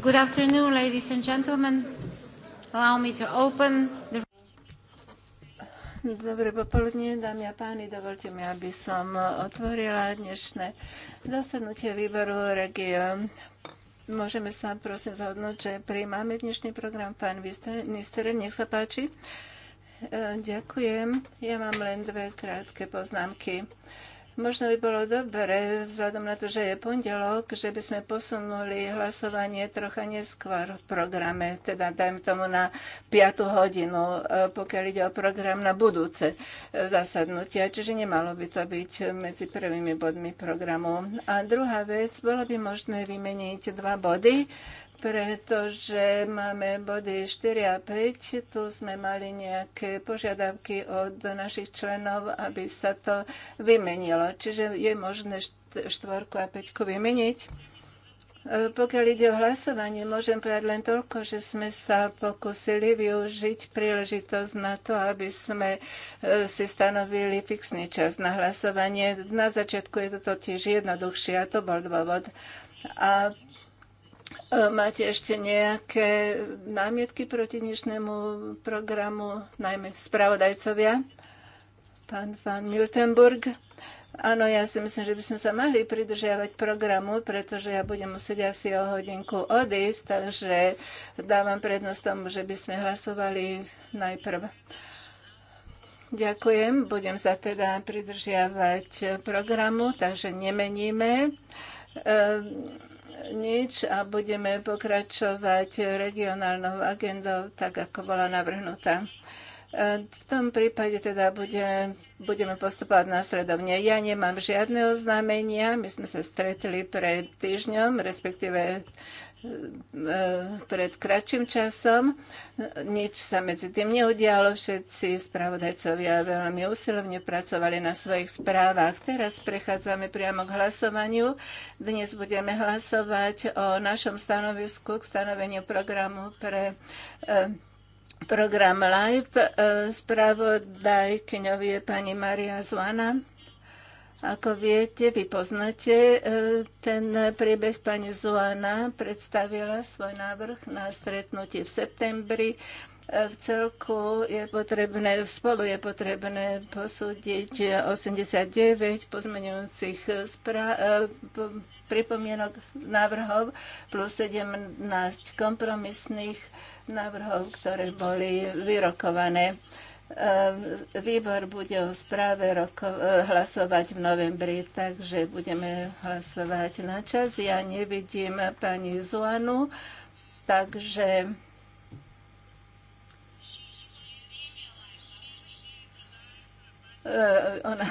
Good afternoon, ladies and gentlemen. Allow me to open the... Dobre popoludne, dámy a páni, dovolte mi, aby som otvorila dnešné zasadnutie výboru Regio. Môžeme sa prosím zhodnúť, že prijímame dnešný program. Pán minister, nech sa páči. E, ďakujem. Ja mám len dve krátke poznámky. Možno by bolo dobre, vzhľadom na to, že je pondelok, že by sme posunuli hlasovanie trocha neskôr v programe, teda dajme tomu na 5 hodinu, e, pokiaľ ide o program na budúce e, zasadnutia, čiže nemalo by to byť medzi prvými bodmi programu. A druhá vec, bolo by možné vymeniť dva body, pretože máme body 4 a 5. Tu sme mali nejaké požiadavky od našich členov, aby sa to vymenilo. Čiže je možné štvorku a 5 vymeniť. E, pokiaľ ide o hlasovanie, môžem povedať len toľko, že sme sa pokusili využiť príležitosť na to, aby sme e, si stanovili fixný čas na hlasovanie. Na začiatku je to totiž jednoduchšie a to bol dôvod. A E, máte ešte nejaké námietky proti dnešnému programu, najmä spravodajcovia? Pán Van Miltenburg. Áno, ja si myslím, že by sme sa mali pridržiavať programu, pretože ja budem musieť asi o hodinku odísť, takže dávam prednosť tomu, že by sme hlasovali najprv. Ďakujem, budem sa teda pridržiavať programu, takže nemeníme. Ehm nič a budeme pokračovať regionálnou agendou, tak ako bola navrhnutá. E, v tom prípade teda budeme, budeme postupovať následovne. Ja nemám žiadne oznámenia. My sme sa stretli pred týždňom, respektíve E, pred kratším časom. Nič sa medzi tým neudialo, všetci spravodajcovia veľmi usilovne pracovali na svojich správach. Teraz prechádzame priamo k hlasovaniu. Dnes budeme hlasovať o našom stanovisku k stanoveniu programu pre e, program Live. E, Spravodajkyňov je pani Maria Zvana. Ako viete, vy poznáte e, ten priebeh pani Zuana, predstavila svoj návrh na stretnutie v septembri e, v celku je potrebné, spolu je potrebné posúdiť 89 pozmeňujúcich e, pripomienok návrhov plus 17 kompromisných návrhov, ktoré boli vyrokované. Ehm, výbor bude o správe roko, e, hlasovať v novembri, takže budeme hlasovať na čas. Ja nevidím pani Zuanu, takže e, ona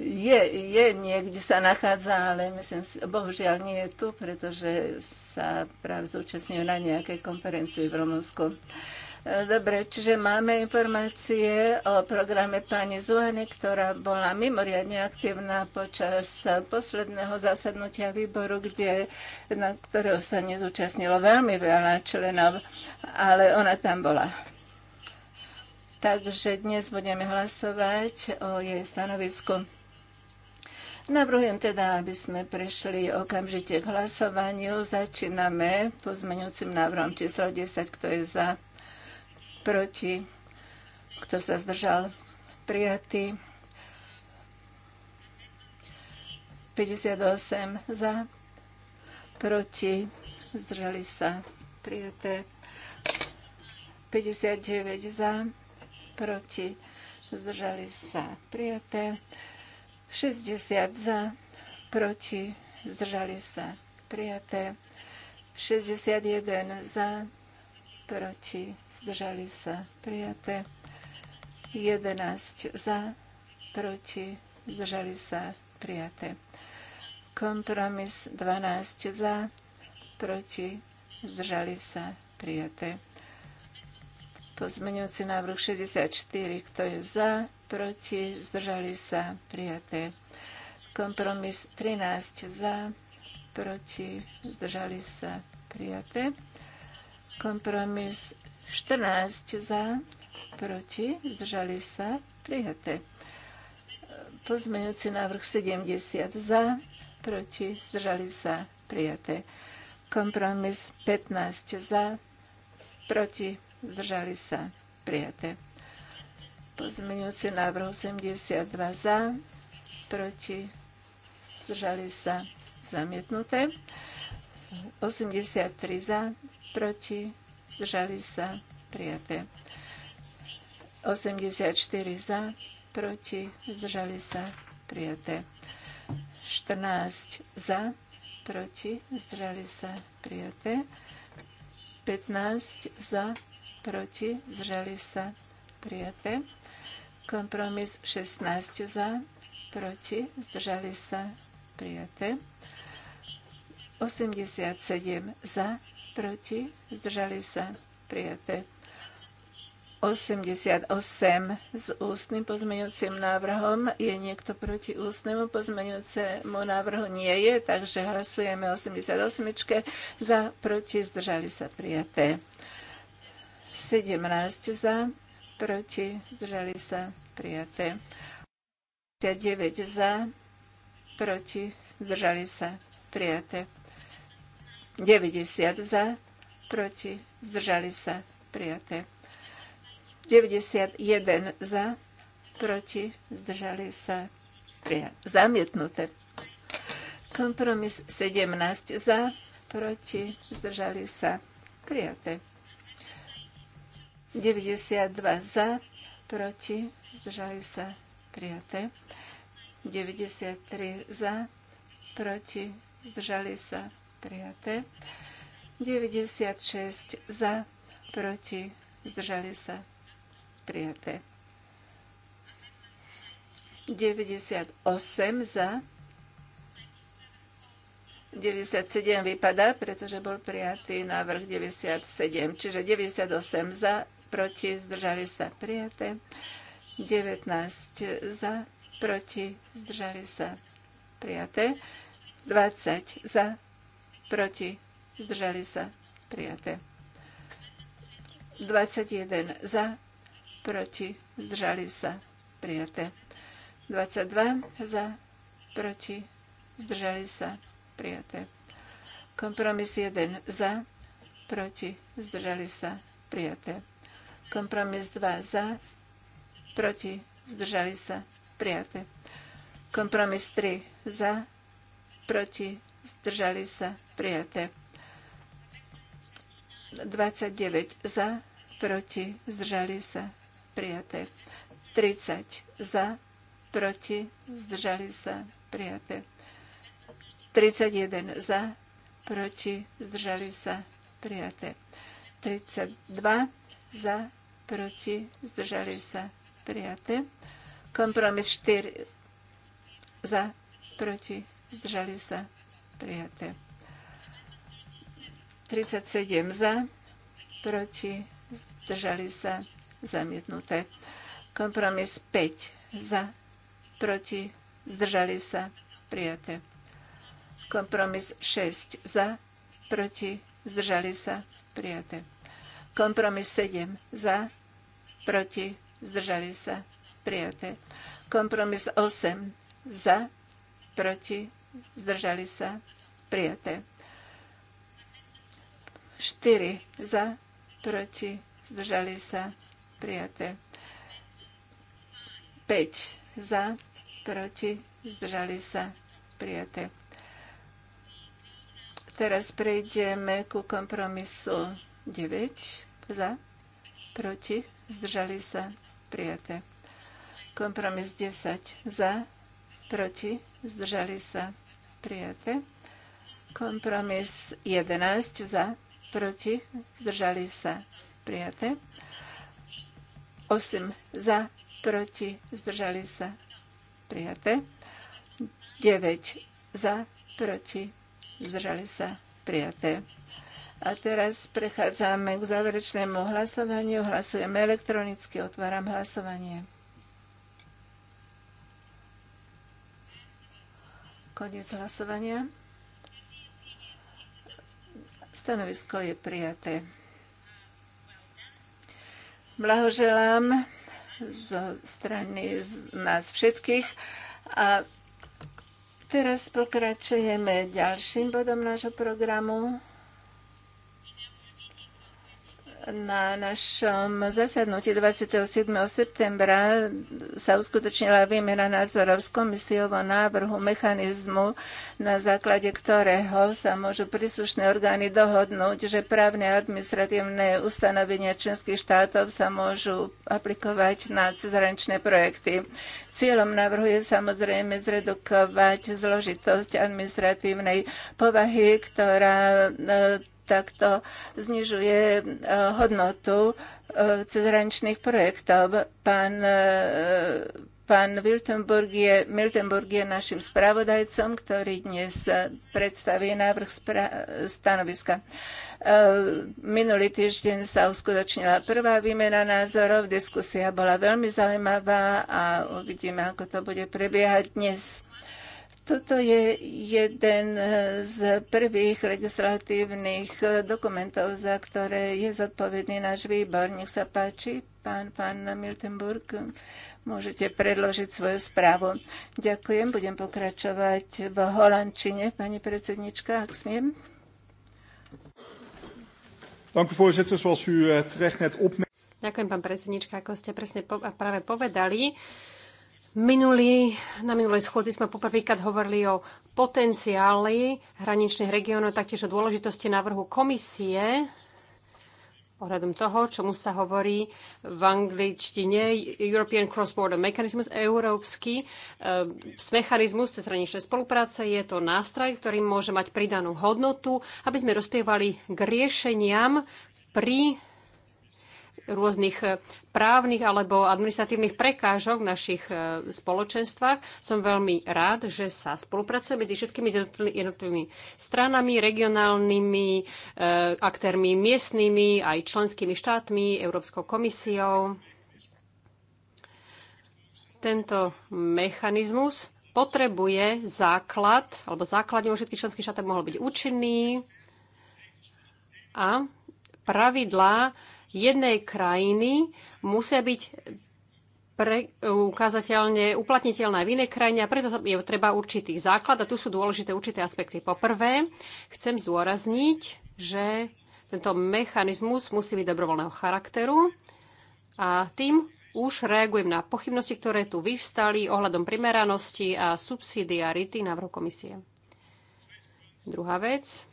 je, je niekde sa nachádza, ale myslím si, bohužiaľ nie je tu, pretože sa práve zúčastňujú na nejakej konferencii v Rumunsku. Dobre, čiže máme informácie o programe pani Zuhany, ktorá bola mimoriadne aktívna počas posledného zasadnutia výboru, kde, na ktorého sa nezúčastnilo veľmi veľa členov, ale ona tam bola. Takže dnes budeme hlasovať o jej stanovisku. Navrhujem teda, aby sme prešli okamžite k hlasovaniu. Začíname pozmeňujúcim návrhom číslo 10, kto je za proti, kto sa zdržal, prijatý. 58 za, proti, zdržali sa, prijaté. 59 za, proti, zdržali sa, prijaté. 60 za, proti, zdržali sa, prijaté. 61 za, proti, zdržali sa prijaté, 11 za, proti, zdržali sa prijaté. Kompromis 12 za, proti, zdržali sa prijaté. Pozmeňujúci návrh 64, kto je za, proti, zdržali sa prijaté. Kompromis 13 za, proti, zdržali sa prijaté. Kompromis 14 za, proti, zdržali sa, prijaté. Pozmeňujúci návrh 70 za, proti, zdržali sa, prijaté. Kompromis 15 za, proti, zdržali sa, prijaté. Pozmeňujúci návrh 82 za, proti, zdržali sa, zamietnuté. 83 za, proti, zdržali sa prijaté. 84 za, proti, zdržali sa prijaté. 14 za, proti, zdržali sa prijaté. 15 za, proti, zdržali sa prijaté. Kompromis 16 za, proti, zdržali sa prijaté. 87 za, proti, zdržali sa prijaté. 88 s ústnym pozmeňujúcim návrhom. Je niekto proti ústnemu pozmeňujúcemu návrhu? Nie je, takže hlasujeme 88 za, proti, zdržali sa prijaté. 17 za, proti, zdržali sa prijaté. 89 za, proti, zdržali sa prijaté. 90 za, proti, zdržali sa, prijaté. 91 za, proti, zdržali sa, prijaté. zamietnuté. Kompromis 17 za, proti, zdržali sa, prijaté. 92 za, proti, zdržali sa, prijaté. 93 za, proti, zdržali sa, prijaté prijaté. 96 za, proti, zdržali sa, prijaté. 98 za, 97 vypadá, pretože bol prijatý návrh 97, čiže 98 za, proti, zdržali sa, prijaté. 19 za, proti, zdržali sa, prijaté. 20 za, proti, zdržali sa, prijaté. 21 za, proti, zdržali sa, prijaté. 22 za, proti, zdržali sa, prijaté. Kompromis 1 za, proti, zdržali sa, prijaté. Kompromis 2 za, proti, zdržali sa, prijaté. Kompromis 3 za, proti, zdržali sa prijaté. 29 za, proti, zdržali sa prijaté. 30 za, proti, zdržali sa prijaté. 31 za, proti, zdržali sa prijaté. 32 za, proti, zdržali sa prijaté. Kompromis 4 za, proti, zdržali sa Prijaté. 37 za, proti, zdržali sa, zamietnuté. Kompromis 5 za, proti, zdržali sa, prijaté. Kompromis 6 za, proti, zdržali sa, prijaté. Kompromis 7 za, proti, zdržali sa, prijaté. Kompromis 8 za, proti, zdržali sa, prijaté. 4 za, proti, zdržali sa, prijaté. 5 za, proti, zdržali sa, prijaté. Teraz prejdeme ku kompromisu 9 za, proti, zdržali sa, prijaté. Kompromis 10 za, proti, zdržali sa, prijaté prijaté. Kompromis 11 za, proti, zdržali sa prijaté. 8 za, proti, zdržali sa prijaté. 9 za, proti, zdržali sa prijaté. A teraz prechádzame k záverečnému hlasovaniu. Hlasujeme elektronicky, otváram hlasovanie. Koniec hlasovania. Stanovisko je prijaté. Blahoželám zo strany z nás všetkých a teraz pokračujeme ďalším bodom nášho programu. Na našom zasadnutí 27. septembra sa uskutočnila výmena názorov s komisiou o návrhu mechanizmu, na základe ktorého sa môžu príslušné orgány dohodnúť, že právne a administratívne ustanovenia členských štátov sa môžu aplikovať na cezhraničné projekty. Cieľom návrhu je samozrejme zredukovať zložitosť administratívnej povahy, ktorá e, takto znižuje eh, hodnotu eh, cezhraničných projektov. Pán eh, Pán Wiltenburg je, Miltenburg je našim spravodajcom, ktorý dnes predstaví návrh stanoviska. Minulý týždeň sa uskutočnila prvá výmena názorov, diskusia bola veľmi zaujímavá a uvidíme, ako to bude prebiehať dnes. Toto je jeden e, z prvých legislatívnych e, dokumentov, za ktoré je zodpovedný náš výbor. Nech sa páči, pán, pán Miltenburg, môžete predložiť svoju správu. Ďakujem, budem pokračovať v holandčine, pani predsednička, ak smiem. Eh, Ďakujem, pán predsednička, ako ste presne po, práve povedali. Minulý, na minulej schôdzi sme poprvýkrát hovorili o potenciáli hraničných regiónov, taktiež o dôležitosti návrhu komisie ohľadom toho, čomu sa hovorí v angličtine European Cross-Border Mechanism, európsky e, mechanizmus cez hraničné spolupráce. Je to nástroj, ktorý môže mať pridanú hodnotu, aby sme rozpievali k riešeniam pri rôznych e, právnych alebo administratívnych prekážok v našich e, spoločenstvách. Som veľmi rád, že sa spolupracuje medzi všetkými jednotlivými stranami, regionálnymi e, aktérmi, miestnymi, aj členskými štátmi, Európskou komisiou. Tento mechanizmus potrebuje základ, alebo základňou všetkých členských štátov mohol byť účinný a pravidlá jednej krajiny musia byť pre, ukázateľne uplatniteľná v inej krajine a preto je treba určitý základ a tu sú dôležité určité aspekty. Poprvé, chcem zdôrazniť, že tento mechanizmus musí byť dobrovoľného charakteru a tým už reagujem na pochybnosti, ktoré tu vyvstali ohľadom primeranosti a subsidiarity návrhu komisie. Druhá vec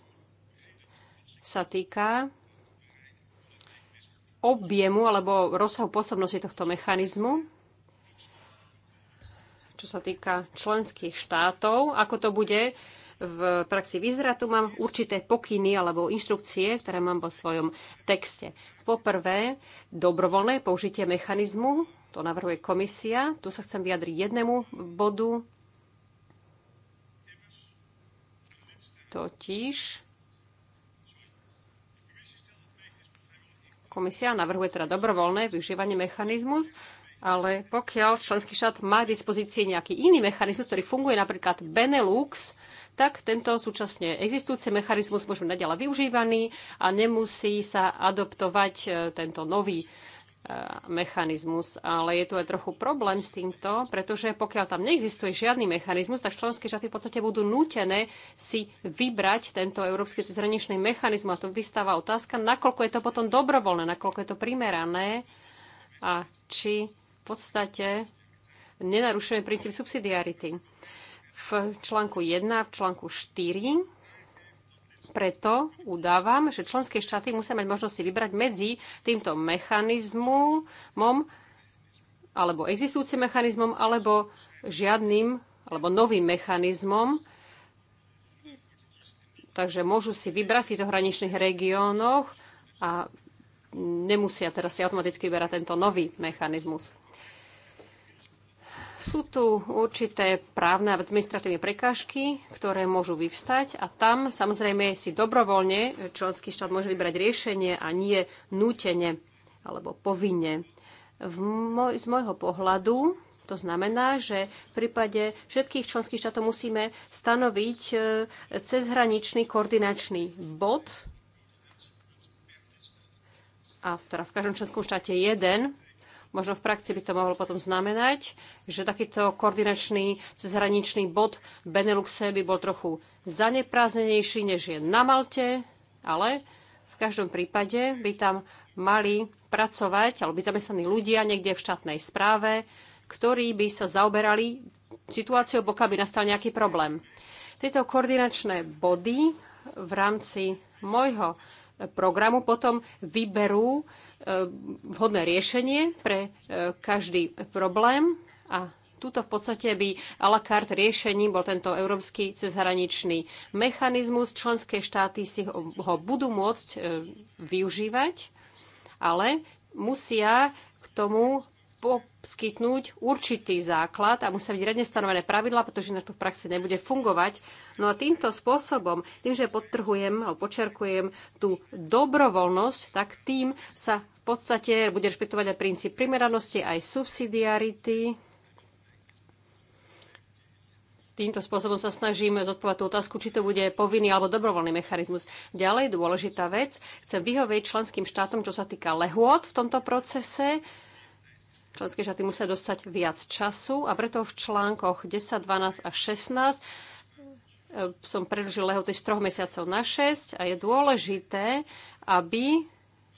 sa týka objemu alebo rozsahu pôsobnosti tohto mechanizmu, čo sa týka členských štátov, ako to bude v praxi vyzerá. Tu mám určité pokyny alebo inštrukcie, ktoré mám vo svojom texte. Poprvé, dobrovoľné použitie mechanizmu, to navrhuje komisia. Tu sa chcem vyjadriť jednému bodu. Totiž Komisia navrhuje teda dobrovoľné využívanie mechanizmus, ale pokiaľ členský štát má k dispozícii nejaký iný mechanizmus, ktorý funguje napríklad Benelux, tak tento súčasne existujúci mechanizmus môže byť naďalej využívaný a nemusí sa adoptovať e, tento nový E, mechanizmus, ale je tu aj trochu problém s týmto, pretože pokiaľ tam neexistuje žiadny mechanizmus, tak členské štáty v podstate budú nútené si vybrať tento európsky cezhraničný mechanizmus. A tu vystáva otázka, nakoľko je to potom dobrovoľné, nakoľko je to primerané a či v podstate nenarušujeme princíp subsidiarity. V článku 1 a v článku 4 preto udávam, že členské štáty musia mať možnosť si vybrať medzi týmto mechanizmom alebo existujúcim mechanizmom alebo žiadnym alebo novým mechanizmom. Takže môžu si vybrať v týchto hraničných regiónoch a nemusia teraz si automaticky vyberať tento nový mechanizmus. Sú tu určité právne a administratívne prekážky, ktoré môžu vyvstať a tam samozrejme si dobrovoľne členský štát môže vybrať riešenie a nie nútene alebo povinne. V môj, z môjho pohľadu to znamená, že v prípade všetkých členských štátov musíme stanoviť e, cezhraničný koordinačný bod, a teda v každom členskom štáte jeden, Možno v praxi by to mohlo potom znamenať, že takýto koordinačný cezhraničný bod Beneluxe by bol trochu zanepráznenejší, než je na Malte, ale v každom prípade by tam mali pracovať alebo byť zamestnaní ľudia niekde v štátnej správe, ktorí by sa zaoberali situáciou, pokiaľ by nastal nejaký problém. Tieto koordinačné body v rámci môjho programu potom vyberú E, vhodné riešenie pre e, každý problém a tuto v podstate by a la carte riešením bol tento európsky cezhraničný mechanizmus. Členské štáty si ho, ho budú môcť e, využívať, ale musia k tomu poskytnúť určitý základ a musia byť radne stanovené pravidla, pretože na to v praxi nebude fungovať. No a týmto spôsobom, tým, že podtrhujem alebo počerkujem tú dobrovoľnosť, tak tým sa v podstate bude rešpektovať aj princíp primeranosti, aj subsidiarity. Týmto spôsobom sa snažíme zodpovedať tú otázku, či to bude povinný alebo dobrovoľný mechanizmus. Ďalej dôležitá vec, chcem vyhovieť členským štátom, čo sa týka lehôd v tomto procese. Členské štáty musia dostať viac času a preto v článkoch 10, 12 a 16 eh, som predlžil lehoty z troch mesiacov na 6 a je dôležité, aby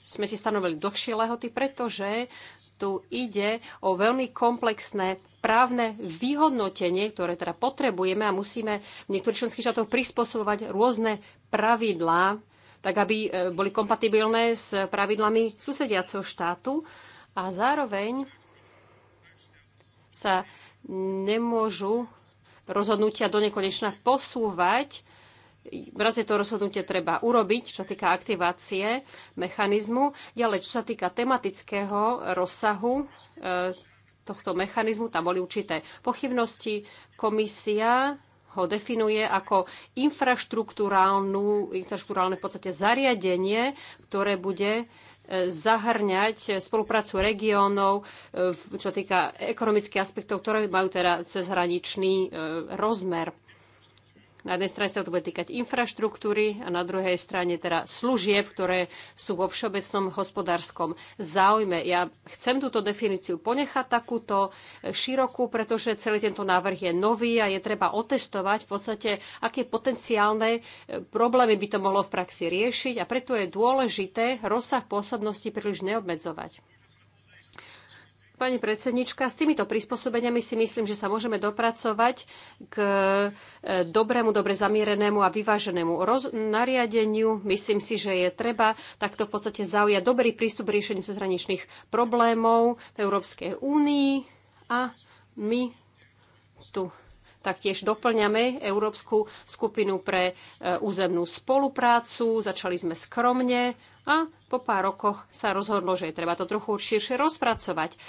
sme si stanovili dlhšie lehoty, pretože tu ide o veľmi komplexné právne vyhodnotenie, ktoré teda potrebujeme a musíme v niektorých členských štátoch prispôsobovať rôzne pravidlá, tak aby e, boli kompatibilné s pravidlami susediaceho štátu a zároveň sa nemôžu rozhodnutia do nekonečna posúvať, raz je to rozhodnutie treba urobiť, čo sa týka aktivácie mechanizmu. Ďalej, čo sa týka tematického rozsahu e, tohto mechanizmu, tam boli určité pochybnosti. Komisia ho definuje ako infraštruktúrálnu, infraštruktúrálne v podstate zariadenie, ktoré bude e, zahrňať spoluprácu regiónov, e, čo týka ekonomických aspektov, ktoré majú teda cezhraničný rozmer. Na jednej strane sa to bude týkať infraštruktúry a na druhej strane teda služieb, ktoré sú vo všeobecnom hospodárskom záujme. Ja chcem túto definíciu ponechať takúto širokú, pretože celý tento návrh je nový a je treba otestovať v podstate, aké potenciálne e, problémy by to mohlo v praxi riešiť a preto je dôležité rozsah pôsobnosti príliš neobmedzovať. Pani predsednička, s týmito prispôsobeniami si myslím, že sa môžeme dopracovať k e, dobrému, dobre zamierenému a vyváženému roz- nariadeniu. Myslím si, že je treba takto v podstate zaujať dobrý prístup k riešeniu cezhraničných problémov v Európskej únii a my tu Taktiež doplňame Európsku skupinu pre e, územnú spoluprácu. Začali sme skromne a po pár rokoch sa rozhodlo, že je treba to trochu širšie rozpracovať.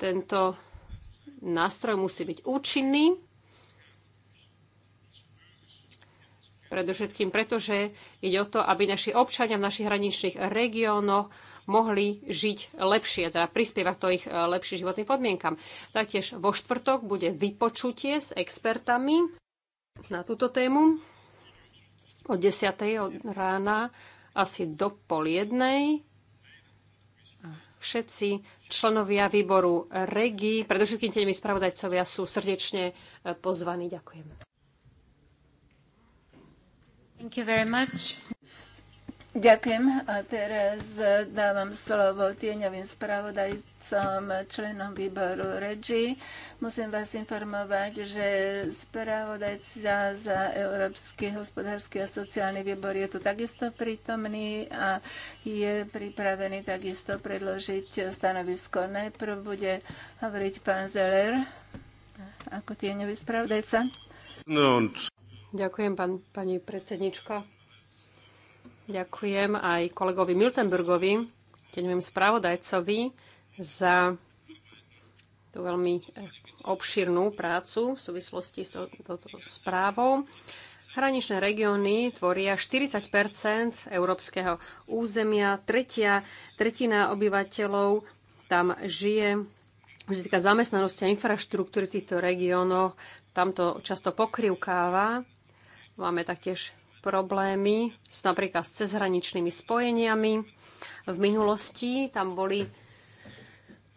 Tento nástroj musí byť účinný, predovšetkým preto, že ide o to, aby naši občania v našich hraničných regiónoch mohli žiť lepšie, teda prispievať to ich e, lepším životným podmienkam. Taktiež vo štvrtok bude vypočutie s expertami na túto tému od 10. rána asi do pol jednej. Všetci členovia výboru REGI, predovšetkým tými spravodajcovia, sú srdečne e, pozvaní. Ďakujem. Thank you very much. Ďakujem a teraz dávam slovo tieňovým spravodajcom, členom výboru REGI. Musím vás informovať, že spravodajca za Európsky hospodársky a sociálny výbor je tu takisto prítomný a je pripravený takisto predložiť stanovisko. Najprv bude hovoriť pán Zeller ako tieňový spravodajca. No. Ďakujem, pán, pani predsednička. Ďakujem aj kolegovi Miltenburgovi, teňovým spravodajcovi, za tú veľmi eh, obširnú prácu v súvislosti s touto správou. Hraničné regióny tvoria 40 európskeho územia, tretia, tretina obyvateľov tam žije. Čo sa týka zamestnanosti a infraštruktúry v týchto regiónoch, tam to často pokrivkáva. Máme taktiež problémy s napríklad s cezhraničnými spojeniami. V minulosti tam boli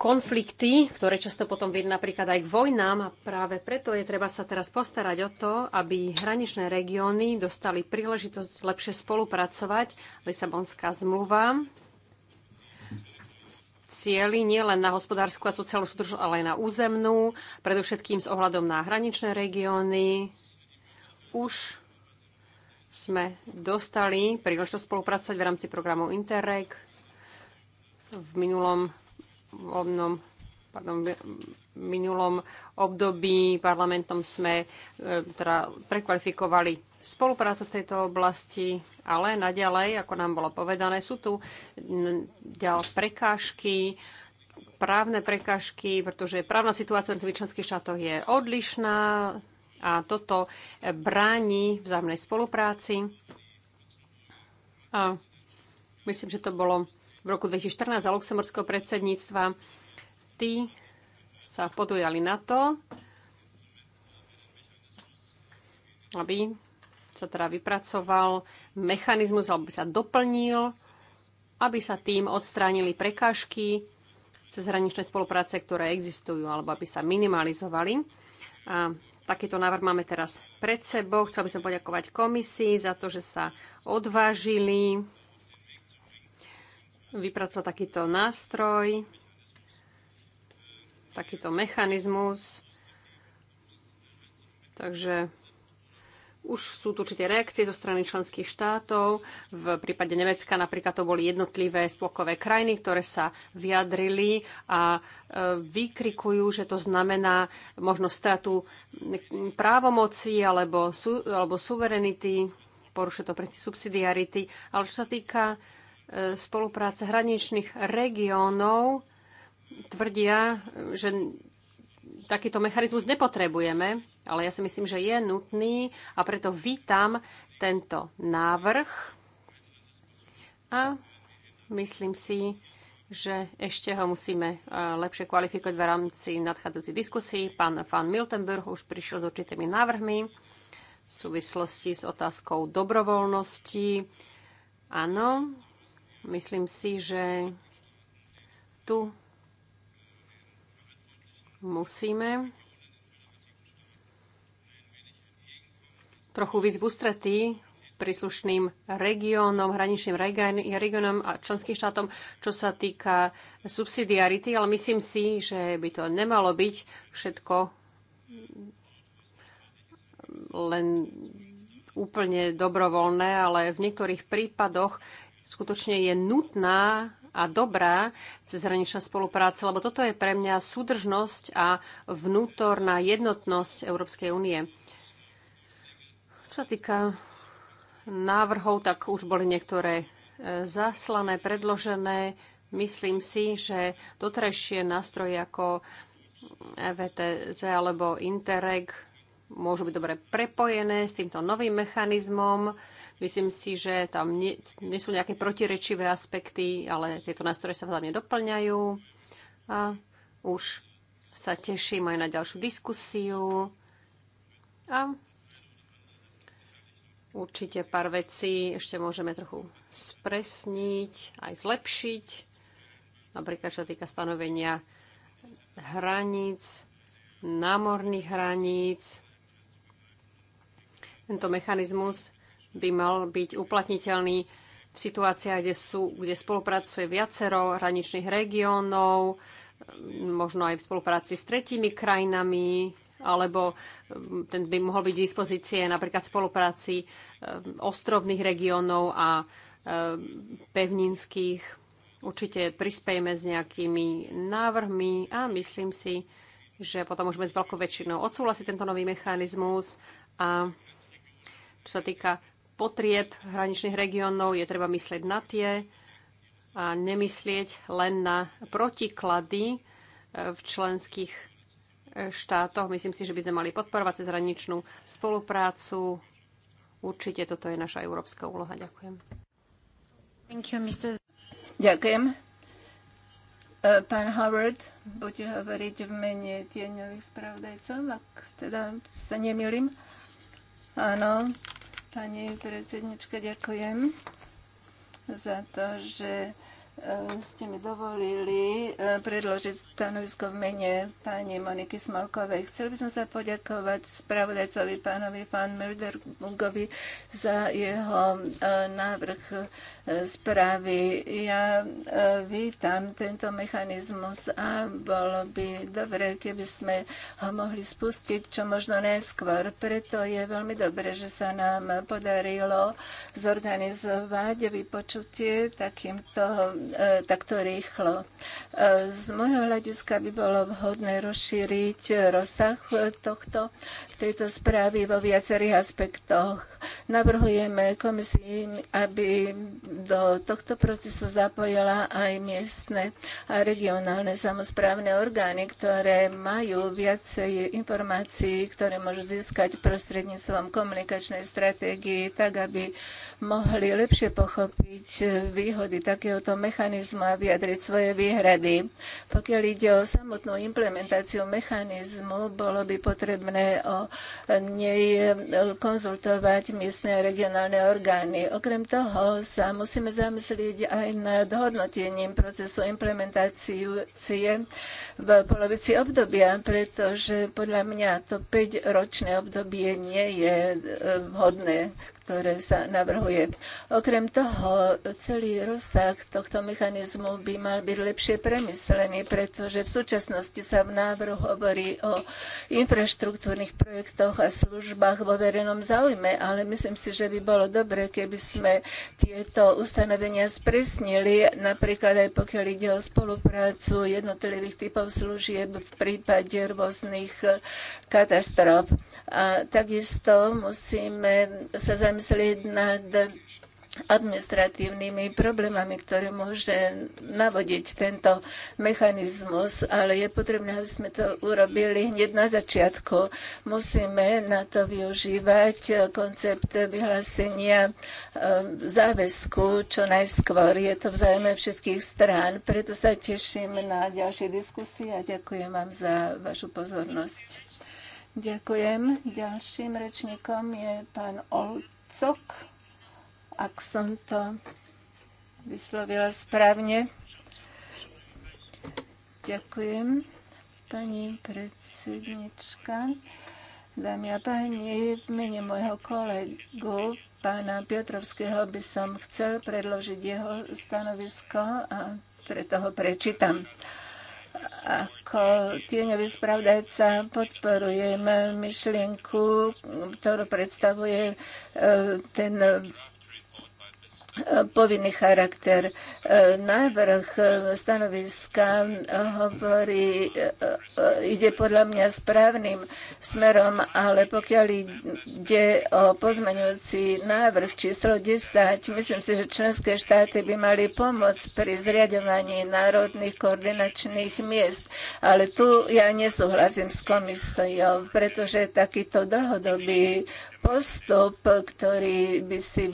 konflikty, ktoré často potom vedú napríklad aj k vojnám a práve preto je treba sa teraz postarať o to, aby hraničné regióny dostali príležitosť lepšie spolupracovať. Lisabonská zmluva cieľi nielen na hospodárskú a sociálnu súdržnosť, ale aj na územnú, predovšetkým s ohľadom na hraničné regióny. Už sme dostali príležitosť spolupracovať v rámci programu Interreg. V minulom, volebnom, pardon, v minulom období parlamentom sme e, teda prekvalifikovali spoluprácu v tejto oblasti, ale naďalej, ako nám bolo povedané, sú tu ďal prekážky, právne prekážky, pretože právna situácia v členských štátoch je odlišná, a toto bráni vzájomnej spolupráci. A myslím, že to bolo v roku 2014 za luxemburského predsedníctva. Tí sa podujali na to, aby sa teda vypracoval mechanizmus, alebo by sa doplnil, aby sa tým odstránili prekážky cez hraničné spolupráce, ktoré existujú, alebo aby sa minimalizovali. A Takýto návrh máme teraz pred sebou. Chcel by som poďakovať komisii za to, že sa odvážili vypracovať takýto nástroj, takýto mechanizmus. Takže už sú tu určité reakcie zo strany členských štátov. V prípade Nemecka napríklad to boli jednotlivé spolkové krajiny, ktoré sa vyjadrili a e, vykrikujú, že to znamená možno stratu právomoci alebo, su, alebo suverenity, porušuje to princíp subsidiarity. Ale čo sa týka e, spolupráce hraničných regiónov, tvrdia, e, že takýto mechanizmus nepotrebujeme ale ja si myslím, že je nutný a preto vítam tento návrh a myslím si, že ešte ho musíme e, lepšie kvalifikovať v rámci nadchádzajúcich diskusí. Pán Van Miltenburg už prišiel s určitými návrhmi v súvislosti s otázkou dobrovoľnosti. Áno, myslím si, že tu musíme trochu výsť príslušným regiónom, hraničným regiónom a členským štátom, čo sa týka subsidiarity, ale myslím si, že by to nemalo byť všetko len úplne dobrovoľné, ale v niektorých prípadoch skutočne je nutná a dobrá cezhraničná spolupráca, lebo toto je pre mňa súdržnosť a vnútorná jednotnosť Európskej únie. Čo sa týka návrhov, tak už boli niektoré e, zaslané, predložené. Myslím si, že doterajšie nástroje ako e VTZ alebo Interreg môžu byť dobre prepojené s týmto novým mechanizmom. Myslím si, že tam nie, nie sú nejaké protirečivé aspekty, ale tieto nástroje sa hlavne doplňajú. A už sa teším aj na ďalšiu diskusiu. A Určite pár vecí ešte môžeme trochu spresniť, aj zlepšiť. Napríklad, čo týka stanovenia hraníc, námorných hraníc. Tento mechanizmus by mal byť uplatniteľný v situáciách, kde, sú, kde spolupracuje viacero hraničných regiónov, možno aj v spolupráci s tretími krajinami, alebo mm, ten by mohol byť v dispozície napríklad spolupráci e, ostrovných regiónov a e, pevninských. Určite prispejme s nejakými návrhmi a myslím si, že potom môžeme s veľkou väčšinou odsúhlasiť tento nový mechanizmus a čo sa týka potrieb hraničných regiónov, je treba myslieť na tie a nemyslieť len na protiklady e, v členských štátoch. Myslím si, že by sme mali podporovať cezhraničnú spoluprácu. Určite toto je naša európska úloha. Ďakujem. Thank you, Mr. Ďakujem. E, pán Howard, bude hovoriť v mene tieňových spravodajcov, ak teda sa nemýlim. Áno, pani predsednička, ďakujem za to, že Eh, ste mi dovolili eh, predložiť stanovisko v mene pani Moniky Smolkovej. Chcel by som sa poďakovať spravodajcovi pánovi pán Mildergovi za jeho eh, návrh správy. Ja e, vítam tento mechanizmus a bolo by dobre, keby sme ho mohli spustiť čo možno neskôr. Preto je veľmi dobre, že sa nám podarilo zorganizovať vypočutie takýmto, e, takto rýchlo. E, z môjho hľadiska by bolo vhodné rozšíriť rozsah tohto, tejto správy vo viacerých aspektoch. Navrhujeme komisii, aby do tohto procesu zapojila aj miestne a regionálne samozprávne orgány, ktoré majú viacej informácií, ktoré môžu získať prostredníctvom komunikačnej stratégii, tak aby mohli lepšie pochopiť výhody takéhoto mechanizmu a vyjadriť svoje výhrady. Pokiaľ ide o samotnú implementáciu mechanizmu, bolo by potrebné o nej konzultovať miestne a regionálne orgány. Okrem toho, sam musíme zamyslieť aj nad hodnotením procesu implementácie v polovici obdobia, pretože podľa mňa to 5-ročné obdobie nie je eh, vhodné k ktoré sa navrhuje. Okrem toho, celý rozsah tohto mechanizmu by mal byť lepšie premyslený, pretože v súčasnosti sa v návrhu hovorí o infraštruktúrnych projektoch a službách vo verejnom záujme, ale myslím si, že by bolo dobre, keby sme tieto ustanovenia spresnili, napríklad aj pokiaľ ide o spoluprácu jednotlivých typov služieb v prípade rôznych katastrof. A takisto musíme sa zamyslieť myslieť nad administratívnymi problémami, ktoré môže navodiť tento mechanizmus, ale je potrebné, aby sme to urobili hneď na začiatku. Musíme na to využívať koncept vyhlásenia e, záväzku čo najskôr. Je to vzájme všetkých strán, preto sa teším na ďalšie diskusie a ďakujem vám za vašu pozornosť. Ďakujem. Ďalším rečníkom je pán Olt. Cok, ak som to vyslovila správne. Ďakujem, pani predsednička. Dámy a páni, v mene môjho kolegu pána Piotrovského by som chcel predložiť jeho stanovisko a preto ho prečítam ako tieňový spravdajca podporujem myšlienku, ktorú predstavuje eh, ten povinný charakter. Návrh stanoviska hovorí, ide podľa mňa správnym smerom, ale pokiaľ ide o pozmeňujúci návrh číslo 10, myslím si, že členské štáty by mali pomôcť pri zriadovaní národných koordinačných miest, ale tu ja nesúhlasím s komisiou, pretože takýto dlhodobý postup, ktorý by si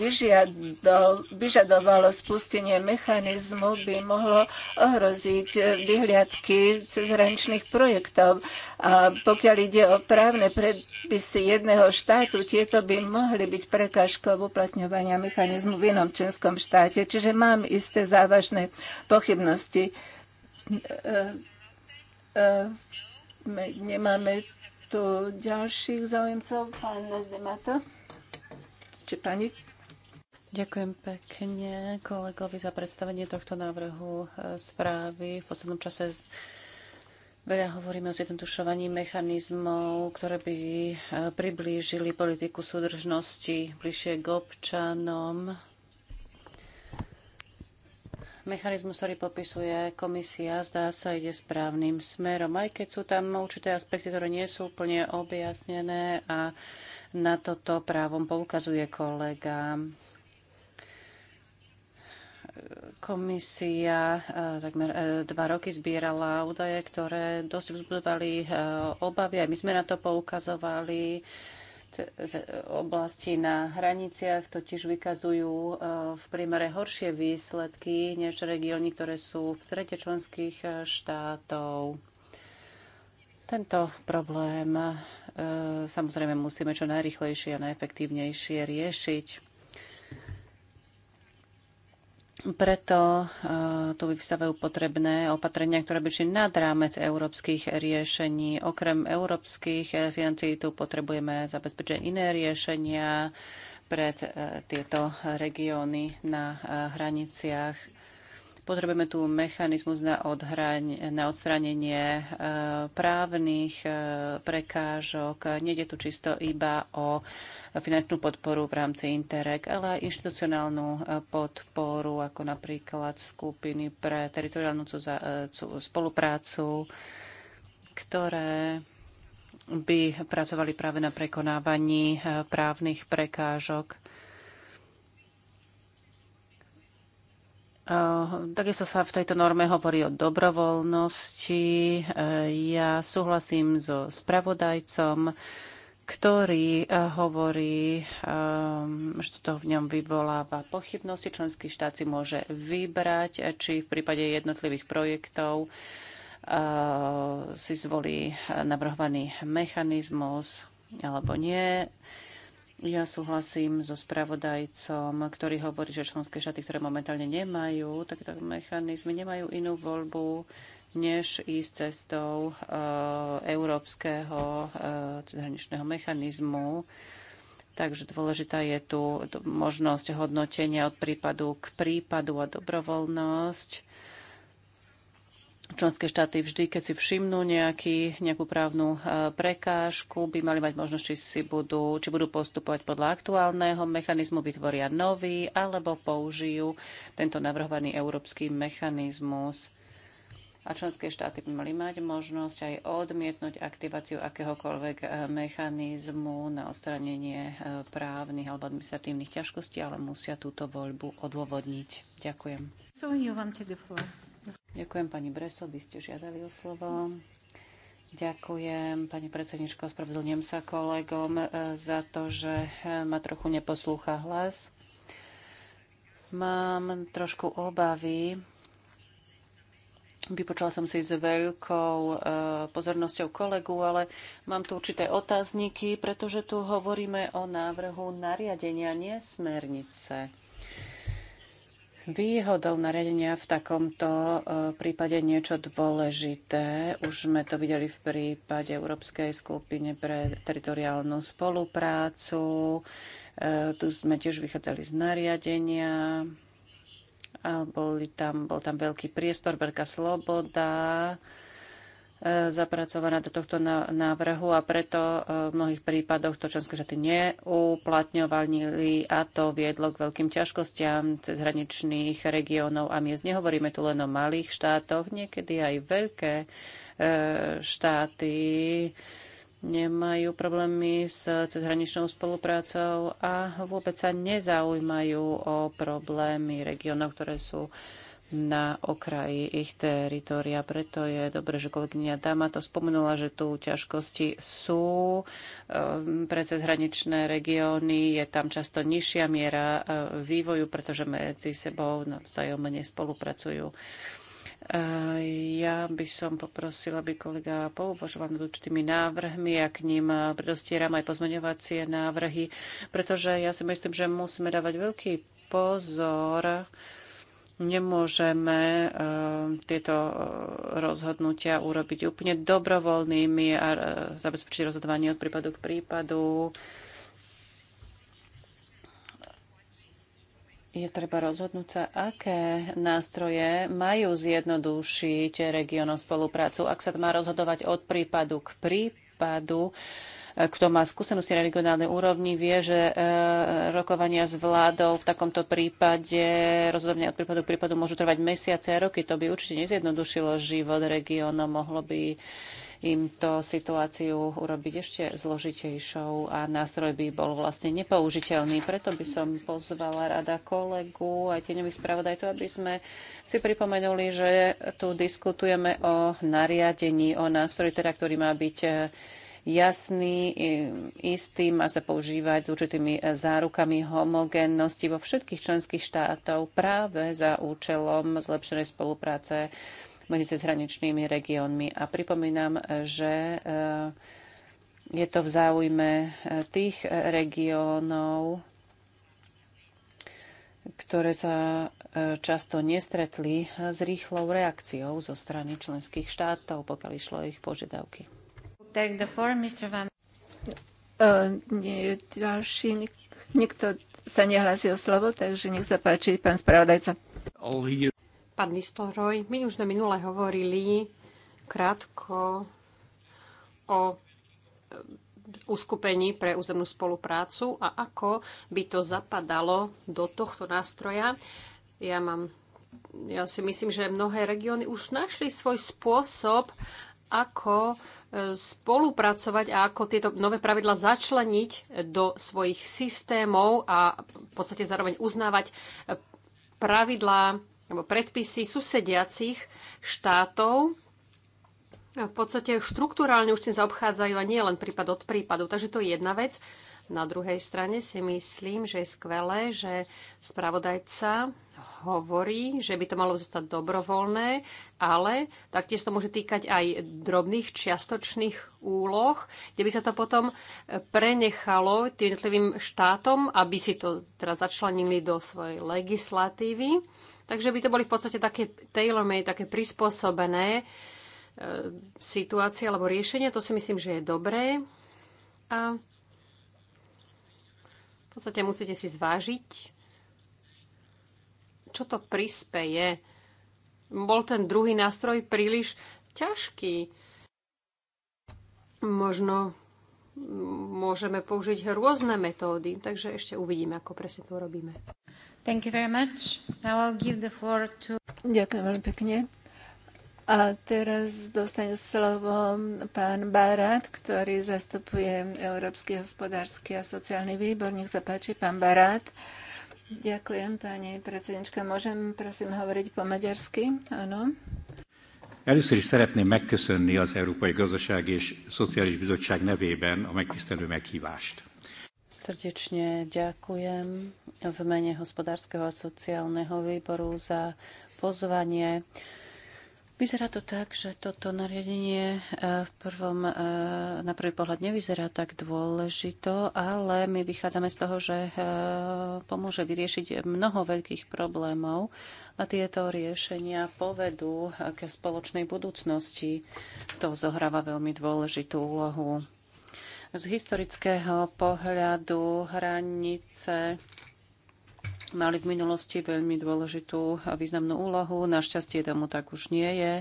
vyžadovalo spustenie mechanizmu, by mohlo ohroziť vyhliadky cezhraničných projektov. A pokiaľ ide o právne predpisy jedného štátu, tieto by mohli byť prekážkou uplatňovania mechanizmu v inom členskom štáte. Čiže mám isté závažné pochybnosti. E, e, e, nemáme tu ďalších zaujímcov pán Demato, či pani. Ďakujem pekne kolegovi za predstavenie tohto návrhu e, správy. V poslednom čase Veľa hovoríme o zjednodušovaní mechanizmov, ktoré by e, priblížili politiku súdržnosti bližšie k občanom. Mechanizmus, ktorý popisuje komisia, zdá sa, ide správnym smerom, aj keď sú tam určité aspekty, ktoré nie sú úplne objasnené a na toto právom poukazuje kolega komisia e, takmer e, dva roky zbierala údaje, ktoré dosť vzbudovali e, obavy. Aj my sme na to poukazovali oblasti na hraniciach totiž vykazujú e, v priemere horšie výsledky než regióny, ktoré sú v strete členských e, štátov. Tento problém e, samozrejme musíme čo najrychlejšie a najefektívnejšie riešiť. Preto eh, tu vyvstávajú potrebné opatrenia, ktoré by šli nad rámec európskych riešení. Okrem európskych eh, financií tu potrebujeme zabezpečiť iné riešenia pred eh, tieto regióny na hraniciach Potrebujeme tu mechanizmus na, odhraň, na odstranenie e, právnych e, prekážok. Nede tu čisto iba o finančnú podporu v rámci Interreg, ale aj inštitucionálnu e, podporu, ako napríklad skupiny pre teritoriálnu spoluprácu, ktoré by pracovali práve na prekonávaní právnych prekážok Eh, takisto sa v tejto norme hovorí o dobrovoľnosti. Eh, ja súhlasím so spravodajcom, ktorý eh, hovorí, že toto v ňom vyvoláva pochybnosti. Členský štát si môže vybrať, či v prípade jednotlivých projektov si zvolí navrhovaný mechanizmus alebo nie. Ja súhlasím so spravodajcom, ktorý hovorí, že členské štáty, ktoré momentálne nemajú takéto mechanizmy, nemajú inú voľbu, než ísť cestou e, európskeho zahraničného e, mechanizmu. Takže dôležitá je tu možnosť hodnotenia od prípadu k prípadu a dobrovoľnosť členské štáty vždy, keď si všimnú nejaký, nejakú právnu e, prekážku, by mali mať možnosť, či, si budú, či budú postupovať podľa aktuálneho mechanizmu, vytvoria nový, alebo použijú tento navrhovaný európsky mechanizmus. A členské štáty by mali mať možnosť aj odmietnúť aktiváciu akéhokoľvek e, mechanizmu na odstranenie e, právnych alebo administratívnych ťažkostí, ale musia túto voľbu odôvodniť. Ďakujem. So you Ďakujem pani Breso, vy ste žiadali o slovo. Ďakujem, pani predsedničko, ospravedlňujem sa kolegom e, za to, že e, ma trochu neposlúcha hlas. Mám trošku obavy. vypočala som si s veľkou e, pozornosťou kolegu, ale mám tu určité otázniky, pretože tu hovoríme o návrhu nariadenia, nie smernice výhodou nariadenia v takomto e, prípade niečo dôležité. Už sme to videli v prípade Európskej skupiny pre teritoriálnu spoluprácu. E, tu sme tiež vychádzali z nariadenia. Bol tam, bol tam veľký priestor, veľká sloboda E, zapracovaná do tohto návrhu a preto e, v mnohých prípadoch to členské štáty neuplatňovali a to viedlo k veľkým ťažkostiam cez hraničných regiónov a miest. Nehovoríme tu len o malých štátoch, niekedy aj veľké e, štáty nemajú problémy s cezhraničnou spoluprácou a vôbec sa nezaujímajú o problémy regiónov, ktoré sú uh, na okraji ich teritoria. Preto je dobré, že kolegyňa Dama to spomenula, že tu ťažkosti sú ehm, pre cezhraničné regióny. Je tam často nižšia miera ehm, vývoju, pretože medzi sebou vzájomne spolupracujú. Ehm, ja by som poprosila, aby kolega pouvažoval nad určitými návrhmi a k ním predostieram aj pozmeňovacie návrhy, pretože ja si myslím, že musíme dávať veľký pozor Nemôžeme eh, tieto eh, rozhodnutia urobiť úplne dobrovoľnými a eh, zabezpečiť rozhodovanie od prípadu k prípadu. je treba rozhodnúť sa, aké nástroje majú zjednodušiť regionom spoluprácu. Ak sa to má rozhodovať od prípadu k prípadu, kto má skúsenosti na regionálnej úrovni, vie, že e, rokovania s vládou v takomto prípade, rozhodovne od prípadu k prípadu, môžu trvať mesiace a roky. To by určite nezjednodušilo život regiónom, mohlo by im to situáciu urobiť ešte zložitejšou a nástroj by bol vlastne nepoužiteľný. Preto by som pozvala rada kolegu a tieňových spravodajcov, aby sme si pripomenuli, že tu diskutujeme o nariadení, o nástroji, teda, ktorý má byť jasný, istý, má sa používať s určitými e, zárukami homogénnosti vo všetkých členských štátov práve za účelom zlepšenej spolupráce medzi cezhraničnými regiónmi. A pripomínam, že e, je to v záujme e, tých regiónov, ktoré sa často nestretli s rýchlou reakciou zo strany členských štátov, pokiaľ išlo ich požiadavky take the floor, Mr. Van... nie, ďalší, nikto sa nehlási o slovo, takže nech sa páči, pán spravodajca. Pán Nistelroj, my už na minule hovorili krátko o e, uskupení pre územnú spoluprácu a ako by to zapadalo do tohto nástroja. Ja mám ja si myslím, že mnohé regióny už našli svoj spôsob, ako e, spolupracovať a ako tieto nové pravidla začleniť do svojich systémov a v podstate zároveň uznávať e, pravidlá alebo predpisy susediacich štátov. A v podstate štruktúrálne už tým zaobchádzajú a nie len prípad od prípadu. Takže to je jedna vec. Na druhej strane si myslím, že je skvelé, že spravodajca hovorí, že by to malo zostať dobrovoľné, ale taktiež to môže týkať aj drobných čiastočných úloh, kde by sa to potom prenechalo tým jednotlivým štátom, aby si to teraz začlenili do svojej legislatívy. Takže by to boli v podstate také tailor-made, také prispôsobené e, situácie alebo riešenie. To si myslím, že je dobré. A v podstate musíte si zvážiť, čo to prispeje? Bol ten druhý nástroj príliš ťažký. Možno môžeme použiť rôzne metódy, takže ešte uvidíme, ako presne to robíme. Thank you very much. Now I'll give the floor to... Ďakujem veľmi pekne. A teraz dostane slovo pán Barát, ktorý zastupuje Európsky hospodársky a sociálny výbor. Nech sa páči, pán Barát. Uh, Ďakujem, pani predsednička. Môžem prosím hovoriť po maďarsky? Áno. Először is szeretném megköszönni az Európai Gazdaság és Szociális Bizottság nevében a megtisztelő meghívást. Srdečne ďakujem v mene hospodárskeho a sociálneho výboru za pozvanie. Vyzerá to tak, že toto nariadenie e, v prvom, e, na prvý pohľad nevyzerá tak dôležito, ale my vychádzame z toho, že e, pomôže vyriešiť mnoho veľkých problémov a tieto riešenia povedú k spoločnej budúcnosti. To zohráva veľmi dôležitú úlohu. Z historického pohľadu hranice mali v minulosti veľmi dôležitú a významnú úlohu. Našťastie tomu tak už nie je,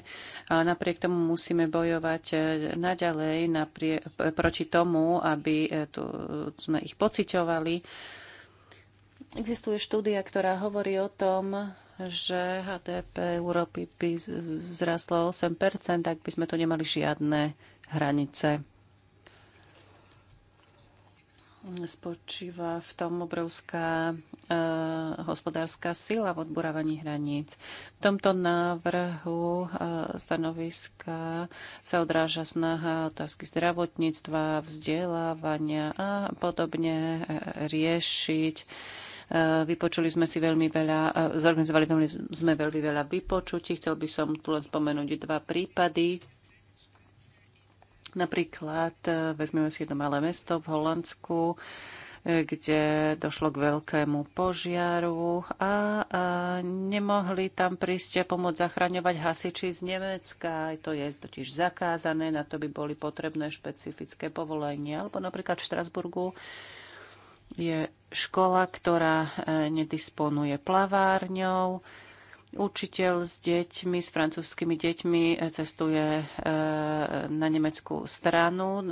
ale napriek tomu musíme bojovať eh, naďalej naprie- proti tomu, aby eh, tu sme ich pociťovali. Existuje štúdia, ktorá hovorí o tom, že HDP Európy by vzrastlo 8%, tak by sme tu nemali žiadne hranice spočíva v tom obrovská e, hospodárska sila v odburávaní hraníc. V tomto návrhu e, stanoviska sa odráža snaha otázky zdravotníctva, vzdelávania a podobne e, riešiť. Vypočuli sme si veľmi veľa, zorganizovali veľmi, sme veľmi veľa vypočutí. Chcel by som tu len spomenúť dva prípady Napríklad e, vezmeme si jedno malé mesto v Holandsku, e, kde došlo k veľkému požiaru a, a nemohli tam prísť pomôcť zachraňovať hasiči z Nemecka. To je totiž zakázané, na to by boli potrebné špecifické povolenia. Alebo napríklad v Štrasburgu je škola, ktorá e, nedisponuje plavárňou, Učiteľ s deťmi, s francúzskými deťmi e, cestuje e, na nemeckú stranu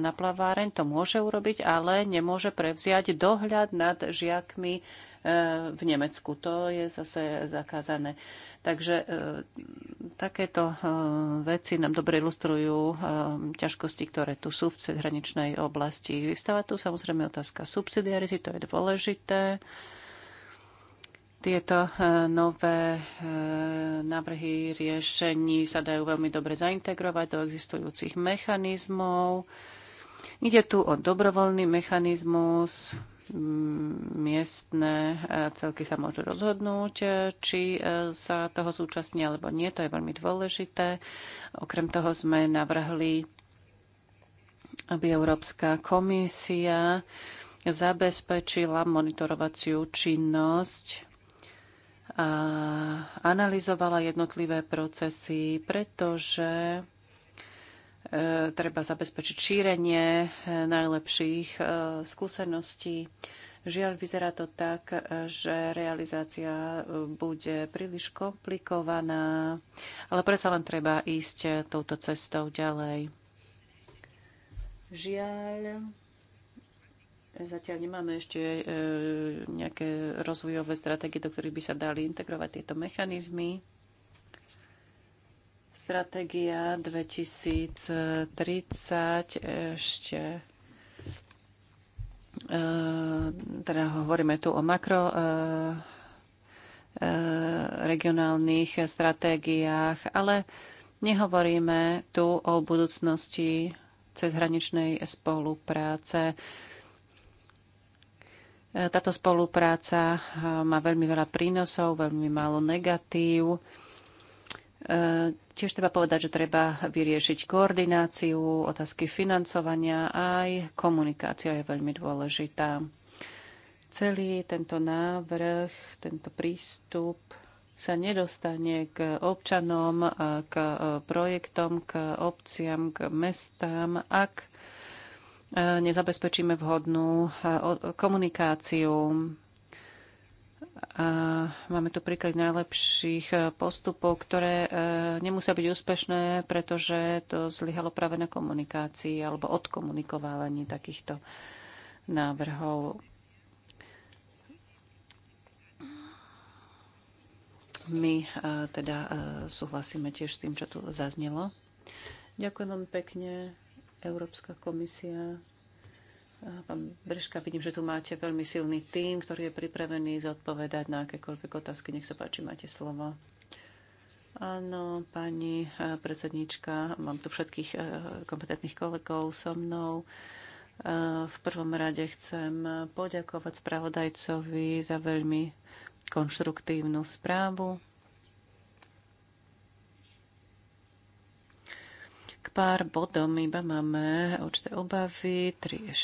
na plaváreň. To môže urobiť, ale nemôže prevziať dohľad nad žiakmi e, v Nemecku. To je zase zakázané. Takže takéto veci nám dobre ilustrujú ťažkosti, ktoré tu sú v cezhraničnej oblasti. Vystáva tu samozrejme otázka subsidiarity, to je dôležité. Tieto e, nové e, návrhy riešení sa dajú veľmi dobre zaintegrovať do existujúcich mechanizmov. Ide tu o dobrovoľný mechanizmus. Miestne e, celky sa môžu rozhodnúť, či sa toho zúčastní alebo nie. To je veľmi dôležité. Okrem toho sme navrhli, aby Európska komisia zabezpečila monitorovaciu činnosť analyzovala jednotlivé procesy, pretože e, treba zabezpečiť šírenie e, najlepších e, skúseností. Žiaľ, vyzerá to tak, že realizácia bude príliš komplikovaná, ale predsa len treba ísť touto cestou ďalej. Žiaľ, Zatiaľ nemáme ešte e, nejaké rozvojové stratégie, do ktorých by sa dali integrovať tieto mechanizmy. Stratégia 2030 ešte e, teda hovoríme tu o makro e, regionálnych stratégiách, ale nehovoríme tu o budúcnosti cezhraničnej spolupráce E, táto spolupráca e, má veľmi veľa prínosov, veľmi málo negatív. E, tiež treba povedať, že treba vyriešiť koordináciu, otázky financovania, aj komunikácia je veľmi dôležitá. Celý tento návrh, tento prístup sa nedostane k občanom, k projektom, k obciam, k mestám, ak E, nezabezpečíme vhodnú e, komunikáciu. A máme tu príklad najlepších e, postupov, ktoré nemusia byť úspešné, pretože to zlyhalo práve na komunikácii alebo odkomunikovávaní takýchto návrhov. My teda súhlasíme tiež s tým, čo tu zaznelo. Ďakujem vám pekne. Európska komisia. Pán Breška, vidím, že tu máte veľmi silný tým, ktorý je pripravený zodpovedať na akékoľvek otázky. Nech sa páči, máte slovo. Áno, pani e, predsednička, mám tu všetkých e, kompetentných kolegov so mnou. E, v prvom rade chcem poďakovať spravodajcovi za veľmi konštruktívnu správu. K pár bodom iba máme určité obavy, 3 a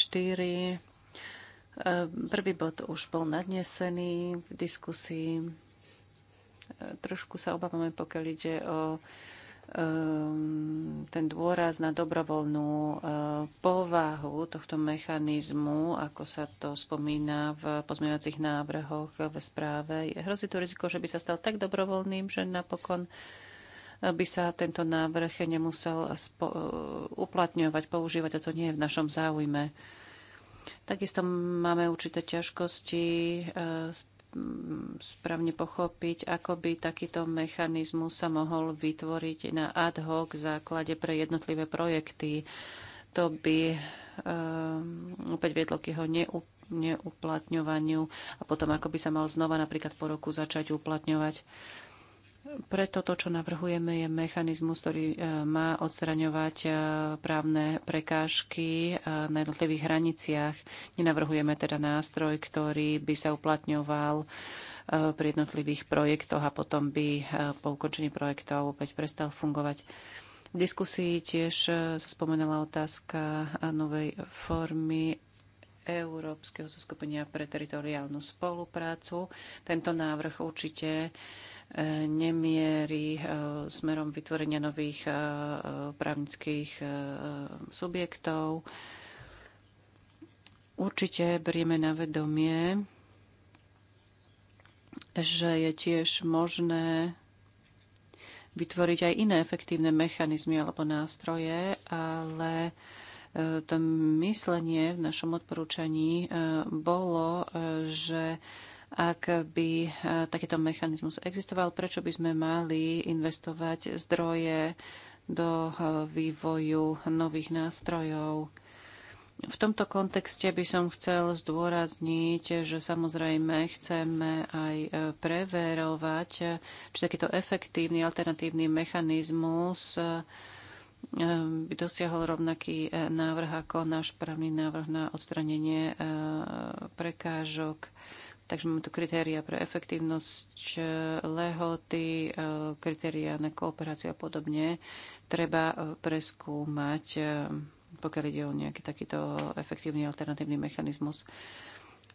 4. Prvý bod už bol nadnesený v diskusii. Ehm, trošku sa obávame, pokiaľ ide o ehm, ten dôraz na dobrovoľnú ehm, povahu tohto mechanizmu, ako sa to spomína v pozmeňovacích návrhoch v správe. Hrozí tu riziko, že by sa stal tak dobrovoľným, že napokon by sa tento návrh nemusel uplatňovať, používať a to nie je v našom záujme. Takisto máme určité ťažkosti e, správne pochopiť, ako by takýto mechanizmus sa mohol vytvoriť na ad hoc základe pre jednotlivé projekty. To by e, opäť viedlo k jeho neuplatňovaniu neuplatňovaniu a potom ako by sa mal znova napríklad po roku začať uplatňovať. Preto to, čo navrhujeme, je mechanizmus, ktorý e, má odstraňovať e, právne prekážky e, na jednotlivých hraniciach. Nenavrhujeme teda nástroj, ktorý by sa uplatňoval pri jednotlivých projektoch a potom by po ukončení projektov opäť prestal fungovať. V diskusii tiež sa spomenala otázka novej formy Európskeho zoskupenia pre teritoriálnu spoluprácu. Tento návrh určite nemierí eh, smerom vytvorenia nových eh, právnických eh, subjektov. Určite berieme na vedomie, že je tiež možné vytvoriť aj iné efektívne mechanizmy alebo nástroje, ale to myslenie v našom odporúčaní bolo, že ak by e, takýto mechanizmus existoval, prečo by sme mali investovať zdroje do e, vývoju nových nástrojov? V tomto kontexte by som chcel zdôrazniť, že samozrejme chceme aj e, preverovať, či takýto efektívny alternatívny mechanizmus by dosiahol rovnaký návrh ako náš právny návrh na odstranenie prekážok. Takže máme tu kritéria pre efektívnosť eh, lehoty, eh, kritéria na kooperáciu a podobne. Treba eh, preskúmať, pokiaľ ide o nejaký takýto efektívny alternatívny mechanizmus.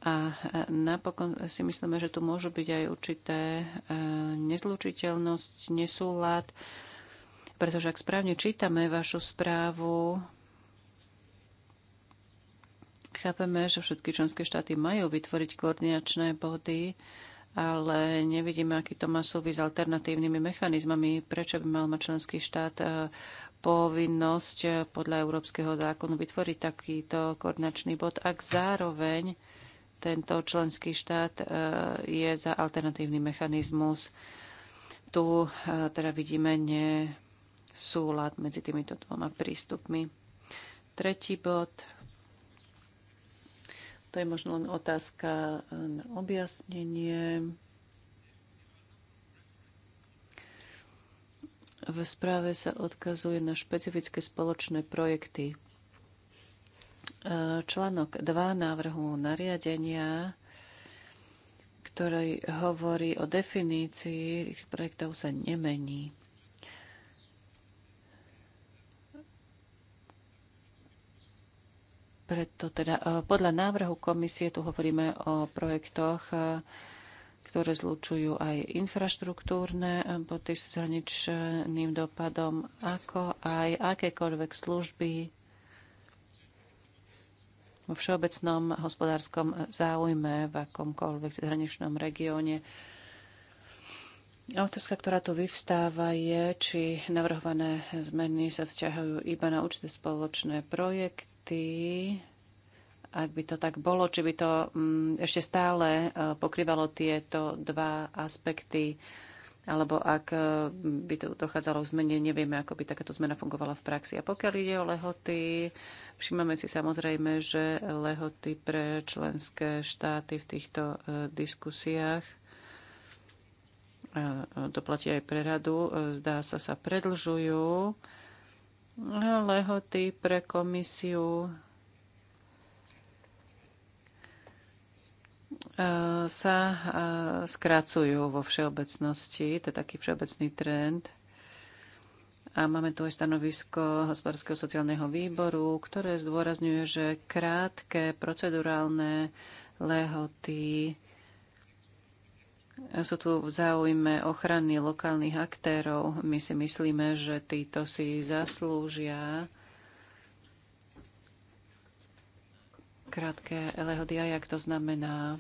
A napokon si myslíme, že tu môžu byť aj určité nezlučiteľnosť, nesúlad, pretože ak správne čítame vašu správu, Chápeme, že všetky členské štáty majú vytvoriť koordinačné body, ale nevidíme, aký to má súvis s alternatívnymi mechanizmami. Prečo by mal mať členský štát eh, povinnosť eh, podľa európskeho zákonu vytvoriť takýto koordinačný bod, ak zároveň tento členský štát eh, je za alternatívny mechanizmus. Tu teda vidíme nesúlad medzi týmito dvoma prístupmi. Tretí bod to je možno len otázka e, na objasnenie. V správe sa odkazuje na špecifické spoločné projekty. E, článok 2 návrhu nariadenia, ktorý hovorí o definícii projektov, sa nemení. Preto teda e, podľa návrhu komisie tu hovoríme o projektoch, e, ktoré zlučujú aj infraštruktúrne body e, s hraničným dopadom, ako aj akékoľvek služby vo všeobecnom hospodárskom záujme v akomkoľvek zahraničnom regióne. Otázka, ktorá tu vyvstáva, je, či navrhované zmeny sa vzťahujú iba na určité spoločné projekty, ty, ak by to tak bolo, či by to mm, ešte stále e, pokrývalo tieto dva aspekty, alebo ak e, by to dochádzalo k zmene, nevieme, ako by takáto zmena fungovala v praxi. A pokiaľ ide o lehoty, všímame si samozrejme, že lehoty pre členské štáty v týchto e, diskusiách doplatí aj pre radu, zdá sa, sa predlžujú lehoty pre komisiu e, sa e, skracujú vo všeobecnosti. To je taký všeobecný trend. A máme tu aj stanovisko hospodárskeho sociálneho výboru, ktoré zdôrazňuje, že krátke procedurálne lehoty sú tu v záujme ochrany lokálnych aktérov. My si myslíme, že títo si zaslúžia krátke jak to znamená,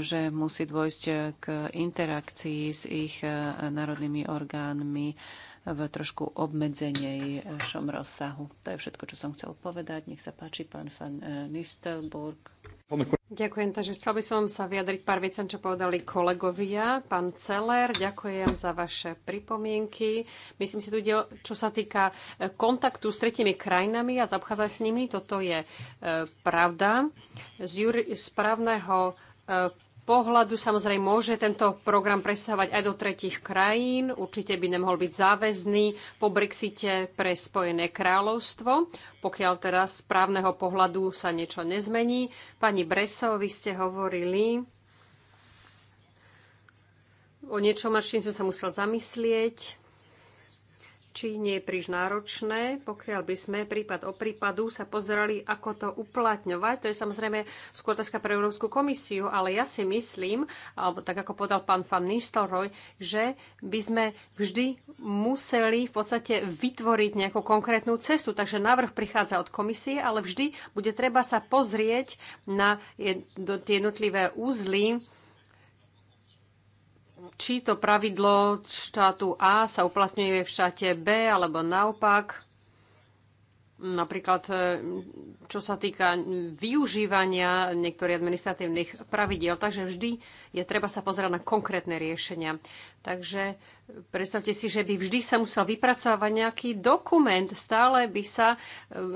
že musí dôjsť k interakcii s ich e, národnými orgánmi v trošku obmedzenejšom e, rozsahu. To je všetko, čo som chcel povedať. Nech sa páči, pán Van e, Nistelburg. Ďakujem, takže chcel by som sa vyjadriť pár vecem, čo povedali kolegovia. Pán Celer, ďakujem za vaše pripomienky. Myslím si, tu ide, čo sa týka e, kontaktu s tretimi krajinami a zaobchádzať s nimi, toto je e, pravda. Z, juri, z právneho e, pohľadu samozrejme môže tento program presahovať aj do tretich krajín. Určite by nemohol byť záväzný po Brexite pre Spojené kráľovstvo, pokiaľ teraz z právneho pohľadu sa niečo nezmení. Pani Breso, vy ste hovorili o niečom, nad čím som sa musel zamyslieť či nie je príliš náročné, pokiaľ by sme prípad o prípadu sa pozerali, ako to uplatňovať. To je samozrejme skôr otázka pre Európsku komisiu, ale ja si myslím, alebo tak ako povedal pán Van Nistelrooy, že by sme vždy museli v podstate vytvoriť nejakú konkrétnu cestu. Takže návrh prichádza od komisie, ale vždy bude treba sa pozrieť na tie jednotlivé úzly, či to pravidlo štátu A sa uplatňuje v štáte B alebo naopak. Napríklad, e, čo sa týka využívania niektorých administratívnych pravidiel. Takže vždy je treba sa pozerať na konkrétne riešenia. Takže e, predstavte si, že by vždy sa musel vypracovať nejaký dokument. Stále by sa e,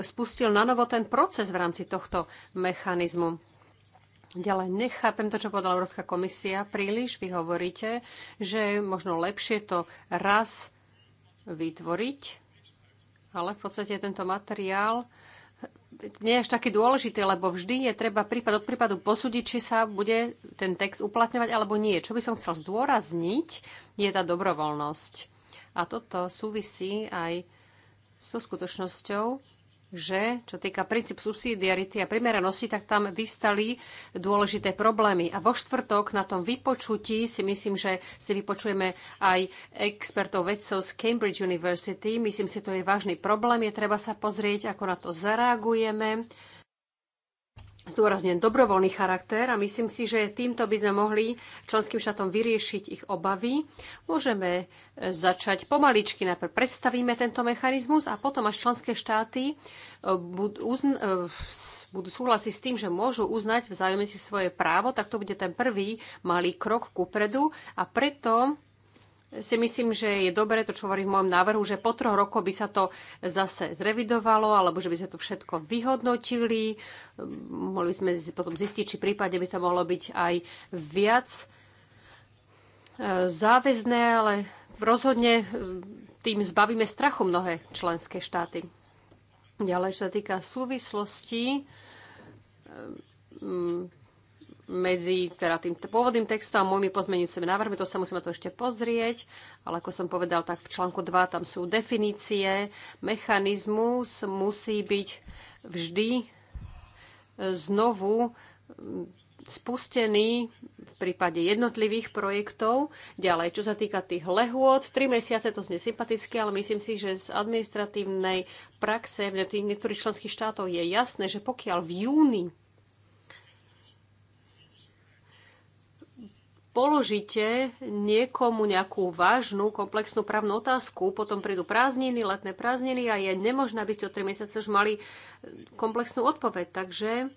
spustil na novo ten proces v rámci tohto mechanizmu. Ďalej, nechápem to, čo povedala Európska komisia príliš. Vy hovoríte, že je možno lepšie to raz vytvoriť, ale v podstate tento materiál nie je až taký dôležitý, lebo vždy je treba prípad od prípadu posúdiť, či sa bude ten text uplatňovať alebo nie. Čo by som chcel zdôrazniť, je tá dobrovoľnosť. A toto súvisí aj s tou skutočnosťou, že čo týka princíp subsidiarity a primeranosti, tak tam vystali dôležité problémy. A vo štvrtok na tom vypočutí si myslím, že si vypočujeme aj expertov vedcov z Cambridge University. Myslím si, to je vážny problém. Je treba sa pozrieť, ako na to zareagujeme zdôrazňujem dobrovoľný charakter a myslím si, že týmto by sme mohli členským štátom vyriešiť ich obavy. Môžeme e, začať pomaličky, najprv predstavíme tento mechanizmus a potom až členské štáty e, budú, uzn- e, budú súhlasiť s tým, že môžu uznať vzájomne si svoje právo, tak to bude ten prvý malý krok ku predu a preto si myslím, že je dobré to, čo hovorí v môjom návrhu, že po troch rokoch by sa to zase zrevidovalo, alebo že by sa to všetko vyhodnotili. Mohli by sme potom zistiť, či prípade by to mohlo byť aj viac e, záväzné, ale rozhodne e, tým zbavíme strachu mnohé členské štáty. Ďalej, čo sa týka súvislosti, e, medzi teda tým pôvodným textom a môjmi pozmenujúcimi návrhmi, to sa musíme to ešte pozrieť, ale ako som povedal, tak v článku 2 tam sú definície, mechanizmus musí byť vždy e, znovu spustený v prípade jednotlivých projektov. Ďalej, čo sa týka tých lehôd, tri mesiace to znie sympatické, ale myslím si, že z administratívnej praxe v niektorých členských štátoch je jasné, že pokiaľ v júni položíte niekomu nejakú vážnu, komplexnú právnu otázku, potom prídu prázdniny, letné prázdniny a je nemožné, aby ste o 3 mesiace už mali eh, komplexnú odpoveď. Takže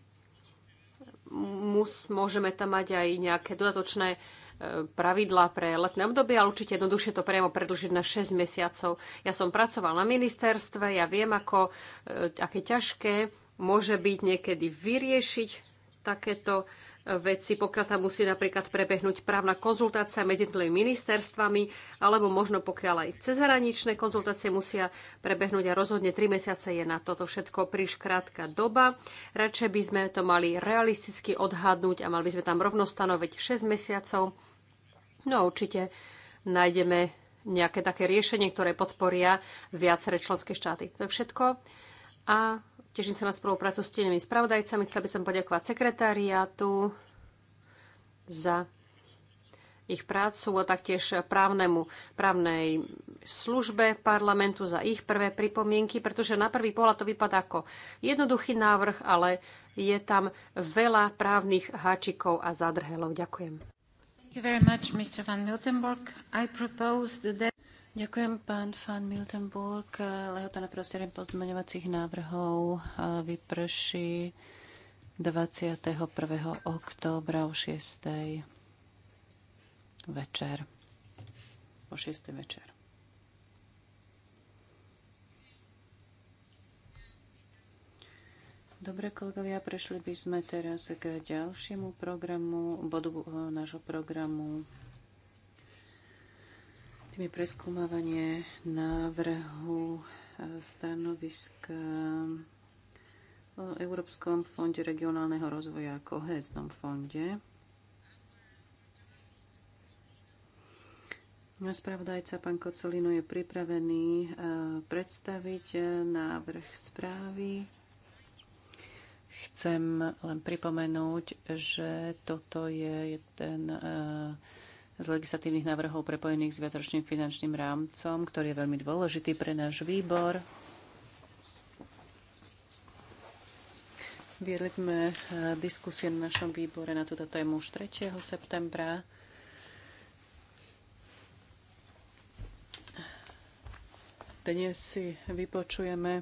mus, môžeme tam mať aj nejaké dodatočné eh, pravidlá pre letné obdobie, ale určite jednoduchšie to priamo predlžiť na 6 mesiacov. Ja som pracoval na ministerstve, ja viem, ako, eh, aké ťažké môže byť niekedy vyriešiť takéto veci, pokiaľ tam musí napríklad prebehnúť právna konzultácia medzi tými ministerstvami, alebo možno pokiaľ aj cezhraničné konzultácie musia prebehnúť a rozhodne 3 mesiace je na toto všetko príliš krátka doba. Radšej by sme to mali realisticky odhadnúť a mali by sme tam rovno stanoviť 6 mesiacov. No a určite nájdeme nejaké také riešenie, ktoré podporia viaceré členské štáty. To je všetko. A Teším sa na spoluprácu s tenými spravodajcami. Chcel by som poďakovať sekretariátu za ich prácu a taktiež právnemu, právnej službe parlamentu za ich prvé pripomienky, pretože na prvý pohľad to vypadá ako jednoduchý návrh, ale je tam veľa právnych háčikov a zadrhelov. Ďakujem. Much, propose... Ďakujem, pán Fan Miltenburg. Lehota na prostredie pozmeňovacích návrhov eh, vyprší 21. októbra o 6. večer. O 6. večer. Dobre, kolegovia, prešli by sme teraz k ďalšiemu programu, bodu eh, nášho programu. Tým je preskúmavanie návrhu e, stanoviska o Európskom fonde regionálneho rozvoja a kohéznom fonde. Spravodajca pán Kocolino je pripravený e, predstaviť e, návrh správy. Chcem len pripomenúť, že toto je ten z legislatívnych návrhov prepojených s viacročným finančným rámcom, ktorý je veľmi dôležitý pre náš výbor. Viedli sme eh, diskusie na našom výbore na túto tému už 3. septembra. Dnes si vypočujeme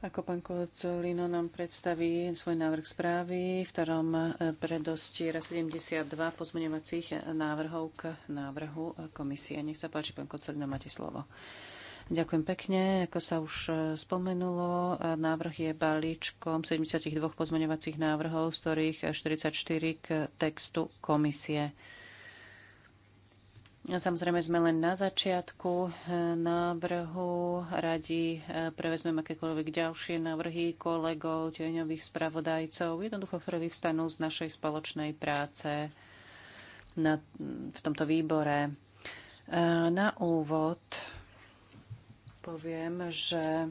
ako pán Kocolino nám predstaví svoj návrh správy, v ktorom e, predostiera 72 pozmeňovacích návrhov k návrhu komisie. Nech sa páči, pán Kocolino, máte slovo. Ďakujem pekne. Ako sa už e, spomenulo, e, návrh je balíčkom 72 pozmeňovacích návrhov, z ktorých 44 k textu komisie. Samozrejme sme len na začiatku eh, návrhu. Radi eh, prevezmem akékoľvek ďalšie návrhy kolegov, tieňových spravodajcov, jednoducho, ktoré vyvstanú z našej spoločnej práce na, v tomto výbore. Eh, na úvod poviem, že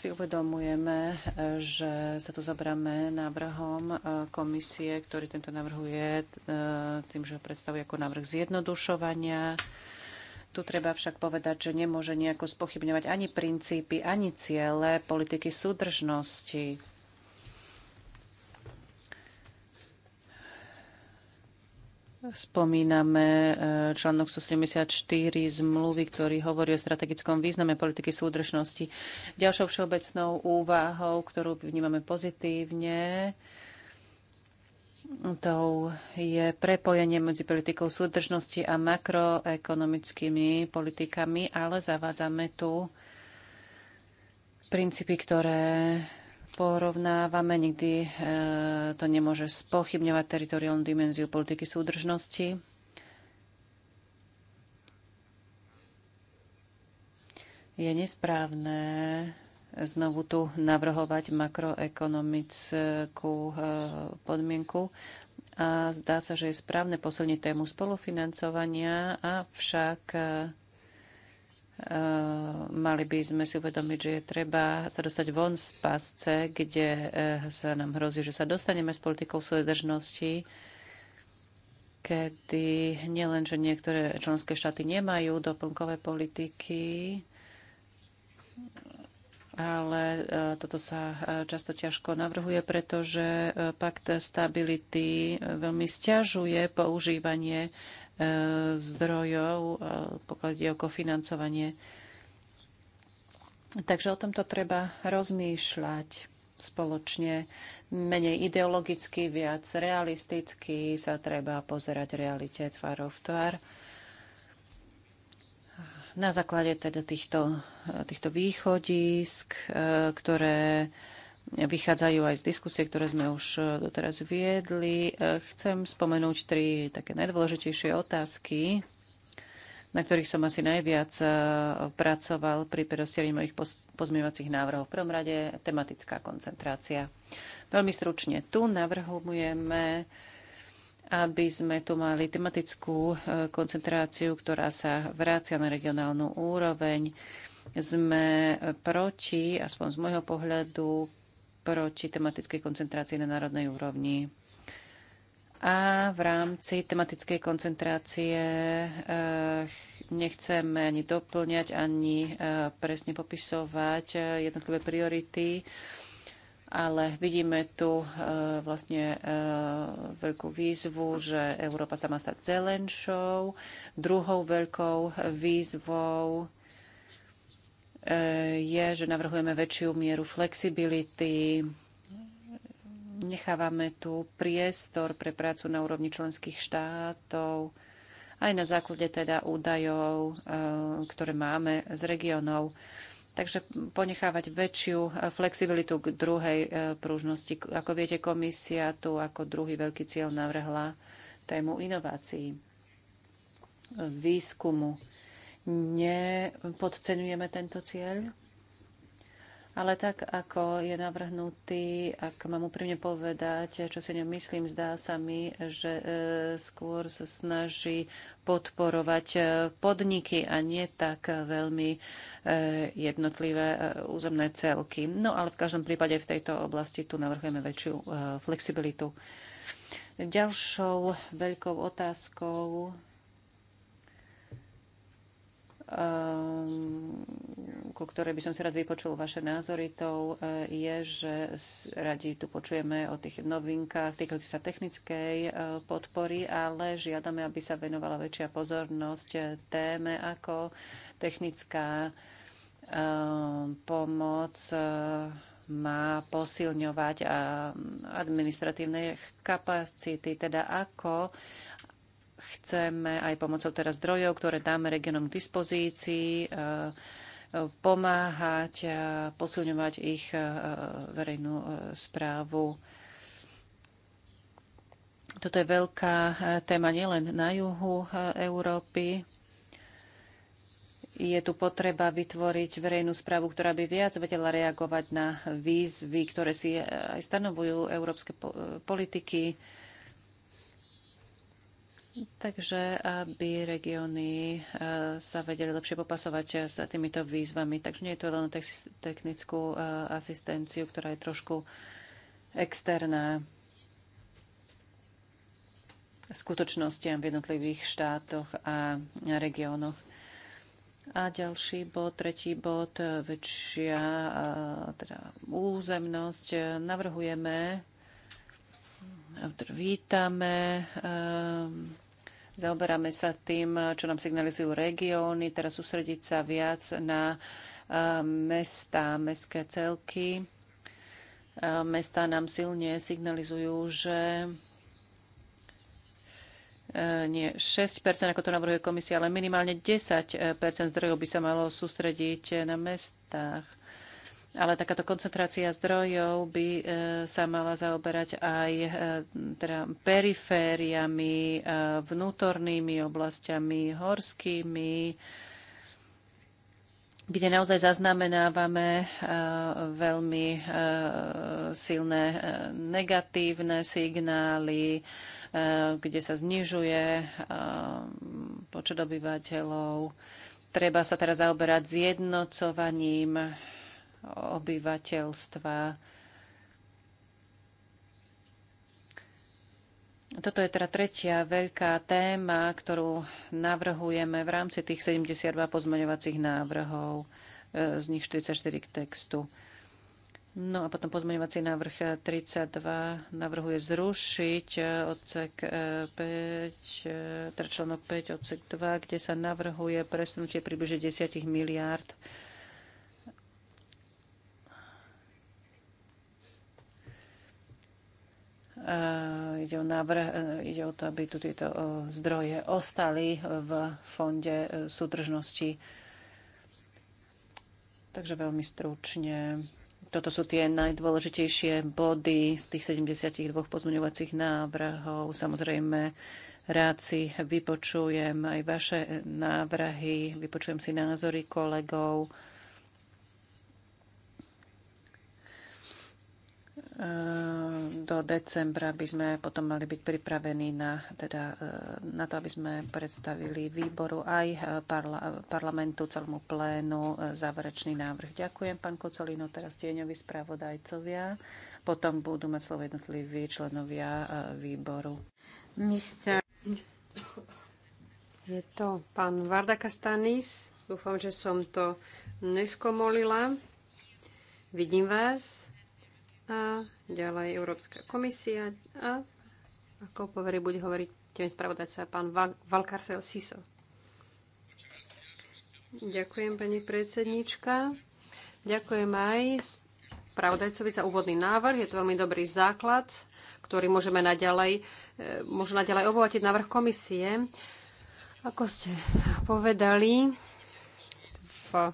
si uvedomujeme, že sa tu zabráme návrhom e, komisie, ktorý tento navrhuje e, tým, že ho predstavuje ako návrh zjednodušovania. Tu treba však povedať, že nemôže nejako spochybňovať ani princípy, ani ciele politiky súdržnosti Spomíname e, článok 174 zmluvy, ktorý hovorí o strategickom význame politiky súdržnosti. Ďalšou všeobecnou úvahou, ktorú vnímame pozitívne, tou je prepojenie medzi politikou súdržnosti a makroekonomickými politikami, ale zavádzame tu princípy, ktoré porovnávame, nikdy e, to nemôže spochybňovať teritoriálnu dimenziu politiky súdržnosti. Je nesprávne znovu tu navrhovať makroekonomickú e, podmienku. A zdá sa, že je správne posilniť tému spolufinancovania, avšak e, Eh, mali by sme si uvedomiť, že je treba sa dostať von z pasce, kde eh, sa nám hrozí, že sa dostaneme s politikou súdržnosti, kedy nielen, že niektoré členské štáty nemajú doplnkové politiky, ale eh, toto sa často ťažko navrhuje, pretože pakt stability veľmi stiažuje používanie E, zdrojov, e, pokiaľ ide o kofinancovanie. Takže o tomto treba rozmýšľať spoločne. Menej ideologicky, viac realisticky sa treba pozerať realite tvárov v tvár. Na základe teda týchto, týchto východisk, e, ktoré vychádzajú aj z diskusie, ktoré sme už e, doteraz viedli. E, chcem spomenúť tri také najdôležitejšie otázky, na ktorých som asi najviac e, pracoval pri predostieraní mojich pozmievacích návrhov. V prvom rade tematická koncentrácia. Veľmi stručne, tu navrhujeme aby sme tu mali tematickú koncentráciu, ktorá sa vrácia na regionálnu úroveň. Sme proti, aspoň z môjho pohľadu, proti tematickej koncentrácii na národnej úrovni. A v rámci tematickej koncentrácie eh, nechceme ani doplňať, ani eh, presne popisovať eh, jednotlivé priority, ale vidíme tu vlastne veľkú výzvu, že Európa sa má stať zelenšou. Druhou veľkou výzvou je, že navrhujeme väčšiu mieru flexibility, nechávame tu priestor pre prácu na úrovni členských štátov, aj na základe teda údajov, eh, ktoré máme z regionov. Takže ponechávať väčšiu eh, flexibilitu k druhej eh, pružnosti. Ako viete, komisia tu ako druhý veľký cieľ navrhla tému inovácií, výskumu nepodceňujeme tento cieľ. Ale tak, ako je navrhnutý, ak mám úprimne povedať, čo si nemyslím, zdá sa mi, že e, skôr sa snaží podporovať e, podniky a nie tak veľmi e, jednotlivé územné celky. No ale v každom prípade v tejto oblasti tu navrhujeme väčšiu flexibilitu. Ďalšou veľkou otázkou Ehm, ku ktorej by som si rád vypočul vaše názory, to eh, je, že radi tu počujeme o tých novinkách týkajúci sa technickej eh, podpory, ale žiadame, aby sa venovala väčšia pozornosť eh, téme ako technická ehm, pomoc má posilňovať ehm, administratívne kapacity, teda ako chceme aj pomocou teraz zdrojov, ktoré dáme regionom k dispozícii, eh, pomáhať a posilňovať ich eh, verejnú eh, správu. Toto je veľká téma nielen na juhu Európy. Je tu potreba vytvoriť verejnú správu, ktorá by viac vedela reagovať na výzvy, ktoré si aj stanovujú európske politiky Takže aby regióny eh, sa vedeli lepšie popasovať eh, s týmito výzvami. Takže nie je to len technickú eh, asistenciu, ktorá je trošku externá skutočnostiam v jednotlivých štátoch a regiónoch. A ďalší bod, tretí bod, väčšia teda územnosť. Navrhujeme vítame Zaoberáme sa tým, čo nám signalizujú regióny, teraz sústrediť sa viac na mesta, mestské celky. Mesta nám silne signalizujú, že e, nie 6 ako to navrhuje komisia, ale minimálne 10 zdrojov by sa malo sústrediť na mestách ale takáto koncentrácia zdrojov by e, sa mala zaoberať aj e, teda perifériami, e, vnútornými oblastiami, horskými, kde naozaj zaznamenávame veľmi silné negatívne signály, kde sa znižuje počet obyvateľov. Treba sa teraz zaoberať zjednocovaním obyvateľstva. Toto je teda tretia veľká téma, ktorú navrhujeme v rámci tých 72 pozmeňovacích návrhov, e, z nich 44 k textu. No a potom pozmeňovací návrh 32 navrhuje zrušiť e, odsek 5, e, teda článok 5 odsek 2, kde sa navrhuje presunutie približne 10 miliárd Eh, ide o, návrh, eh, ide o to, aby tu tieto eh, zdroje ostali v fonde súdržnosti. Takže veľmi stručne. Toto sú tie najdôležitejšie body z tých 72 pozmeňovacích návrhov. Samozrejme, rád si vypočujem aj vaše návrhy, vypočujem si názory kolegov do decembra by sme potom mali byť pripravení na, teda, e, na to, aby sme predstavili výboru aj e, parla, e, parlamentu, celému plénu záverečný návrh. Ďakujem, pán Kocolino, teraz tieňovi spravodajcovia. Potom budú mať slovo jednotliví členovia výboru. Mister... Je to pán Varda Kastanis. Dúfam, že som to neskomolila. Vidím vás a ďalej Európska komisia a ako poveri, bude hovoriť ten spravodajca pán Valkarsel Siso. Ďakujem, pani predsednička. Ďakujem aj spravodajcovi za úvodný návrh. Je to veľmi dobrý základ, ktorý môžeme naďalej, e, môžu naďalej obohatiť návrh komisie. Ako ste povedali, v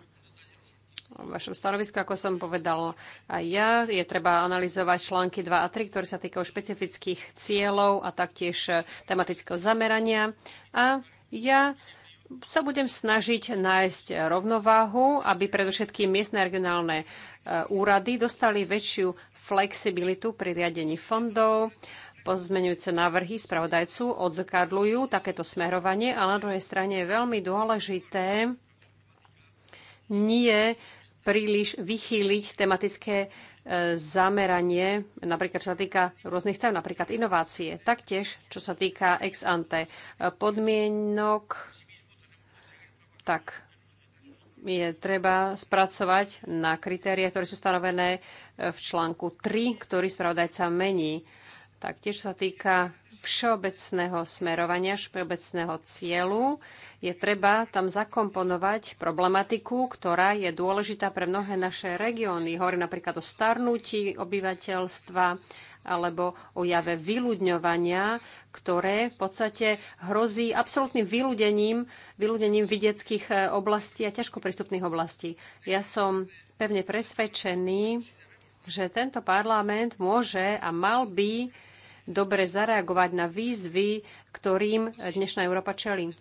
v vašom stanovisku, ako som povedal aj ja. Je treba analyzovať články 2 a 3, ktoré sa týkajú špecifických cieľov a taktiež e, tematického zamerania. A ja sa budem snažiť nájsť rovnováhu, aby predovšetkým miestne regionálne e, úrady dostali väčšiu flexibilitu pri riadení fondov. Pozmeňujúce návrhy spravodajcu odzrkadľujú takéto smerovanie, ale na druhej strane je veľmi dôležité nie príliš vychýliť tematické e, zameranie, napríklad čo sa týka rôznych tém, napríklad inovácie. Taktiež, čo sa týka ex ante e, podmienok, tak je treba spracovať na kritérie, ktoré sú stanovené e, v článku 3, ktorý spravodajca mení tak tiež sa týka všeobecného smerovania, všeobecného cieľu, je treba tam zakomponovať problematiku, ktorá je dôležitá pre mnohé naše regióny. Hovorí napríklad o starnutí obyvateľstva alebo o jave vyľudňovania, ktoré v podstate hrozí absolútnym vyľudením, vyľudením videckých eh, oblastí a ťažko prístupných oblastí. Ja som pevne presvedčený, že tento parlament môže a mal by dobre zareagovať na výzvy, ktorým dnešná Európa čelí.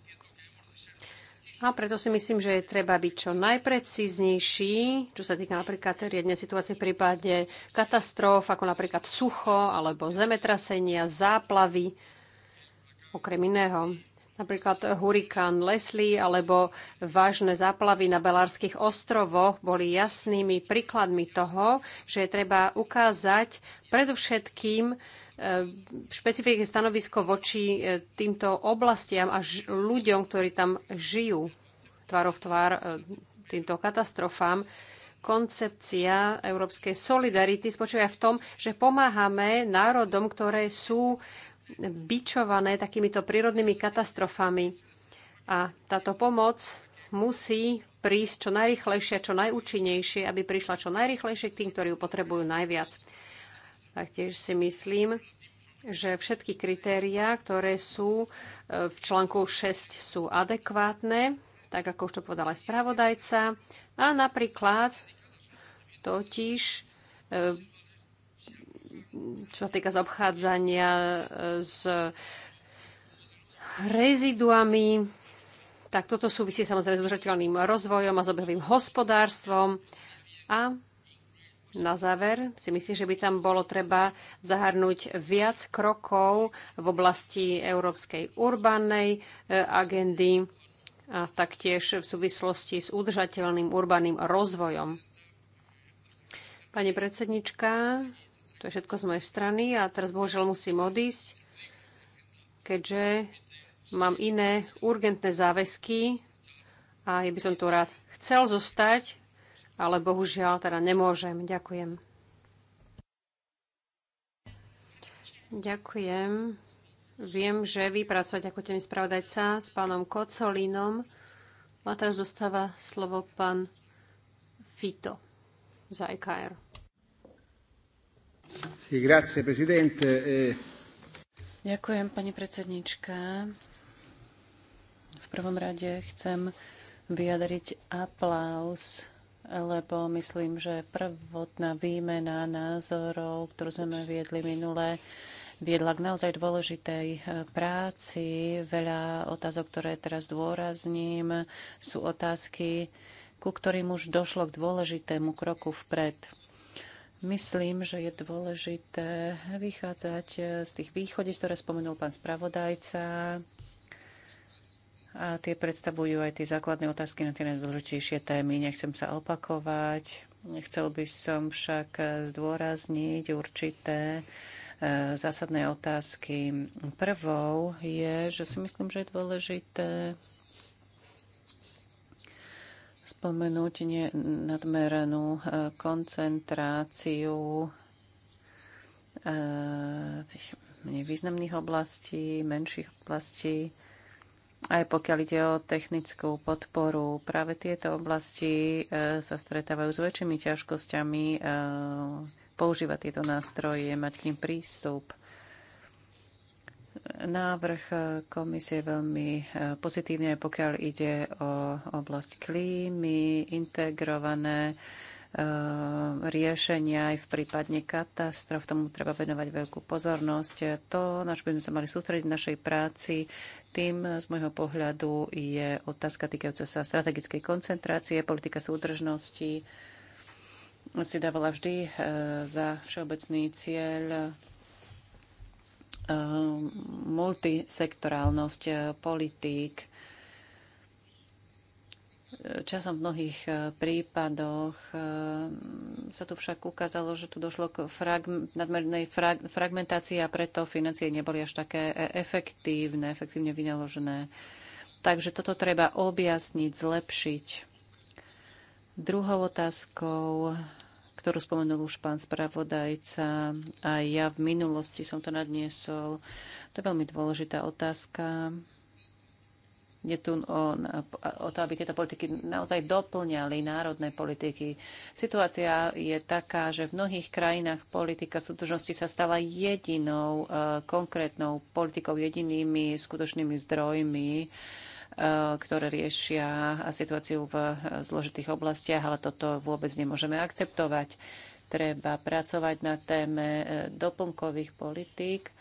A preto si myslím, že je treba byť čo najprecíznejší, čo sa týka napríklad riedne situácie v prípade katastrof, ako napríklad sucho alebo zemetrasenia, záplavy, okrem iného. Napríklad hurikán Leslie alebo vážne záplavy na Belárskych ostrovoch boli jasnými príkladmi toho, že je treba ukázať predovšetkým e, špecifické stanovisko voči e, týmto oblastiam a ľuďom, ktorí tam žijú tvárov tvár e, týmto katastrofám koncepcia európskej solidarity spočíva v tom, že pomáhame národom, ktoré sú bičované takýmito prírodnými katastrofami. A táto pomoc musí prísť čo najrychlejšie, čo najúčinnejšie, aby prišla čo najrychlejšie k tým, ktorí ju potrebujú najviac. Taktiež si myslím, že všetky kritériá, ktoré sú e, v článku 6, sú adekvátne, tak ako už to povedal aj spravodajca. A napríklad totiž e, čo týka zobchádzania e, s reziduami, tak toto súvisí samozrejme s udržateľným rozvojom a s obehovým hospodárstvom. A na záver si myslím, že by tam bolo treba zahrnúť viac krokov v oblasti európskej urbanej e, agendy a taktiež v súvislosti s udržateľným urbaným rozvojom. Pani predsednička, to je všetko z mojej strany a teraz bohužiaľ musím odísť, keďže mám iné urgentné záväzky a ja by som tu rád chcel zostať, ale bohužiaľ teda nemôžem. Ďakujem. Ďakujem. Viem, že vy pracovať ako ten spravodajca s pánom Kocolínom. A teraz dostáva slovo pán Fito za EKR. E Ďakujem, pani predsednička. V prvom rade chcem vyjadriť aplaus, lebo myslím, že prvotná výmena názorov, ktorú sme viedli minule, viedla k naozaj dôležitej e, práci. Veľa otázok, ktoré teraz dôrazním, sú otázky, ku ktorým už došlo k dôležitému kroku vpred. Myslím, že je dôležité vychádzať eh, z tých východíc, ktoré spomenul pán spravodajca. A tie predstavujú aj tie základné otázky na tie najdôležitejšie témy. Nechcem sa opakovať. Chcel by som však eh, zdôrazniť určité eh, zásadné otázky. Prvou je, že si myslím, že je dôležité spomenúť nie nadmeranú e, koncentráciu e, tých nevýznamných významných oblastí, menších oblastí, aj pokiaľ ide o technickú podporu. Práve tieto oblasti e, sa stretávajú s väčšími ťažkosťami používať tieto nástroje, mať k ním prístup. Návrh komisie je veľmi e, pozitívne, pokiaľ ide o oblasť klímy, integrované e, riešenia aj v prípadne katastrof. Tomu treba venovať veľkú pozornosť. To, na čo by sme sa mali sústrediť v našej práci, tým z môjho pohľadu je otázka týkajúca sa strategickej koncentrácie, politika súdržnosti. Si dávala vždy e, za všeobecný cieľ Ehm, multisektorálnosť e, politík. E, časom v mnohých e, prípadoch sa tu však ukázalo, že tu došlo k nadmernej frag- fragmentácii a preto financie neboli až také efektívne, efektívne vynaložené. Takže toto treba objasniť, zlepšiť. Druhou otázkou ktorú spomenul už pán spravodajca. A ja v minulosti som to nadniesol. To je veľmi dôležitá otázka. Je tu o, o to, aby tieto politiky naozaj doplňali národné politiky. Situácia je taká, že v mnohých krajinách politika súdržnosti sa stala jedinou eh, konkrétnou politikou, jedinými skutočnými zdrojmi Eh, ktoré riešia situáciu v eh, zložitých oblastiach, ale toto vôbec nemôžeme akceptovať. Treba pracovať na téme eh, doplnkových politík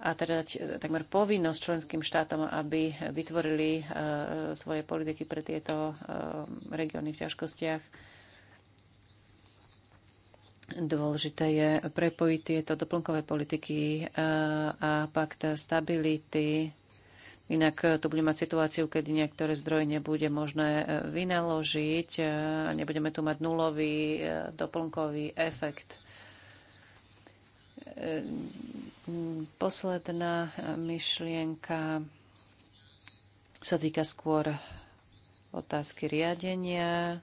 a teda takmer povinnosť členským štátom, aby vytvorili svoje politiky pre tieto regióny v ťažkostiach. Dôležité je prepojiť tieto doplnkové politiky a pakt stability Inak e, tu budeme mať situáciu, kedy niektoré zdroje nebude možné e, vynaložiť e, a nebudeme tu mať nulový doplnkový efekt. Posledná myšlienka sa týka skôr otázky riadenia.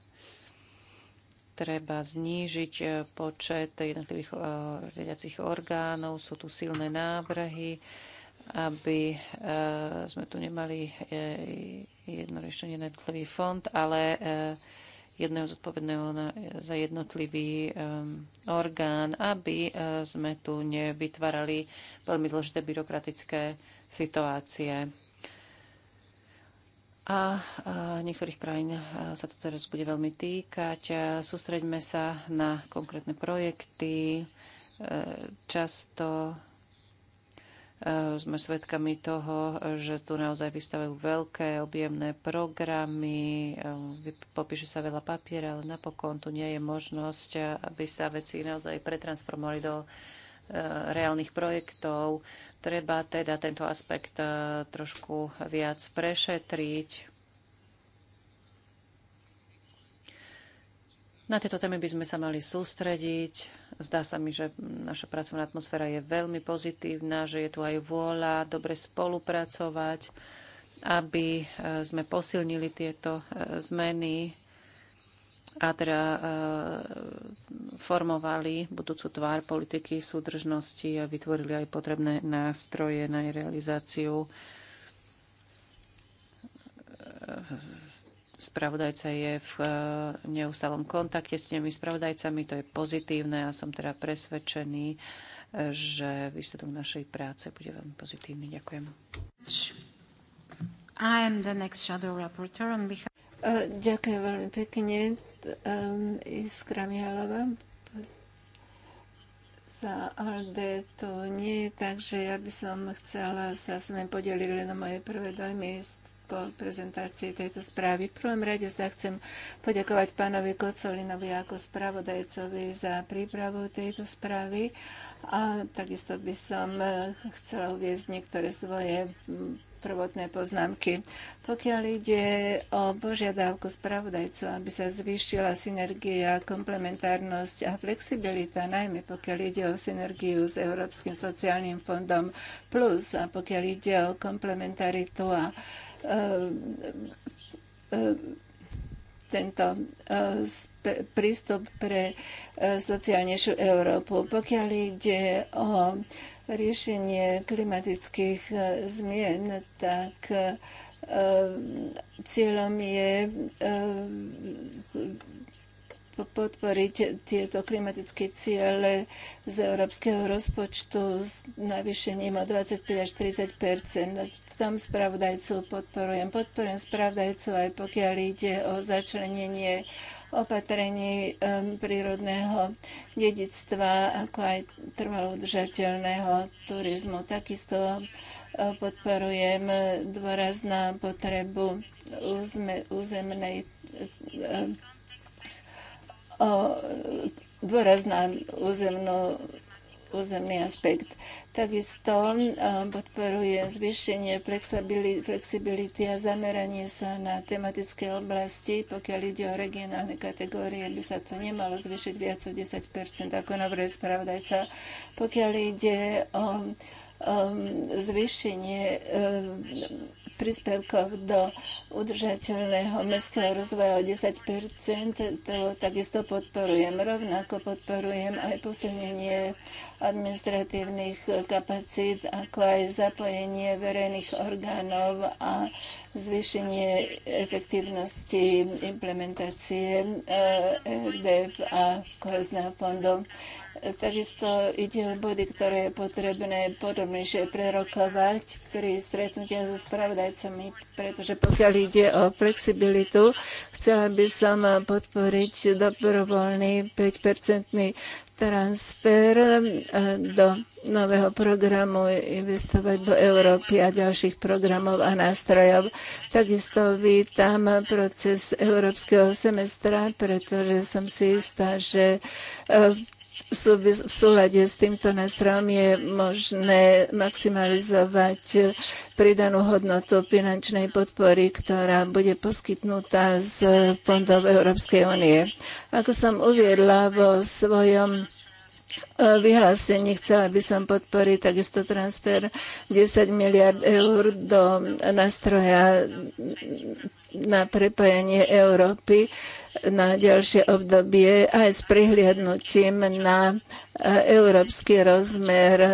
Treba znížiť počet jednotlivých riadiacich orgánov. Sú tu silné návrhy aby e, sme tu nemali e, jedno riešenie na jednotlivý fond, ale e, jedného zodpovedného za jednotlivý orgán, aby sme tu nevytvárali veľmi zložité byrokratické situácie. A niektorých krajín sa to teraz bude veľmi týkať. Sústreďme sa na konkrétne projekty. Často Eh, sme svedkami toho, že tu naozaj vystavajú veľké objemné programy, eh, popíše sa veľa papiera, ale napokon tu nie je možnosť, aby sa veci naozaj pretransformovali do eh, reálnych projektov. Treba teda tento aspekt trošku viac prešetriť Na tieto témy by sme sa mali sústrediť. Zdá sa mi, že naša pracovná atmosféra je veľmi pozitívna, že je tu aj vôľa dobre spolupracovať, aby eh, sme posilnili tieto eh, zmeny a teda eh, formovali budúcu tvár politiky súdržnosti a vytvorili aj potrebné nástroje na jej realizáciu Spravodajca je v e, neustálom kontakte s tými spravodajcami, to je pozitívne a som teda presvedčený, e, že výsledok našej práce bude veľmi pozitívny. Ďakujem. E, ďakujem veľmi pekne. Iskra Mihalova za Alde to nie, takže ja by som chcela sa s vami podeliť len o moje prvé dojmy z po prezentácii tejto správy. V prvom rade sa chcem poďakovať pánovi Kocolinovi ako spravodajcovi za prípravu tejto správy a takisto by som e, chcela uviezť niektoré svoje prvotné poznámky. Pokiaľ ide o požiadavku spravodajcu, aby sa zvýšila synergia, komplementárnosť a flexibilita, najmä pokiaľ ide o synergiu s Európskym sociálnym fondom plus a pokiaľ ide o komplementaritu a tento e, prístup pre e, sociálnejšiu Európu. Pokiaľ ide o riešenie klimatických e, zmien, tak cieľom je podporiť tieto klimatické ciele z európskeho rozpočtu s navýšením o 25 až 30 V tom spravodajcu podporujem. Podporujem spravodajcu aj pokiaľ ide o začlenenie opatrení um, prírodného dedictva, ako aj trvalo udržateľného turizmu. Takisto uh, podporujem dôraz na potrebu územnej uh, o dôraz na územno, územný aspekt. Takisto podporuje zvýšenie flexibility a zameranie sa na tematické oblasti. Pokiaľ ide o regionálne kategórie, by sa to nemalo zvýšiť viac o 10 ako navrhuje spravodajca. Pokiaľ ide o um, zvýšenie um, príspevkov do udržateľného mestského rozvoja o 10 to takisto podporujem. Rovnako podporujem aj posilnenie administratívnych kapacít, ako aj zapojenie verejných orgánov a zvýšenie efektívnosti implementácie eh, RDF a kohezného fondov. Takisto ide o body, ktoré je potrebné podobnejšie prerokovať pri stretnutia so spravodajcami, pretože pokiaľ ide o flexibilitu, chcela by som podporiť dobrovoľný 5-percentný transfer e, do nového programu investovať do Európy a ďalších programov a nástrojov. Takisto vítam proces európskeho semestra, pretože som si istá, že e, v súlade s týmto nástrojom je možné maximalizovať pridanú hodnotu finančnej podpory, ktorá bude poskytnutá z fondov Európskej únie. Ako som uviedla vo svojom e, vyhlásení. Chcela by som podporiť takisto transfer 10 miliard eur do nástroja na prepojenie Európy na ďalšie obdobie aj s prihliadnutím na e, európsky rozmer e,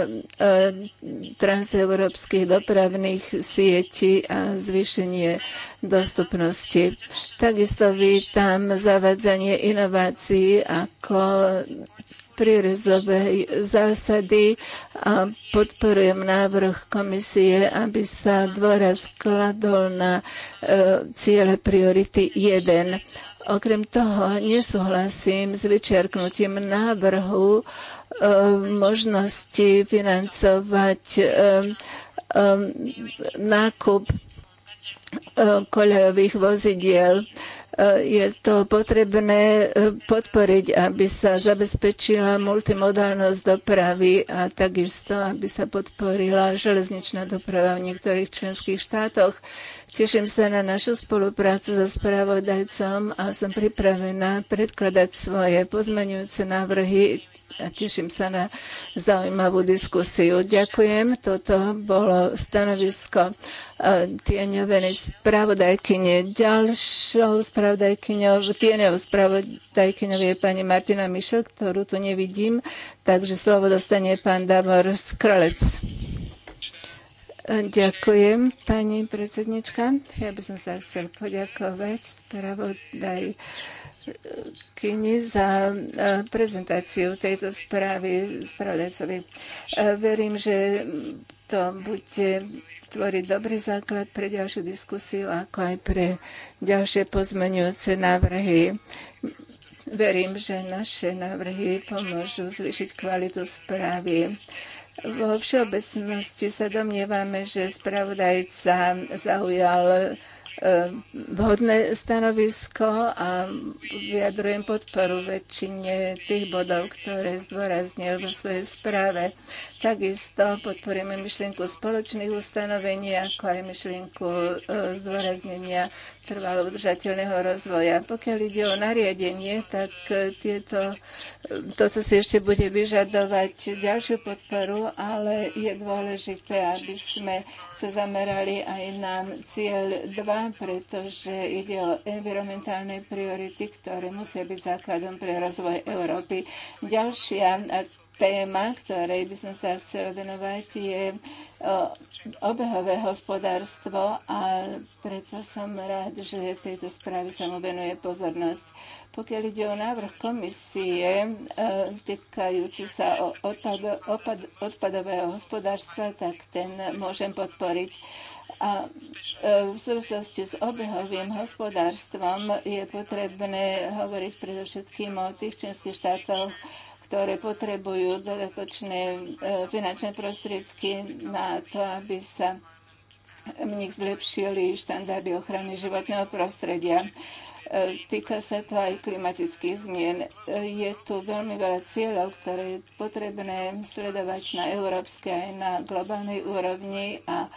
transeurópskych dopravných sietí a zvýšenie dostupnosti. Takisto vítam zavadzanie inovácií ako prírezovej zásady a podporujem návrh komisie, aby sa dôraz kladol na e, ciele priority 1. Okrem toho nesúhlasím s vyčerknutím návrhu e, možnosti financovať e, nákup kolejových vozidiel. Eh, je to potrebné eh, podporiť, aby sa zabezpečila multimodálnosť dopravy a takisto, aby sa podporila železničná doprava v niektorých členských štátoch. Teším sa na našu spoluprácu so spravodajcom a som pripravená predkladať svoje pozmeňujúce návrhy a teším sa na zaujímavú diskusiu. Ďakujem. Toto bolo stanovisko e, tieňovenej spravodajkyne. Ďalšou spravodajkyňou, tieňovou spravodajkyňou je pani Martina Mišel, ktorú tu nevidím, takže slovo dostane pán Davor Skrolec. E, ďakujem, pani predsednička. Ja by som sa chcel poďakovať spravodajkyni kyni za e, prezentáciu tejto správy spravodajcovi. E, verím, že to bude tvoriť dobrý základ pre ďalšiu diskusiu, ako aj pre ďalšie pozmeňujúce návrhy. Verím, že naše návrhy pomôžu zvýšiť kvalitu správy. Vo všeobecnosti sa domnievame, že spravodajca zaujal vhodné stanovisko a vyjadrujem podporu väčšine tých bodov, ktoré zdôraznil vo svojej správe. Takisto podporujeme myšlienku spoločných ustanovení, ako aj myšlienku e, zdôraznenia trvalo udržateľného rozvoja. Pokiaľ ide o nariadenie, tak e, tieto, e, toto si ešte bude vyžadovať ďalšiu podporu, ale je dôležité, aby sme sa zamerali aj na cieľ 2 pretože ide o environmentálne priority, ktoré musia byť základom pre rozvoj Európy. Ďalšia téma, ktorej by som sa chcela venovať, je obehové hospodárstvo a preto som rád, že v tejto správe sa mu venuje pozornosť. Pokiaľ ide o návrh komisie e, týkajúci sa odpad, odpadového hospodárstva, tak ten môžem podporiť a e, v súvislosti s obehovým hospodárstvom je potrebné hovoriť predovšetkým o tých členských štátoch, ktoré potrebujú dodatočné e, finančné prostriedky na to, aby sa v nich zlepšili štandardy ochrany životného prostredia. Týka sa to aj klimatických zmien. Je tu veľmi veľa cieľov, ktoré je potrebné sledovať na európskej aj na globálnej úrovni a e,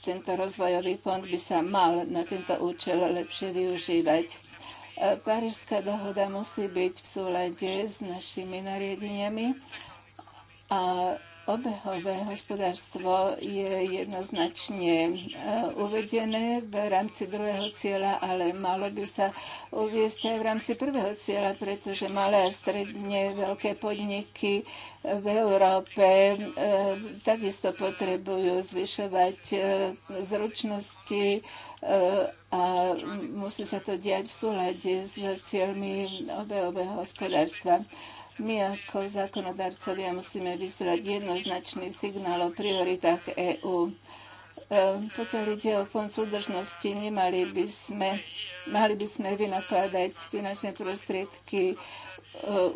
tento rozvojový fond by sa mal na tento účel lepšie využívať. E, Parížská dohoda musí byť v súlade s našimi nariadeniami a Obehové hospodárstvo je jednoznačne e, uvedené v rámci druhého cieľa, ale malo by sa uviesť aj v rámci prvého cieľa, pretože malé a stredne veľké podniky v Európe e, takisto potrebujú zvyšovať e, zručnosti a musí sa to diať v súlade s cieľmi obehového hospodárstva. My ako zákonodarcovia musíme vyslať jednoznačný signál o prioritách EÚ. E, pokiaľ ide o fond súdržnosti, nemali by sme, mali by sme vynakladať finančné prostriedky e,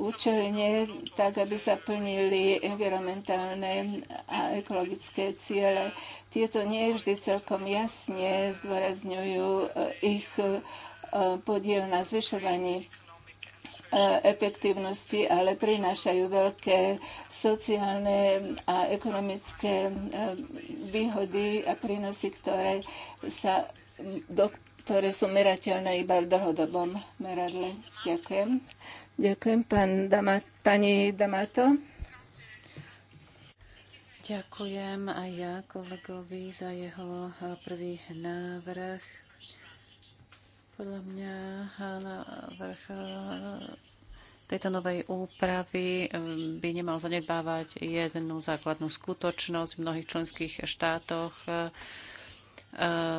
účelne, tak aby sa plnili environmentálne a ekologické ciele. Tieto nie vždy celkom jasne zdôrazňujú e, ich podiel na zvyšovaní E, efektívnosti, ale prinášajú veľké sociálne a ekonomické e, výhody a prínosy, ktoré, sa, do, ktoré sú merateľné iba v dlhodobom meradle. Ďakujem. Ďakujem, pán Dama, pani Damato. Ďakujem aj ja kolegovi za jeho e, prvý návrh. Podľa mňa na vrch e, tejto novej úpravy e, by nemal zanedbávať jednu základnú skutočnosť v mnohých členských štátoch. E,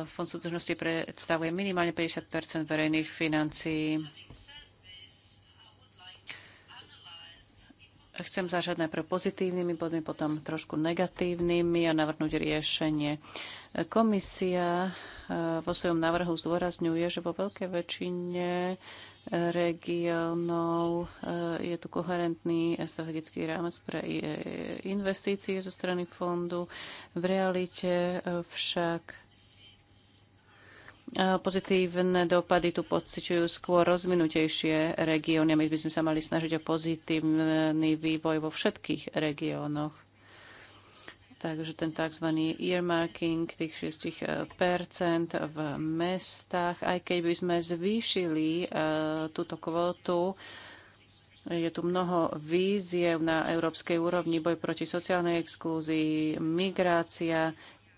Fond súdržnosti predstavuje minimálne 50 verejných financií. Chcem začať najprv pozitívnymi bodmi, potom trošku negatívnymi a navrhnúť riešenie. Komisia eh, vo svojom návrhu zdôrazňuje, že vo veľkej väčšine eh, regiónov eh, je tu koherentný strategický rámec pre investície zo strany fondu. V realite však Eh, pozitívne dopady tu pociťujú skôr rozvinutejšie regióny. My by sme sa mali snažiť o pozitívny vývoj vo všetkých regiónoch. Takže ten tzv. earmarking tých 6 eh, v mestách, aj keď by sme zvýšili eh, túto kvótu, je tu mnoho víziev na európskej úrovni, boj proti sociálnej exklúzii, migrácia,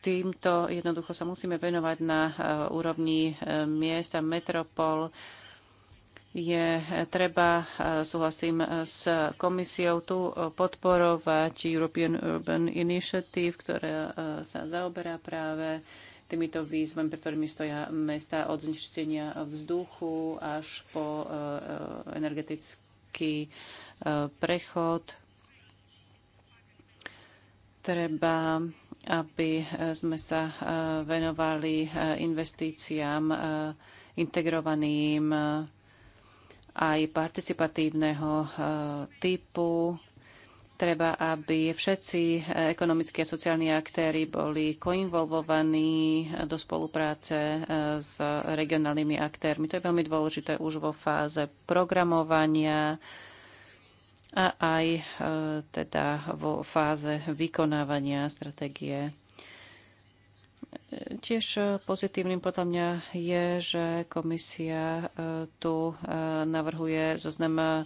týmto jednoducho sa musíme venovať na e, úrovni e, miest a metropol. Je e, treba, súhlasím s komisiou, tu podporovať European Urban Initiative, ktorá sa zaoberá práve týmito výzvami, pre ktorými stoja mesta od znečistenia vzduchu až po energetický prechod. Treba aby eh, sme sa eh, venovali eh, investíciám integrovaným aj participatívneho typu. Treba, aby všetci ekonomickí a sociálni aktéry boli koinvolvovaní do spolupráce s regionálnymi aktérmi. To je veľmi dôležité už vo fáze programovania, a aj e, teda vo fáze vykonávania stratégie. Tiež pozitívnym podľa mňa je, že komisia e, tu e, navrhuje zoznam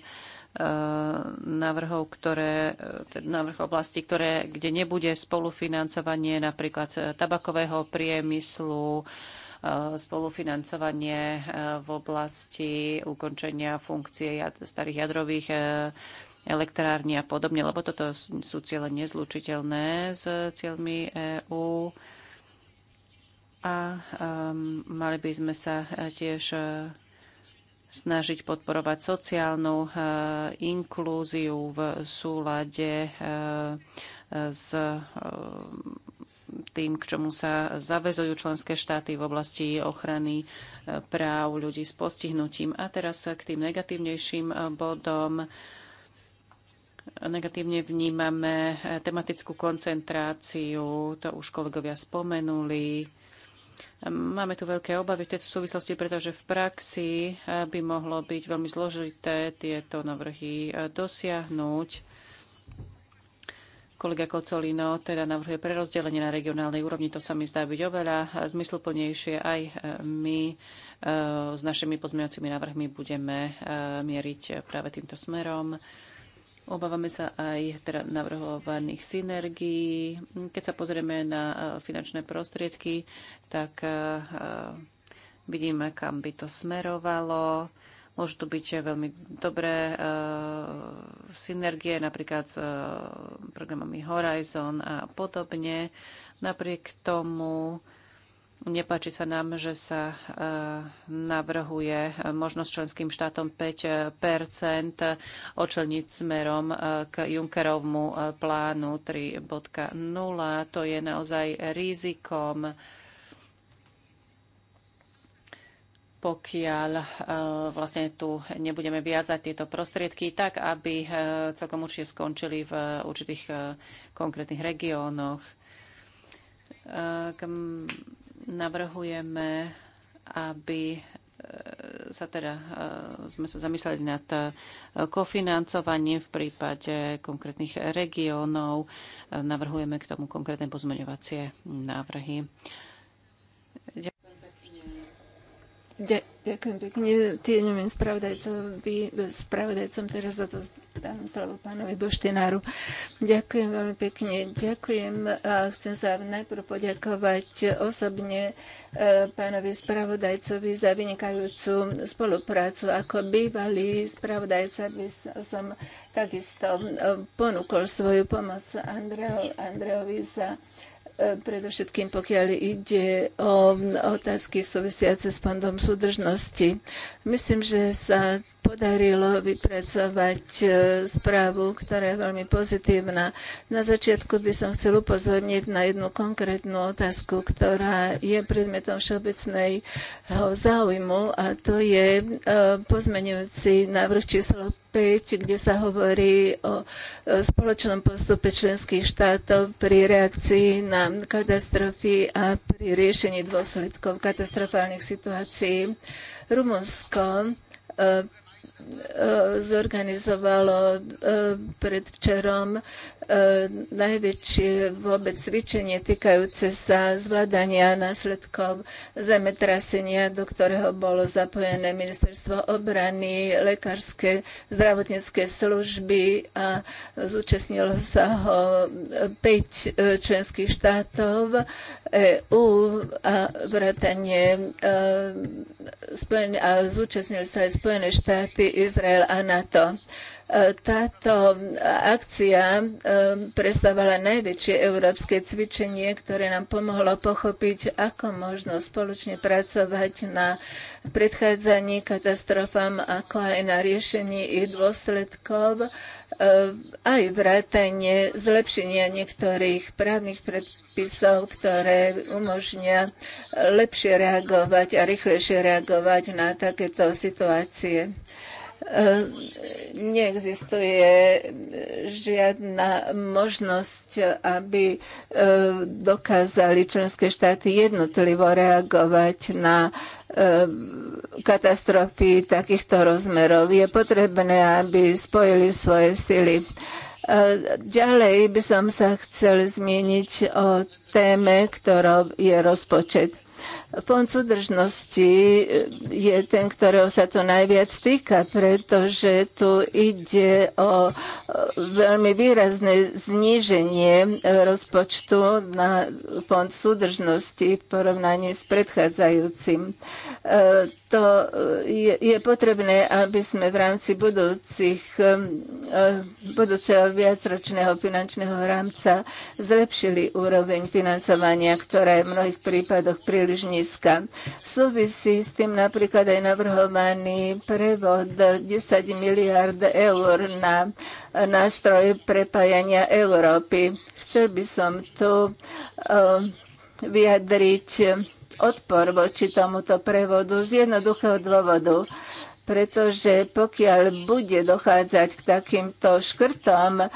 návrhov, ktoré, návrh oblasti, ktoré, kde nebude spolufinancovanie napríklad tabakového priemyslu, spolufinancovanie v oblasti ukončenia funkcie starých jadrových elektrárni a podobne, lebo toto sú ciele nezlučiteľné s cieľmi EÚ. A um, mali by sme sa e, tiež uh, snažiť podporovať sociálnu uh, inklúziu v súlade uh, s tým, k čomu sa zavezujú členské štáty v oblasti ochrany práv ľudí s postihnutím. A teraz k tým negatívnejším bodom Negatívne vnímame eh, tematickú koncentráciu, to už kolegovia spomenuli. Máme tu veľké obavy v tejto súvislosti, pretože v praxi eh, by mohlo byť veľmi zložité tieto navrhy eh, dosiahnuť. Kolega Kocolino teda navrhuje prerozdelenie na regionálnej úrovni. To sa mi zdá byť oveľa zmysluplnejšie. Aj my s našimi pozmeňovacími návrhmi budeme mieriť práve týmto smerom. Obávame sa aj teda navrhovaných synergií. Keď sa pozrieme na e, finančné prostriedky, tak e, e, vidíme, kam by to smerovalo. Môžu tu byť veľmi dobré synergie napríklad s programami Horizon a podobne. Napriek tomu Nepáči sa nám, že sa e, navrhuje možnosť členským štátom 5 očelniť smerom e, k Junckerovmu e, plánu 3.0. To je naozaj rizikom pokiaľ vlastne tu nebudeme viazať tieto prostriedky tak, aby celkom určite skončili v určitých konkrétnych regiónoch. Navrhujeme, aby e, sa teda, e, sme sa zamysleli nad e, kofinancovaním v prípade konkrétnych regiónov. Navrhujeme k tomu konkrétne pozmeňovacie návrhy ďakujem pekne. spravodajcovi spravodajcom teraz za to dám slovo pánovi Boštináru. Ďakujem veľmi pekne. Ďakujem a chcem sa najprv poďakovať osobne e, pánovi spravodajcovi za vynikajúcu spoluprácu. Ako bývalý spravodajca by som takisto e, ponúkol svoju pomoc Andreovi za E, predovšetkým pokiaľ ide o otázky súvisiace s fondom súdržnosti. Myslím, že sa podarilo vypracovať e, správu, ktorá je veľmi pozitívna. Na začiatku by som chcel upozorniť na jednu konkrétnu otázku, ktorá je predmetom všeobecného záujmu a to je e, pozmenujúci návrh číslo 5, kde sa hovorí o e, spoločnom postupe členských štátov pri reakcii na katastrofy a pri riešení dôsledkov katastrofálnych situácií. Rumunsko E, zorganizovalo e, predvčerom E, najväčšie vôbec cvičenie týkajúce sa zvládania následkov zemetrasenia, do ktorého bolo zapojené ministerstvo obrany, lekárske, zdravotnícke služby a zúčastnilo sa ho 5 e, členských štátov EU a vrátanie e, a zúčastnili sa aj Spojené štáty, Izrael a NATO. Táto akcia ehm, predstavovala najväčšie európske cvičenie, ktoré nám pomohlo pochopiť, ako možno spoločne pracovať na predchádzaní katastrofám, ako aj na riešení ich dôsledkov, ehm, aj vrátanie zlepšenia niektorých právnych predpisov, ktoré umožnia lepšie reagovať a rýchlejšie reagovať na takéto situácie. Ehm, neexistuje žiadna možnosť, aby ehm, dokázali členské štáty jednotlivo reagovať na ehm, katastrofy takýchto rozmerov. Je potrebné, aby spojili svoje sily. Ďalej by som sa chcel zmieniť o téme, ktorou je rozpočet. Fond súdržnosti e, je ten, ktorého sa to najviac týka, pretože tu ide o e, veľmi výrazné zníženie e, rozpočtu na Fond súdržnosti v porovnaní s predchádzajúcim to je, je potrebné, aby sme v rámci budúcich, budúceho viacročného finančného rámca zlepšili úroveň financovania, ktorá je v mnohých prípadoch príliš nízka nízka. Súvisí s tým napríklad aj navrhovaný prevod 10 miliard eur na nástroj prepájania Európy. Chcel by som tu e, vyjadriť odpor voči tomuto prevodu z jednoduchého dôvodu pretože pokiaľ bude dochádzať k takýmto škrtom,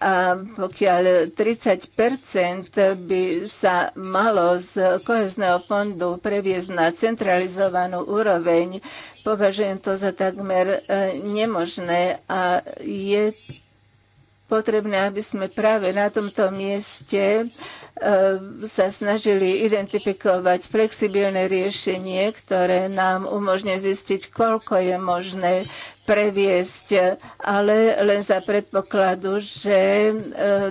a pokiaľ 30 by sa malo z kohezného fondu previesť na centralizovanú úroveň, považujem to za takmer e, nemožné a je potrebné, aby sme práve na tomto mieste e, sa snažili identifikovať flexibilné riešenie, ktoré nám umožňuje zistiť, koľko je možné previesť, ale len za predpokladu, že, e,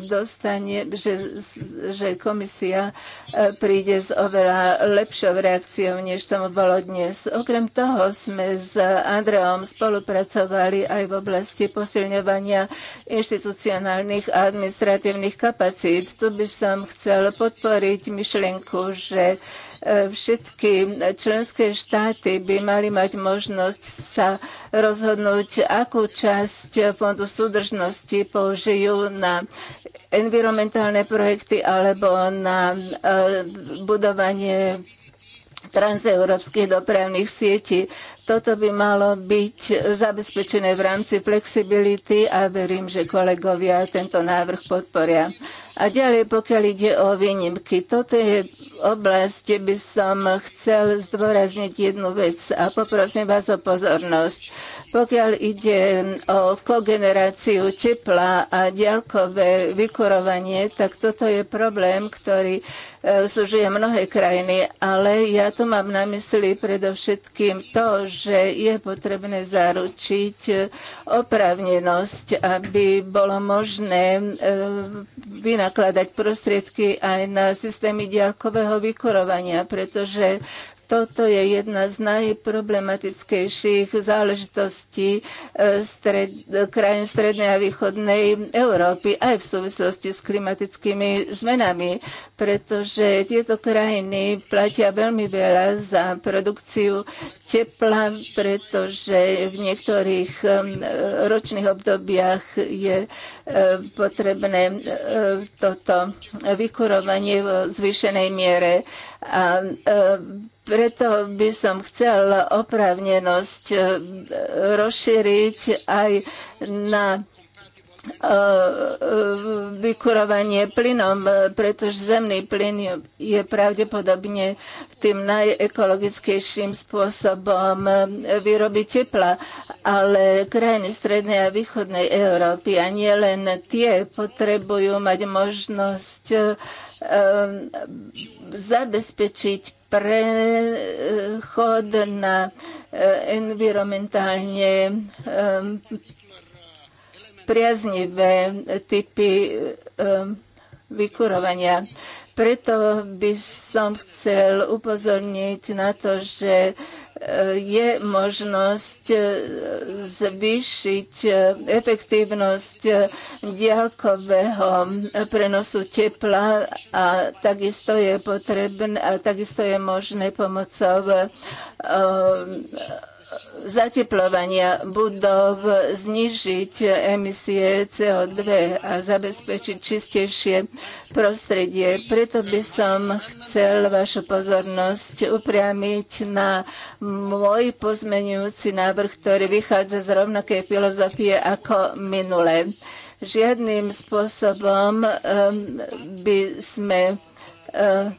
dostane, že, že komisia e, príde s oveľa lepšou reakciou, než tomu bolo dnes. Okrem toho sme s Andreom spolupracovali aj v oblasti posilňovania inštitucionálnych a administratívnych kapacít. Tu by som chcel podporiť myšlienku, že Všetky členské štáty by mali mať možnosť sa rozhodnúť, akú časť fondu súdržnosti použijú na environmentálne projekty alebo na eh, budovanie transeurópskych dopravných sietí. Toto by malo byť zabezpečené v rámci flexibility a verím, že kolegovia tento návrh podporia. A ďalej, pokiaľ ide o výnimky, toto je oblasť, kde by som chcel zdôrazniť jednu vec a poprosím vás o pozornosť pokiaľ ide o kogeneráciu tepla a diaľkové vykurovanie, tak toto je problém, ktorý zužije e, mnohé krajiny, ale ja tu mám na mysli predovšetkým to, že je potrebné zaručiť e, oprávnenosť, aby bolo možné e, vynakladať prostriedky aj na systémy diaľkového vykurovania, pretože toto je jedna z najproblematickejších záležitostí e, stred, krajín strednej a východnej Európy aj v súvislosti s klimatickými zmenami, pretože tieto krajiny platia veľmi veľa za produkciu tepla, pretože v niektorých e, ročných obdobiach je e, potrebné toto vykurovanie vo zvýšenej miere a preto by som chcel oprávnenosť e, rozšíriť aj na e, e, vykurovanie plynom, pretože zemný plyn je, pravdepodobne tým najekologickejším spôsobom výroby tepla, ale krajiny strednej a východnej Európy a nie len tie potrebujú mať možnosť zabezpečiť prechod na e, environmentálne e, priaznivé typy e, vykurovania. Preto by som chcel upozorniť na to, že e, je možnosť e, zvýšiť e, efektívnosť diálkového prenosu tepla a takisto je potrebné a takisto je možné pomocou uh, zateplovania budov znižiť emisie CO2 a zabezpečiť čistejšie prostredie. Preto by som chcel vašu pozornosť upriamiť na môj pozmenujúci návrh, ktorý vychádza z rovnakej filozofie ako minule. Žiadnym spôsobom ehm, by sme ehm,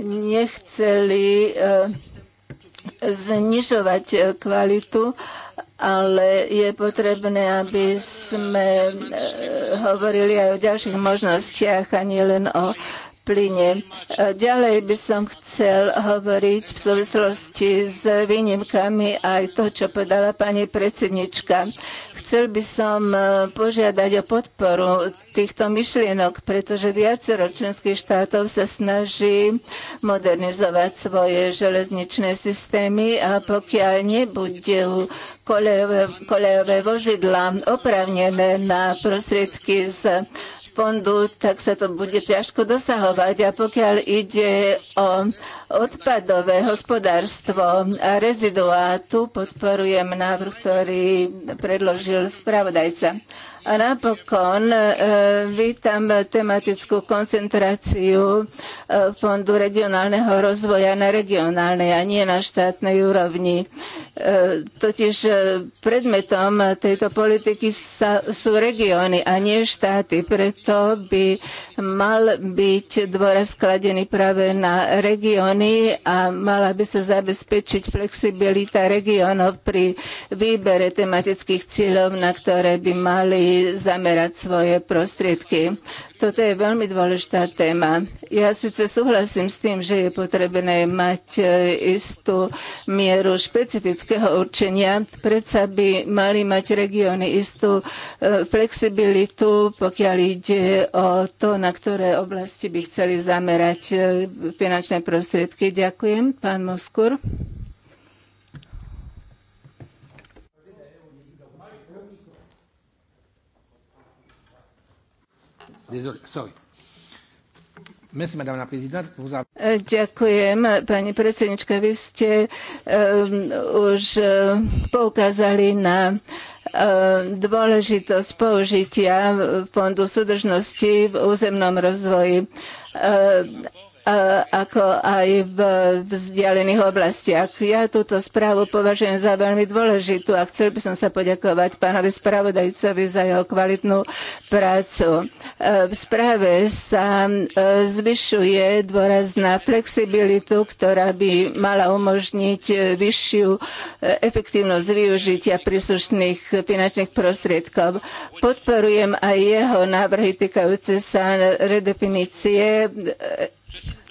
nechceli ehm, znižovať e, kvalitu, ale je potrebné, aby sme e, hovorili aj o ďalších možnostiach a nie len o plyne. E, ďalej by som chcel hovoriť v súvislosti s výnimkami aj to, čo povedala pani predsednička. Chcel by som e, požiadať o podporu týchto myšlienok, pretože viacero členských štátov sa snaží modernizovať svoje železničné systémy a pokiaľ nebudú kolejové, kolejové vozidla opravnené na prostriedky z fondu, tak sa to bude ťažko dosahovať. A pokiaľ ide o odpadové hospodárstvo a reziduá, tu podporujem návrh, ktorý predložil spravodajca. A napokon e, vítam tematickú koncentráciu e, Fondu regionálneho rozvoja na regionálnej a nie na štátnej úrovni. E, totiž predmetom tejto politiky sa, sú regióny a nie štáty, preto by mal byť dôraz skladený práve na regióny a mala by sa zabezpečiť flexibilita regiónov pri výbere tematických cieľov, na ktoré by mali zamerať svoje prostriedky. Toto je veľmi dôležitá téma. Ja síce súhlasím s tým, že je potrebné mať e, istú mieru špecifického určenia. Predsa by mali mať regióny istú e, flexibilitu, pokiaľ ide o to, na ktoré oblasti by chceli zamerať e, finančné prostriedky. Ďakujem. Pán Moskur. désolé, sorry. Merci, madame la présidente. Vous avez... E, ďakujem, pani predsednička. Vy ste um, už e, poukázali na dôležitosť použitia Fondu súdržnosti v územnom rozvoji ako aj v vzdialených oblastiach. Ja túto správu považujem za veľmi dôležitú a chcel by som sa poďakovať pánovi spravodajcovi za jeho kvalitnú prácu. E, v správe sa e, zvyšuje dôraz na flexibilitu, ktorá by mala umožniť vyššiu e, efektívnosť využitia príslušných finančných prostriedkov. Podporujem aj jeho návrhy týkajúce sa redefinície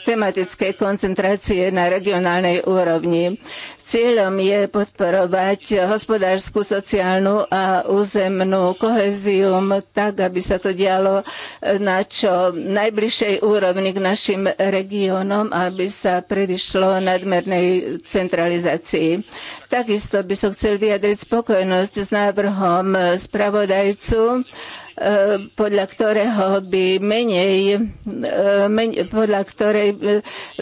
tematickej koncentrácie na regionálnej úrovni. Cieľom je podporovať hospodárskú, sociálnu a územnú koheziu tak, aby sa to dialo na čo najbližšej úrovni k našim regiónom, aby sa predišlo nadmernej centralizácii. Takisto by som chcel vyjadriť spokojnosť s návrhom spravodajcu, E, podľa ktorého by menej, e, menej podľa ktorej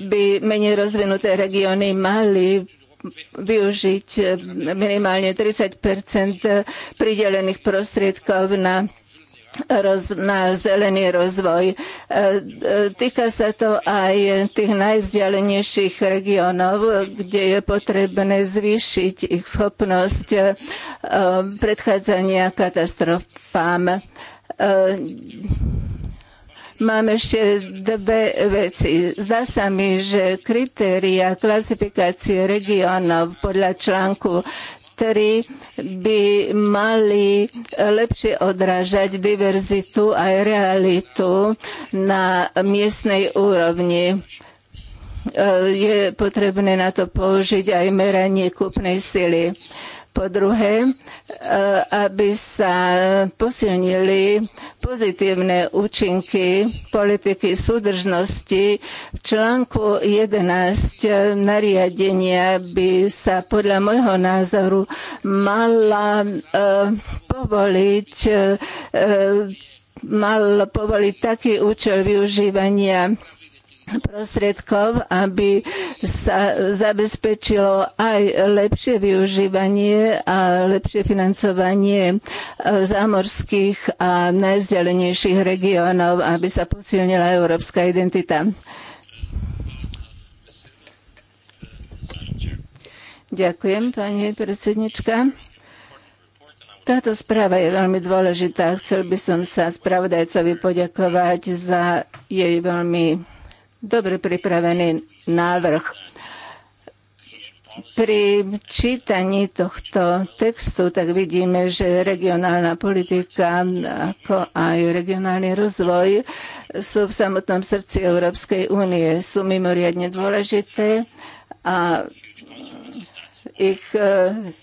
by menej rozvinuté regióny mali využiť minimálne 30 pridelených prostriedkov na roz, na zelený rozvoj. E, e, týka sa to aj tých najvzdialenejších regiónov, kde je potrebné zvýšiť ich schopnosť e, predchádzania katastrofám. Mám ešte dve veci. Zdá sa mi, že kritéria klasifikácie regiónov podľa článku ktorí by mali lepšie odrážať diverzitu aj realitu na miestnej úrovni e, je potrebné na to použiť aj meranie kúpnej sily. Po druhé, e, aby sa posilnili pozitívne účinky politiky súdržnosti. V článku 11 nariadenia by sa podľa môjho názoru mala e, povoliť e, mal povoliť taký účel využívania prostriedkov, aby sa zabezpečilo aj lepšie využívanie a lepšie financovanie e, zámorských a najvzdialenejších regiónov, aby sa posilnila európska identita. Ďakujem, pani predsednička. Táto správa je veľmi dôležitá. Chcel by som sa spravodajcovi poďakovať za jej veľmi dobre pripravený návrh. Pri čítaní tohto textu tak vidíme, že regionálna politika ako aj regionálny rozvoj sú v samotnom srdci Európskej únie. Sú mimoriadne dôležité a ich eh,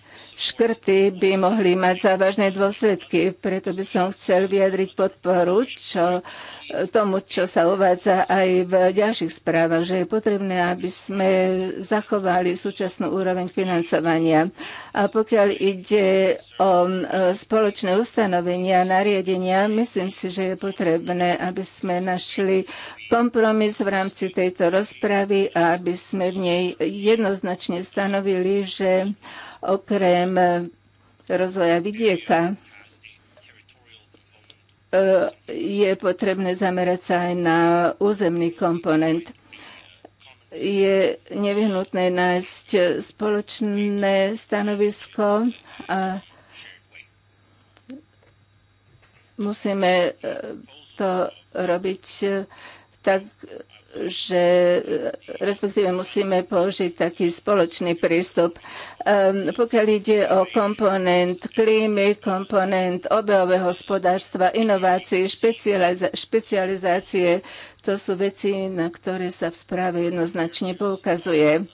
škrty by mohli mať závažné dôsledky. Preto by som chcel vyjadriť podporu čo, tomu, čo sa uvádza aj v ďalších správach, že je potrebné, aby sme zachovali súčasnú úroveň financovania. A pokiaľ ide o spoločné ustanovenia a nariadenia, myslím si, že je potrebné, aby sme našli kompromis v rámci tejto rozpravy a aby sme v nej jednoznačne stanovili, že okrem e, rozvoja vidieka e, je potrebné zamerať sa aj na územný komponent. Je nevyhnutné nájsť spoločné stanovisko a musíme e, to robiť tak že e, respektíve musíme použiť taký spoločný prístup. Ehm, pokiaľ ide o komponent klímy, komponent obehového hospodárstva, inovácií, špecializácie, to sú veci, na ktoré sa v správe jednoznačne poukazuje.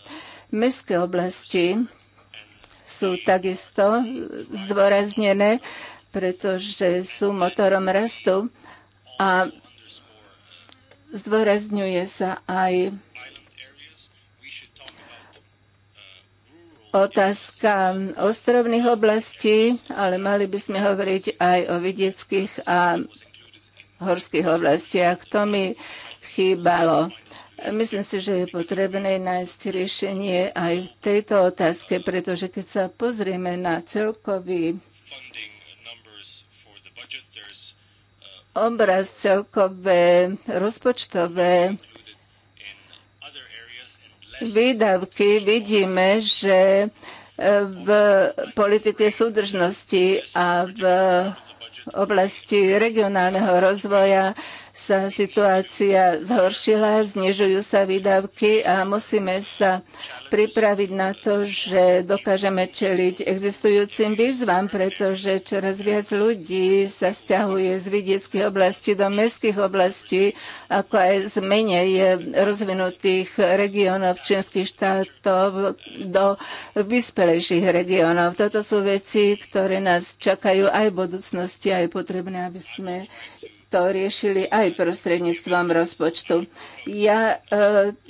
Mestské oblasti sú takisto zdôraznené, pretože sú motorom rastu a Zdôrazňuje sa aj otázka ostrovných oblastí, ale mali by sme hovoriť aj o vidieckých a horských oblastiach. To mi chýbalo. Myslím si, že je potrebné nájsť riešenie aj v tejto otázke, pretože keď sa pozrieme na celkový obraz celkové rozpočtové výdavky, vidíme, že e, v politike súdržnosti a v oblasti regionálneho rozvoja sa situácia zhoršila, znižujú sa výdavky a musíme sa pripraviť na to, že dokážeme čeliť existujúcim výzvam, pretože čoraz viac ľudí sa stiahuje z vidieckých oblastí do mestských oblastí, ako aj z menej rozvinutých regiónov čínskych štátov do vyspelejších regiónov. Toto sú veci, ktoré nás čakajú aj v budúcnosti a je potrebné, aby sme to riešili aj prostredníctvom rozpočtu. Ja e,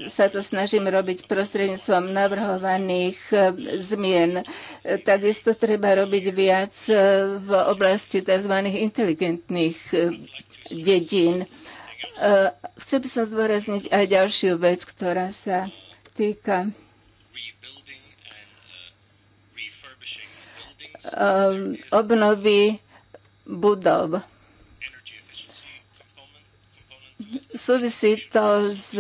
sa to snažím robiť prostredníctvom navrhovaných e, zmien. E, takisto treba robiť viac e, v oblasti tzv. inteligentných e, dedín. E, chcel by som zdôrazniť aj ďalšiu vec, ktorá sa týka e, obnovy budov Súvisí to s,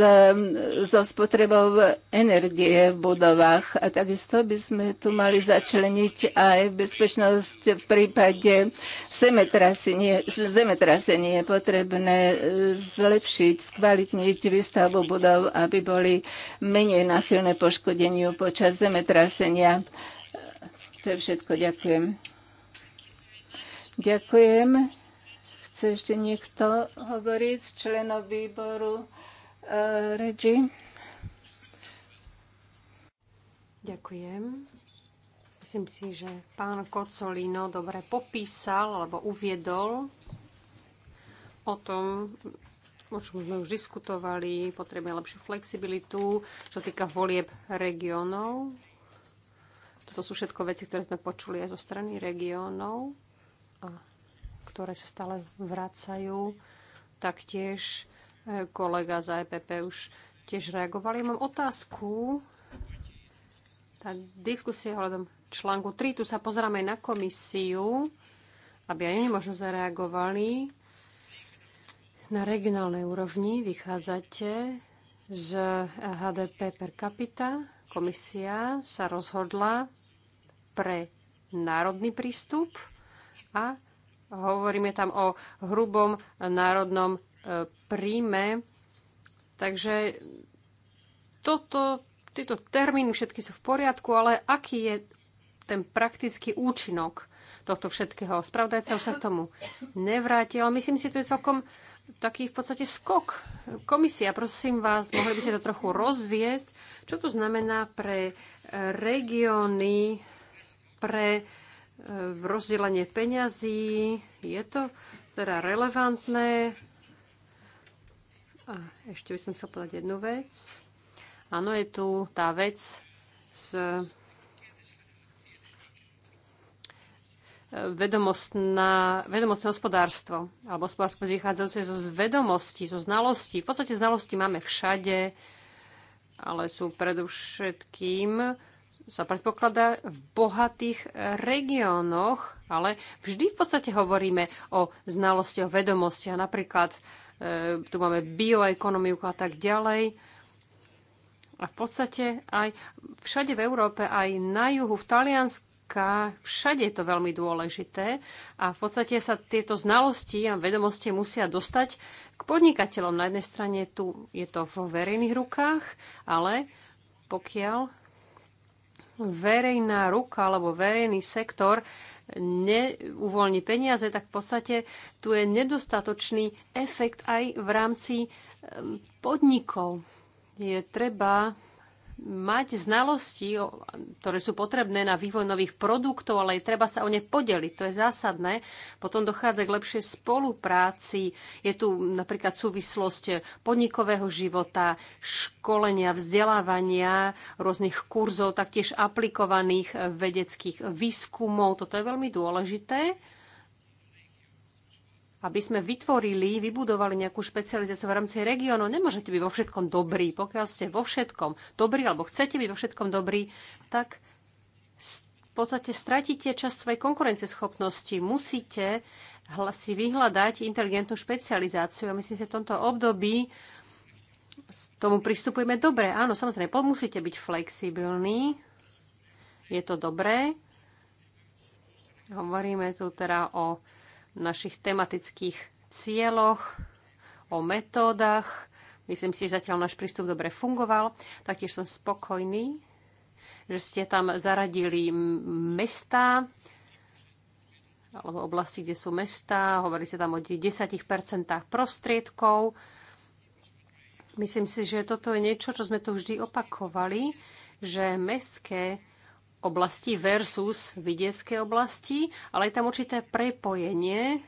so spotrebou energie v budovách a takisto by sme tu mali začleniť aj bezpečnosť v prípade zemetrasenie. Je potrebné e, zlepšiť, skvalitniť výstavbu budov, aby boli menej nachylné poškodeniu počas zemetrasenia. To je všetko. Ďakujem. Ďakujem. Chce ešte niekto hovoriť z členov výboru uh, Regi? Ďakujem. Myslím si, že pán Kocolino dobre popísal alebo uviedol o tom, o čom sme už diskutovali, potrebuje lepšiu flexibilitu, čo týka volieb regionov. Toto sú všetko veci, ktoré sme počuli aj zo strany regionov. A ktoré sa stále vracajú. Taktiež e, kolega za EPP už tiež reagovali. Mám otázku. Tá diskusia hľadom článku 3, tu sa pozeráme na komisiu, aby aj možno zareagovali. Na regionálnej úrovni vychádzate z HDP per capita. Komisia sa rozhodla pre národný prístup a Hovoríme tam o hrubom národnom e, príjme. Takže toto, tieto termíny všetky sú v poriadku, ale aký je ten praktický účinok tohto všetkého? Spravdajca už sa k tomu nevrátil, ale myslím si, že to je celkom taký v podstate skok. Komisia, prosím vás, mohli by ste to trochu rozviesť, čo to znamená pre regióny, pre v rozdelenie peňazí. Je to teda relevantné. A ešte by som chcel povedať jednu vec. Áno, je tu tá vec s e, vedomostné hospodárstvo alebo hospodárstvo vychádzajúce zo vedomostí, zo znalostí. V podstate znalosti máme všade, ale sú predovšetkým sa predpokladá v bohatých regiónoch, ale vždy v podstate hovoríme o znalosti, o vedomosti. A napríklad e, tu máme bioekonomiku a tak ďalej. A v podstate aj všade v Európe, aj na juhu, v Talianska, všade je to veľmi dôležité. A v podstate sa tieto znalosti a vedomosti musia dostať k podnikateľom. Na jednej strane tu je to v verejných rukách, ale pokiaľ verejná ruka alebo verejný sektor neuvoľní peniaze, tak v podstate tu je nedostatočný efekt aj v rámci podnikov. Je treba mať znalosti, ktoré sú potrebné na vývoj nových produktov, ale aj treba sa o ne podeliť. To je zásadné. Potom dochádza k lepšej spolupráci. Je tu napríklad súvislosť podnikového života, školenia, vzdelávania, rôznych kurzov, taktiež aplikovaných vedeckých výskumov. Toto je veľmi dôležité aby sme vytvorili, vybudovali nejakú špecializáciu v rámci regiónu. Nemôžete byť vo všetkom dobrý. Pokiaľ ste vo všetkom dobrý, alebo chcete byť vo všetkom dobrý, tak v podstate stratíte časť svojej konkurenceschopnosti. Musíte si vyhľadať inteligentnú špecializáciu. A myslím si, v tomto období tomu pristupujeme dobre. Áno, samozrejme, musíte byť flexibilní. Je to dobré. Hovoríme tu teda o našich tematických cieľoch, o metódach. Myslím si, že zatiaľ náš prístup dobre fungoval. Taktiež som spokojný, že ste tam zaradili mesta, alebo oblasti, kde sú mesta. Hovorí sa tam o 10% prostriedkov. Myslím si, že toto je niečo, čo sme tu vždy opakovali, že mestské oblasti versus vidiecké oblasti, ale je tam určité prepojenie,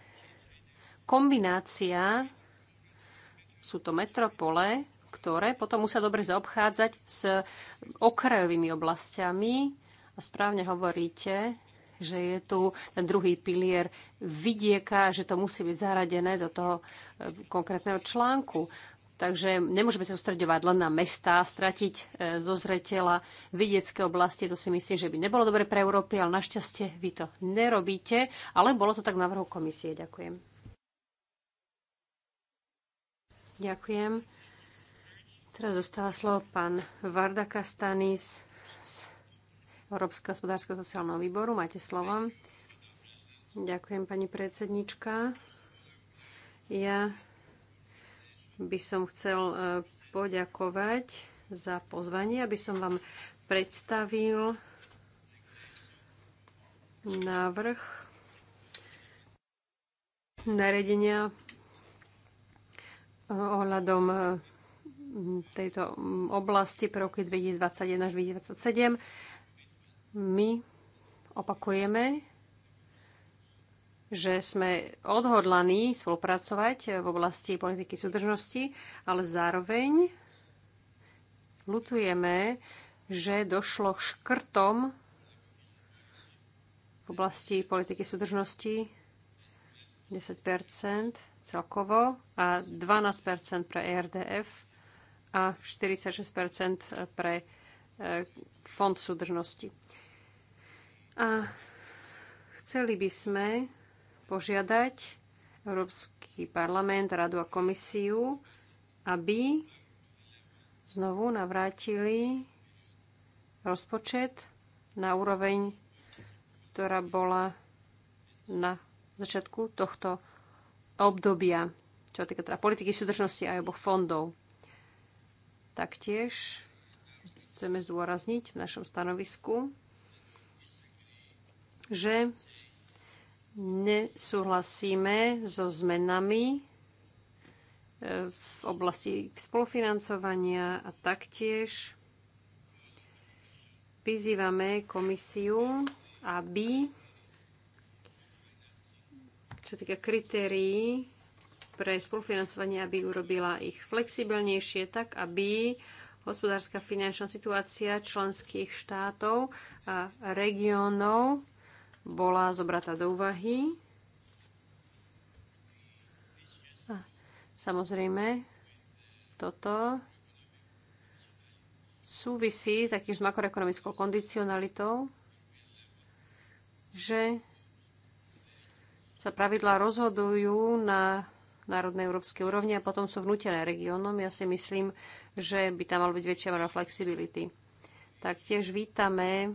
kombinácia, sú to metropole, ktoré potom musia dobre zaobchádzať s okrajovými oblastiami. A správne hovoríte, že je tu ten druhý pilier vidieka, že to musí byť zaradené do toho eh, konkrétneho článku. Takže nemôžeme sa sústredovať len na mesta, stratiť e, zo zretela vidiecké oblasti. To si myslím, že by nebolo dobre pre Európy, ale našťastie vy to nerobíte. Ale bolo to tak návrhu komisie. Ďakujem. Ďakujem. Teraz zostáva slovo pán Varda Kastanis z Európskeho hospodárskeho sociálneho výboru. Máte slovo. Ďakujem, pani predsednička. Ja by som chcel e, poďakovať za pozvanie, aby som vám predstavil návrh naredenia e, ohľadom e, tejto oblasti pre roky 2021 až 2027. My opakujeme, že sme odhodlaní spolupracovať v oblasti politiky súdržnosti, ale zároveň lutujeme, že došlo k škrtom v oblasti politiky súdržnosti 10 celkovo a 12 pre ERDF a 46 pre e, Fond súdržnosti. A chceli by sme požiadať Európsky parlament, radu a komisiu, aby znovu navrátili rozpočet na úroveň, ktorá bola na začiatku tohto obdobia, čo týka teda politiky súdržnosti aj oboch fondov. Taktiež chceme zdôrazniť v našom stanovisku, že nesúhlasíme so zmenami e, v oblasti spolufinancovania a taktiež vyzývame komisiu, aby čo týka kritérií pre spolufinancovanie, aby urobila ich flexibilnejšie, tak aby hospodárska finančná situácia členských štátov a regiónov bola zobratá do úvahy. A samozrejme, toto súvisí takým s makroekonomickou kondicionalitou, že sa pravidlá rozhodujú na národnej európskej úrovni a potom sú vnútené regiónom. Ja si myslím, že by tam mal byť väčšia flexibility. flexibility. tiež vítame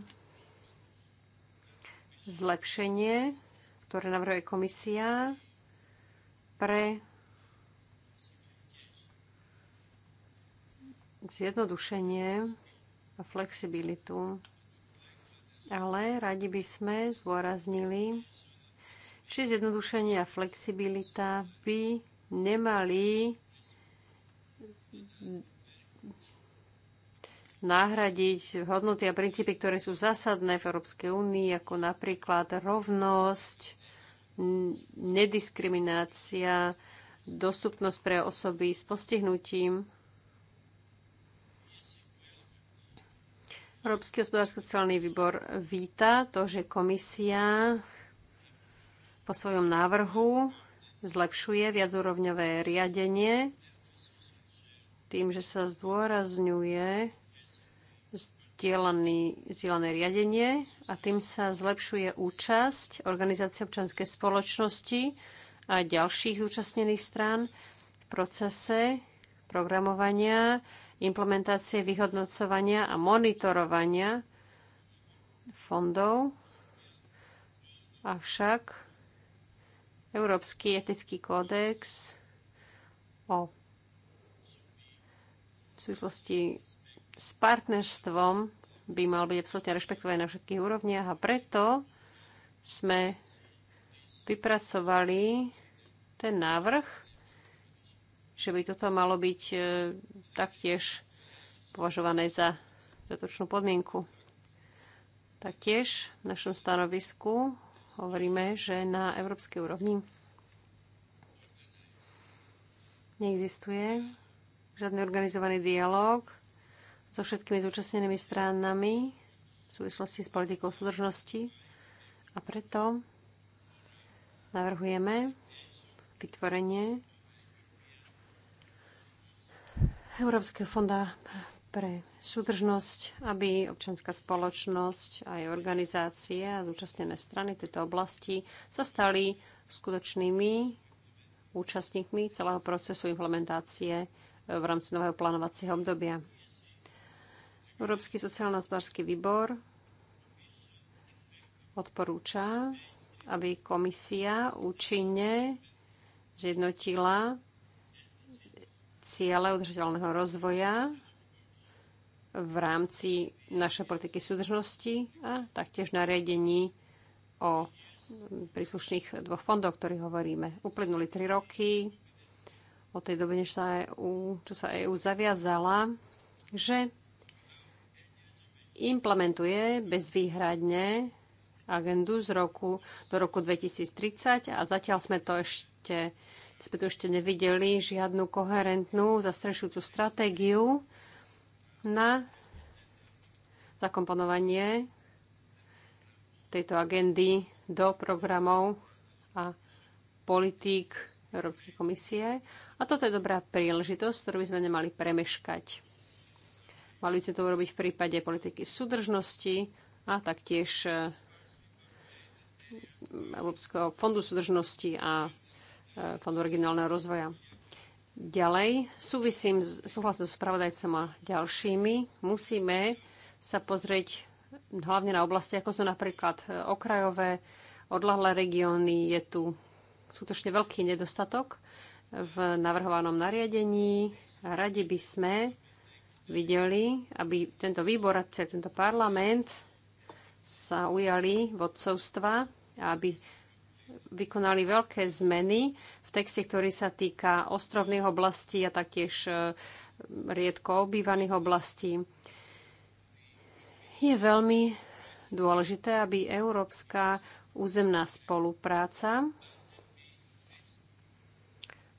zlepšenie, ktoré navrhuje komisia pre zjednodušenie a flexibilitu. Ale radi by sme zdôraznili, že zjednodušenie a flexibilita by nemali nahradiť hodnoty a princípy, ktoré sú zásadné v Európskej únii, ako napríklad rovnosť, nediskriminácia, dostupnosť pre osoby s postihnutím. Európsky hospodársko-sociálny výbor víta to, že komisia po svojom návrhu zlepšuje viacúrovňové riadenie tým, že sa zdôrazňuje zdieľané riadenie a tým sa zlepšuje účasť organizácie občanskej spoločnosti a ďalších zúčastnených strán v procese programovania, implementácie, vyhodnocovania a monitorovania fondov. Avšak Európsky etický kódex o v súvislosti s partnerstvom by mal byť absolútne rešpektovaný na všetkých úrovniach a preto sme vypracovali ten návrh, že by toto malo byť e, taktiež považované za dotočnú podmienku. Taktiež v našom stanovisku hovoríme, že na európskej úrovni neexistuje žiadny organizovaný dialog so všetkými zúčastnenými stranami v súvislosti s politikou súdržnosti. A preto navrhujeme vytvorenie Európskeho fonda pre súdržnosť, aby občanská spoločnosť, aj organizácie a zúčastnené strany tejto oblasti sa stali skutočnými účastníkmi celého procesu implementácie v rámci nového plánovacieho obdobia. Európsky sociálno-hospodársky výbor odporúča, aby komisia účinne zjednotila ciele udržateľného rozvoja v rámci našej politiky súdržnosti a taktiež nariadení o príslušných dvoch fondov, o ktorých hovoríme. Uplynuli tri roky od tej doby, než sa EU, čo sa EU zaviazala, že implementuje bezvýhradne agendu z roku, do roku 2030 a zatiaľ sme to ešte, sme to ešte nevideli žiadnu koherentnú zastrešujúcu stratégiu na zakomponovanie tejto agendy do programov a politík Európskej komisie. A toto je dobrá príležitosť, ktorú by sme nemali premeškať. Mali sme to urobiť v prípade politiky súdržnosti a taktiež e, Európskeho fondu súdržnosti a e, Fondu regionálneho rozvoja. Ďalej, súvisím, súhlasím s spravodajcom a ďalšími, musíme sa pozrieť hlavne na oblasti, ako sú napríklad e, okrajové, odlahlé regióny. Je tu skutočne veľký nedostatok v navrhovanom nariadení. Radi by sme videli, aby tento výbor tento parlament sa ujali vodcovstva a aby vykonali veľké zmeny v texte, ktorý sa týka ostrovných oblastí a taktiež e, riedko obývaných oblastí. Je veľmi dôležité, aby európska územná spolupráca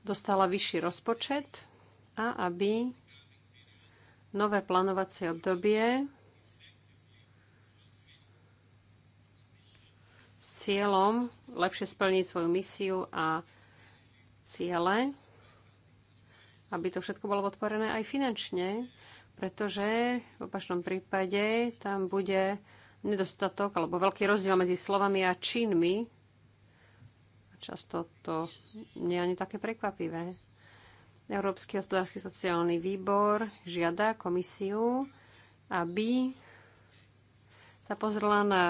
dostala vyšší rozpočet a aby nové plánovacie obdobie s cieľom lepšie splniť svoju misiu a ciele, aby to všetko bolo podporené aj finančne, pretože v opačnom prípade tam bude nedostatok alebo veľký rozdiel medzi slovami a činmi. Často to nie je ani také prekvapivé. Európsky hospodársky sociálny výbor žiada komisiu, aby sa pozrela na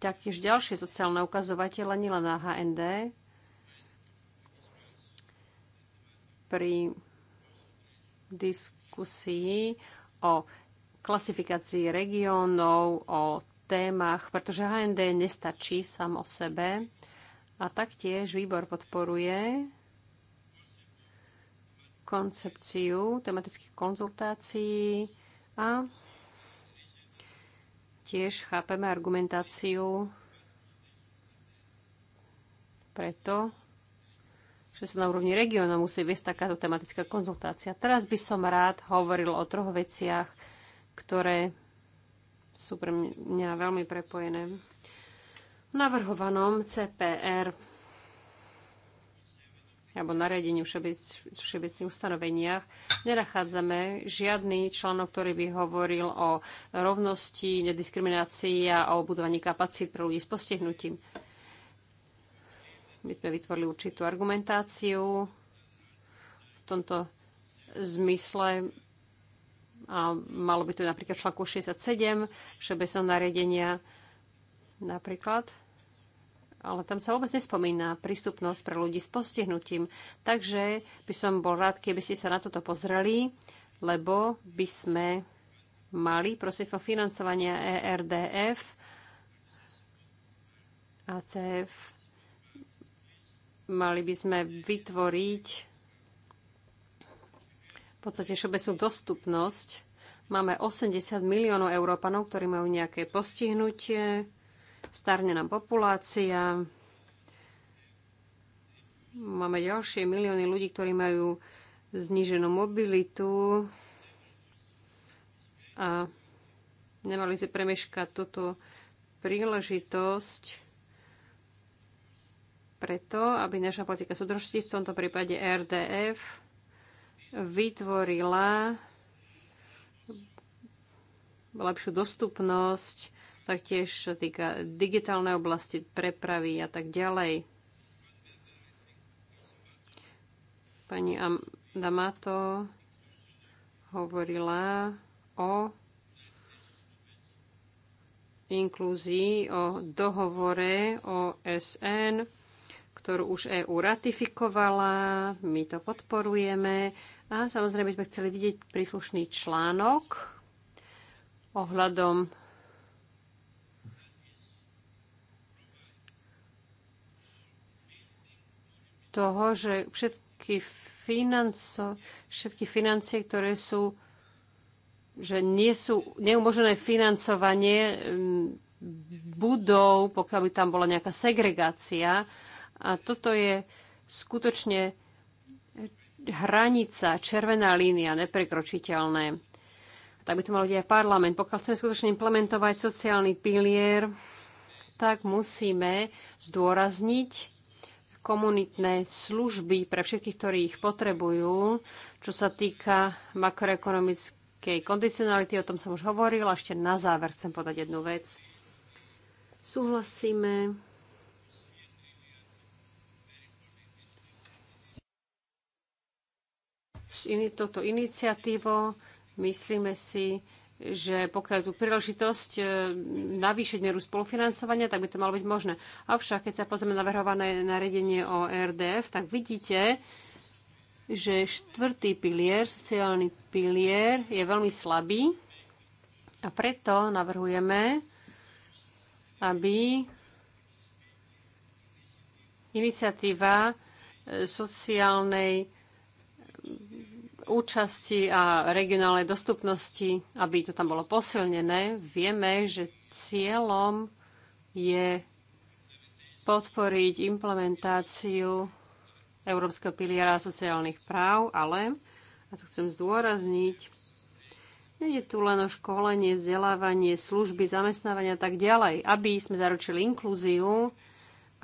taktiež ďalšie sociálne ukazovatele, nielen na HND. Pri diskusii o klasifikácii regiónov, o témach, pretože HND nestačí sám o sebe. A taktiež výbor podporuje koncepciu tematických konzultácií a tiež chápeme argumentáciu preto, že sa na úrovni regiónu musí viesť takáto tematická konzultácia. Teraz by som rád hovoril o troch veciach, ktoré sú pre mňa veľmi prepojené. V navrhovanom CPR alebo nariadení všeobecných ustanoveniach nenachádzame žiadny článok, ktorý by hovoril o rovnosti, nediskriminácii a o budovaní kapacít pre ľudí s postihnutím. My sme vytvorili určitú argumentáciu v tomto zmysle a malo by to napríklad článku 67 všeobecného nariadenia napríklad ale tam sa vôbec nespomína prístupnosť pre ľudí s postihnutím. Takže by som bol rád, keby ste sa na toto pozreli, lebo by sme mali prostredstvo financovania ERDF a CF. Mali by sme vytvoriť v podstate všeobecnú dostupnosť. Máme 80 miliónov Európanov, ktorí majú nejaké postihnutie starne nám populácia, máme ďalšie milióny ľudí, ktorí majú zníženú mobilitu a nemali si premeškať túto príležitosť preto, aby naša politika súdržnosti, v tomto prípade RDF, vytvorila lepšiu dostupnosť taktiež sa týka digitálnej oblasti, prepravy a tak ďalej. Pani Damato hovorila o inklúzii, o dohovore o SN, ktorú už EU ratifikovala, my to podporujeme a samozrejme by sme chceli vidieť príslušný článok ohľadom toho, že všetky, financo, všetky financie, ktoré sú že nie sú neumožené financovanie mm, budov, pokiaľ by tam bola nejaká segregácia. A toto je skutočne hranica, červená línia, neprekročiteľné. Tak by to malo byť aj parlament. Pokiaľ chceme skutočne implementovať sociálny pilier, tak musíme zdôrazniť komunitné služby pre všetkých, ktorí ich potrebujú. Čo sa týka makroekonomickej kondicionality, o tom som už a Ešte na záver chcem podať jednu vec. Súhlasíme s in, touto iniciatívou. Myslíme si, že pokiaľ je tu príležitosť e, navýšiť mieru spolufinancovania, tak by to malo byť možné. Avšak, keď sa pozrieme na navrhované nariadenie o e RDF, tak vidíte, že štvrtý pilier, sociálny pilier, je veľmi slabý a preto navrhujeme, aby iniciatíva e, sociálnej účasti a regionálnej dostupnosti, aby to tam bolo posilnené, vieme, že cieľom je podporiť implementáciu Európskeho piliera sociálnych práv, ale, a to chcem zdôrazniť, je tu len o školenie, vzdelávanie, služby, zamestnávania a tak ďalej. Aby sme zaručili inklúziu,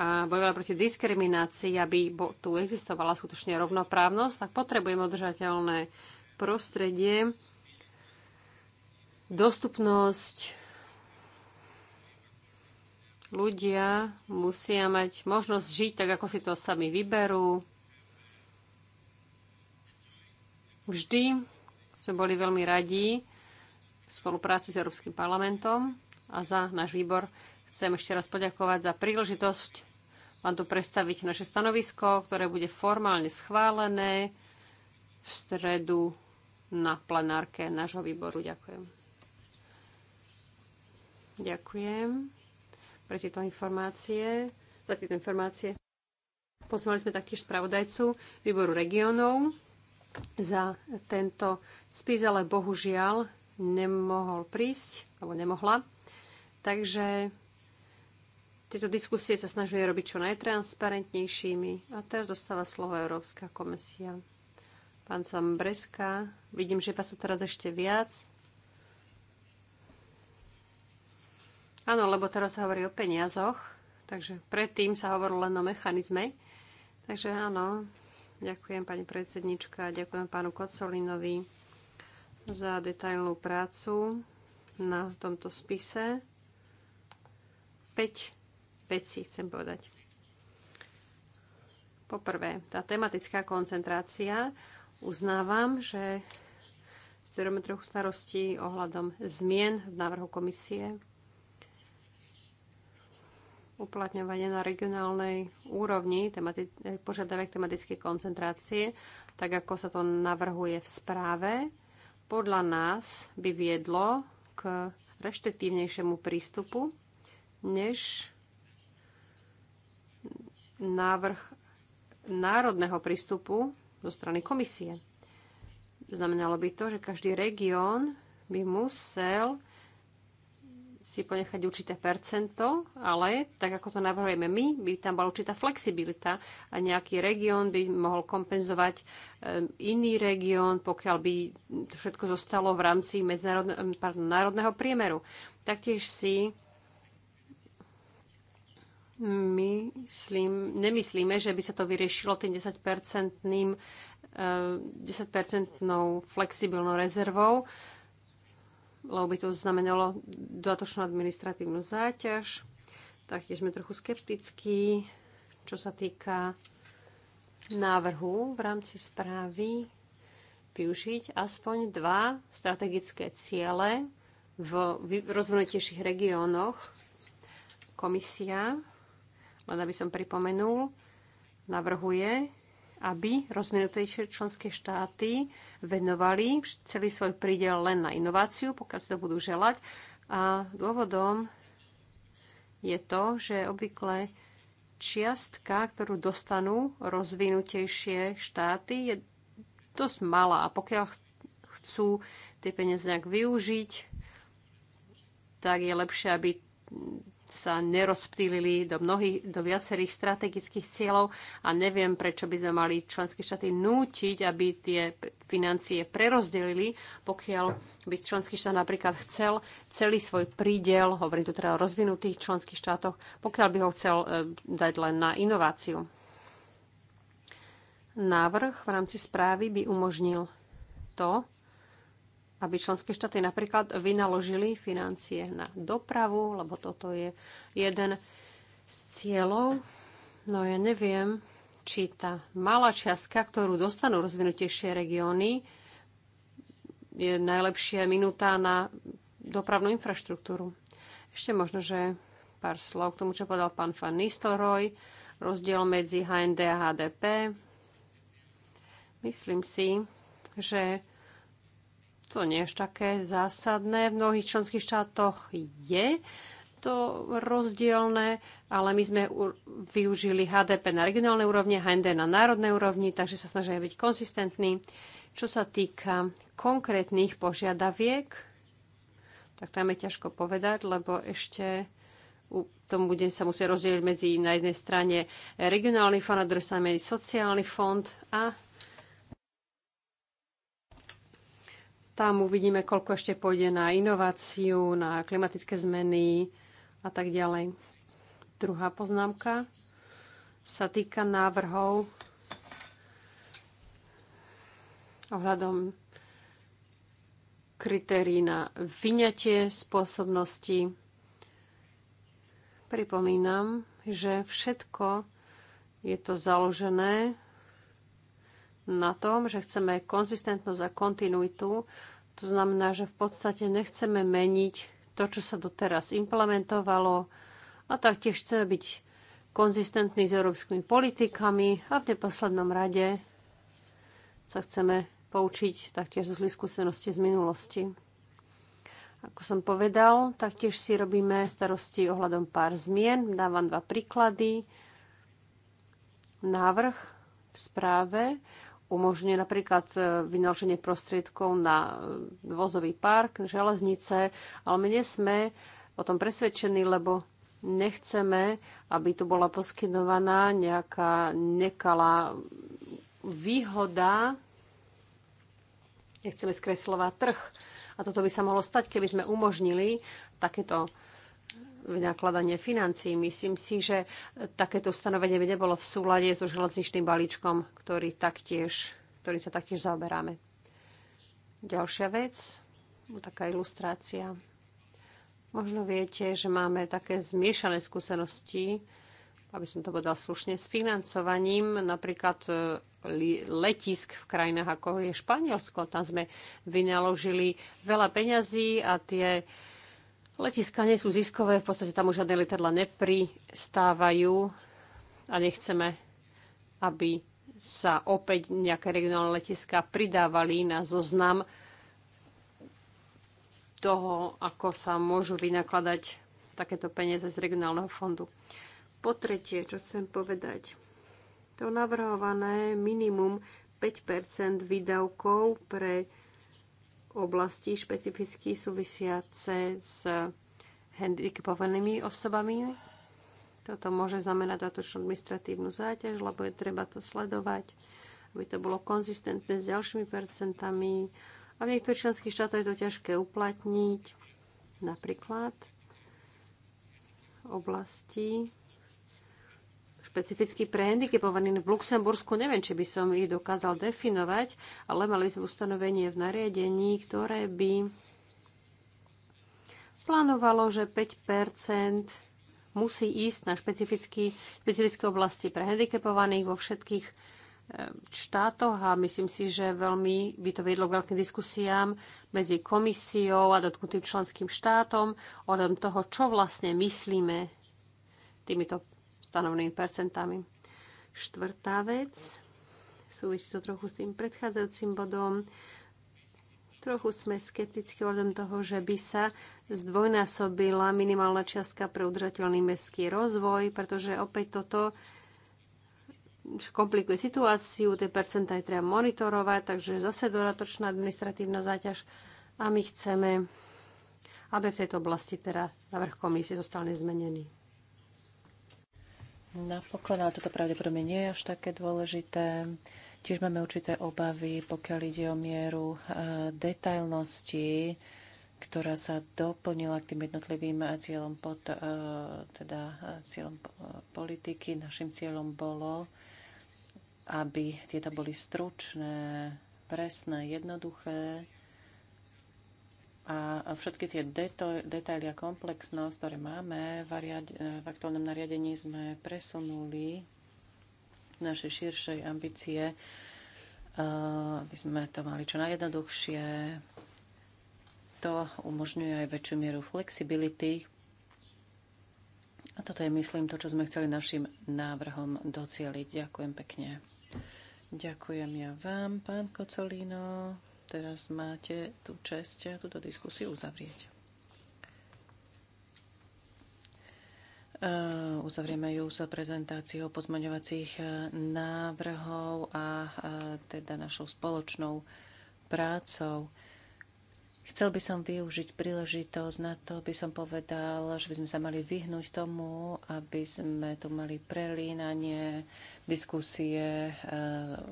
a bojovala proti diskriminácii, aby tu existovala skutočne rovnoprávnosť, tak potrebujeme udržateľné prostredie, dostupnosť, ľudia musia mať možnosť žiť tak, ako si to sami vyberú. Vždy sme boli veľmi radi v spolupráci s Európskym parlamentom a za náš výbor chcem ešte raz poďakovať za príležitosť vám tu predstaviť naše stanovisko, ktoré bude formálne schválené v stredu na plenárke nášho výboru. Ďakujem. Ďakujem pre tieto informácie, za tieto informácie. Pozvali sme taktiež spravodajcu výboru regionov za tento spis, ale bohužiaľ nemohol prísť, alebo nemohla. Takže tieto diskusie sa snažili robiť čo najtransparentnejšími. A teraz dostáva slovo Európska komisia. Pán Breska, vidím, že vás tu teraz ešte viac. Áno, lebo teraz sa hovorí o peniazoch, takže predtým sa hovorilo len o mechanizme. Takže áno, ďakujem pani predsednička, ďakujem pánu Kocolinovi za detailnú prácu na tomto spise. 5 veci, chcem povedať. Poprvé, tá tematická koncentrácia. Uznávam, že si trochu starosti ohľadom zmien v návrhu komisie. Uplatňovanie na regionálnej úrovni temati- eh, požiadavek tematickej koncentrácie, tak ako sa to navrhuje v správe, podľa nás by viedlo k reštriktívnejšiemu prístupu, než návrh národného prístupu zo strany komisie. Znamenalo by to, že každý región by musel si ponechať určité percento, ale tak ako to navrhujeme my, by tam bola určitá flexibilita a nejaký región by mohol kompenzovať eh, iný región, pokiaľ by to všetko zostalo v rámci národného priemeru. Taktiež si myslím, nemyslíme, že by sa to vyriešilo tým 10-percentným 10-percentnou eh, flexibilnou rezervou, lebo by to znamenalo dodatočnú administratívnu záťaž. Taktiež sme trochu skeptickí, čo sa týka návrhu v rámci správy využiť aspoň dva strategické ciele v rozvinutejších regiónoch. Komisia len aby som pripomenul, navrhuje, aby rozvinutejšie členské štáty venovali celý svoj prídel len na inováciu, pokiaľ si to budú želať. A dôvodom je to, že obvykle čiastka, ktorú dostanú rozvinutejšie štáty, je dosť malá. A pokiaľ chcú tie peniaze nejak využiť, tak je lepšie, aby sa nerozptýlili do, mnohých, do viacerých strategických cieľov a neviem, prečo by sme mali členské štáty nútiť, aby tie financie prerozdelili, pokiaľ by členský štát napríklad chcel celý svoj prídel, hovorím tu teda o rozvinutých členských štátoch, pokiaľ by ho chcel e, dať len na inováciu. Návrh v rámci správy by umožnil to, aby členské štáty napríklad vynaložili financie na dopravu, lebo toto je jeden z cieľov. No ja neviem, či tá malá čiastka, ktorú dostanú rozvinutejšie regióny, je najlepšia minúta na dopravnú infraštruktúru. Ešte možno, že pár slov k tomu, čo povedal pán Fan Nistelrooy, rozdiel medzi HND a HDP. Myslím si, že to nie je až také zásadné. V mnohých členských štátoch je to rozdielne, ale my sme využili HDP na regionálnej úrovni, HND na národnej úrovni, takže sa snažíme byť konsistentní. Čo sa týka konkrétnych požiadaviek, tak tam je ťažko povedať, lebo ešte tom bude sa musieť rozdieliť medzi na jednej strane regionálny fond, na druhej strane sociálny fond a Tam uvidíme, koľko ešte pôjde na inováciu, na klimatické zmeny a tak ďalej. Druhá poznámka sa týka návrhov ohľadom kritérií na vyňatie spôsobnosti. Pripomínam, že všetko je to založené na tom, že chceme konzistentnosť a kontinuitu. To znamená, že v podstate nechceme meniť to, čo sa doteraz implementovalo a taktiež chceme byť konzistentní s európskymi politikami a v neposlednom rade sa chceme poučiť taktiež zo zlých skúseností z minulosti. Ako som povedal, taktiež si robíme starosti ohľadom pár zmien. Dávam dva príklady. Návrh v správe umožňuje napríklad e, vynaloženie prostriedkov na e, vozový park, železnice, ale my nie sme o tom presvedčení, lebo nechceme, aby tu bola poskytovaná nejaká nekalá výhoda. Nechceme skreslovať trh. A toto by sa mohlo stať, keby sme umožnili takéto vynakladanie financií. Myslím si, že takéto ustanovenie by nebolo v súlade so železničným balíčkom, ktorý, taktiež, ktorý sa taktiež zaoberáme. Ďalšia vec, no, taká ilustrácia. Možno viete, že máme také zmiešané skúsenosti, aby som to povedal slušne, s financovaním napríklad e, letisk v krajinách ako je Španielsko. Tam sme vynaložili veľa peňazí a tie Letiska nie sú ziskové, v podstate tam už žiadne lietadla nepristávajú a nechceme, aby sa opäť nejaké regionálne letiska pridávali na zoznam toho, ako sa môžu vynakladať takéto peniaze z regionálneho fondu. Po tretie, čo chcem povedať, to navrhované minimum 5 výdavkov pre oblasti špecificky súvisiace s handicapovanými osobami. Toto môže znamenať dodatočnú administratívnu záťaž, lebo je treba to sledovať, aby to bolo konzistentné s ďalšími percentami. A v niektorých členských štátoch je to ťažké uplatniť. Napríklad oblasti, špecificky pre handicapovaných v Luxembursku. Neviem, či by som ich dokázal definovať, ale mali sme ustanovenie v nariadení, ktoré by plánovalo, že 5 musí ísť na špecifické oblasti pre handicapovaných vo všetkých eh, štátoch a myslím si, že veľmi by to vedlo k veľkým diskusiám medzi komisiou a dotknutým členským štátom o tom toho, čo vlastne myslíme týmito stanovnými percentami. Štvrtá vec, súvisí to trochu s tým predchádzajúcim bodom, Trochu sme skeptickí ohľadom toho, že by sa zdvojnásobila minimálna čiastka pre udržateľný mestský rozvoj, pretože opäť toto komplikuje situáciu, tie percentá je treba monitorovať, takže zase dodatočná administratívna záťaž a my chceme, aby v tejto oblasti teda návrh komisie zostal nezmenený napokon, ale toto pravdepodobne nie je až také dôležité. Tiež máme určité obavy, pokiaľ ide o mieru e, detailnosti, ktorá sa doplnila k tým jednotlivým e, cieľom, pod, e, teda cieľom politiky. Našim cieľom bolo, aby tieto boli stručné, presné, jednoduché a všetky tie deto- detaily a komplexnosť, ktoré máme v, riad- e, v aktuálnom nariadení, sme presunuli našej širšej ambície, e, aby sme to mali čo najjednoduchšie. To umožňuje aj väčšiu mieru flexibility. A toto je, myslím, to, čo sme chceli našim návrhom docieliť. Ďakujem pekne. Ďakujem ja vám, pán Kocolino teraz máte tú čest túto diskusiu uzavrieť. Eh, uzavrieme ju s prezentáciou pozmaňovacích eh, návrhov a eh, teda našou spoločnou prácou. Chcel by som využiť príležitosť na to, by som povedal, že by sme sa mali vyhnúť tomu, aby sme tu mali prelínanie diskusie eh,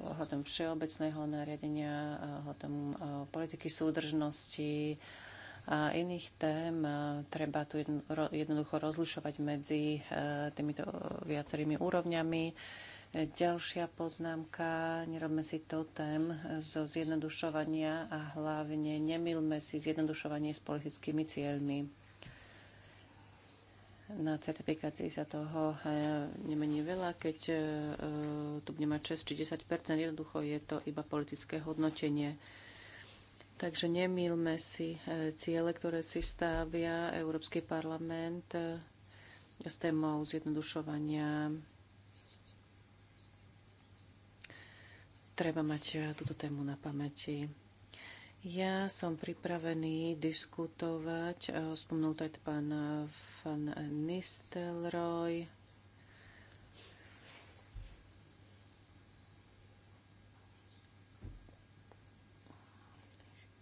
ohľadom všeobecného nariadenia, eh, ohľadom eh, politiky súdržnosti a iných tém. Treba tu jednoducho rozlišovať medzi týmito viacerými úrovňami Ďalšia poznámka, nerobme si tém zo zjednodušovania a hlavne nemilme si zjednodušovanie s politickými cieľmi. Na certifikácii sa toho e, nemení veľa, keď e, e, tu bude mať 6 či 10 jednoducho je to iba politické hodnotenie. Takže nemýlme si ciele, ktoré si stávia Európsky parlament s témou zjednodušovania treba mať e, túto tému na pamäti. Ja som pripravený diskutovať, e, spomnul to aj pán Van Nistelrooy,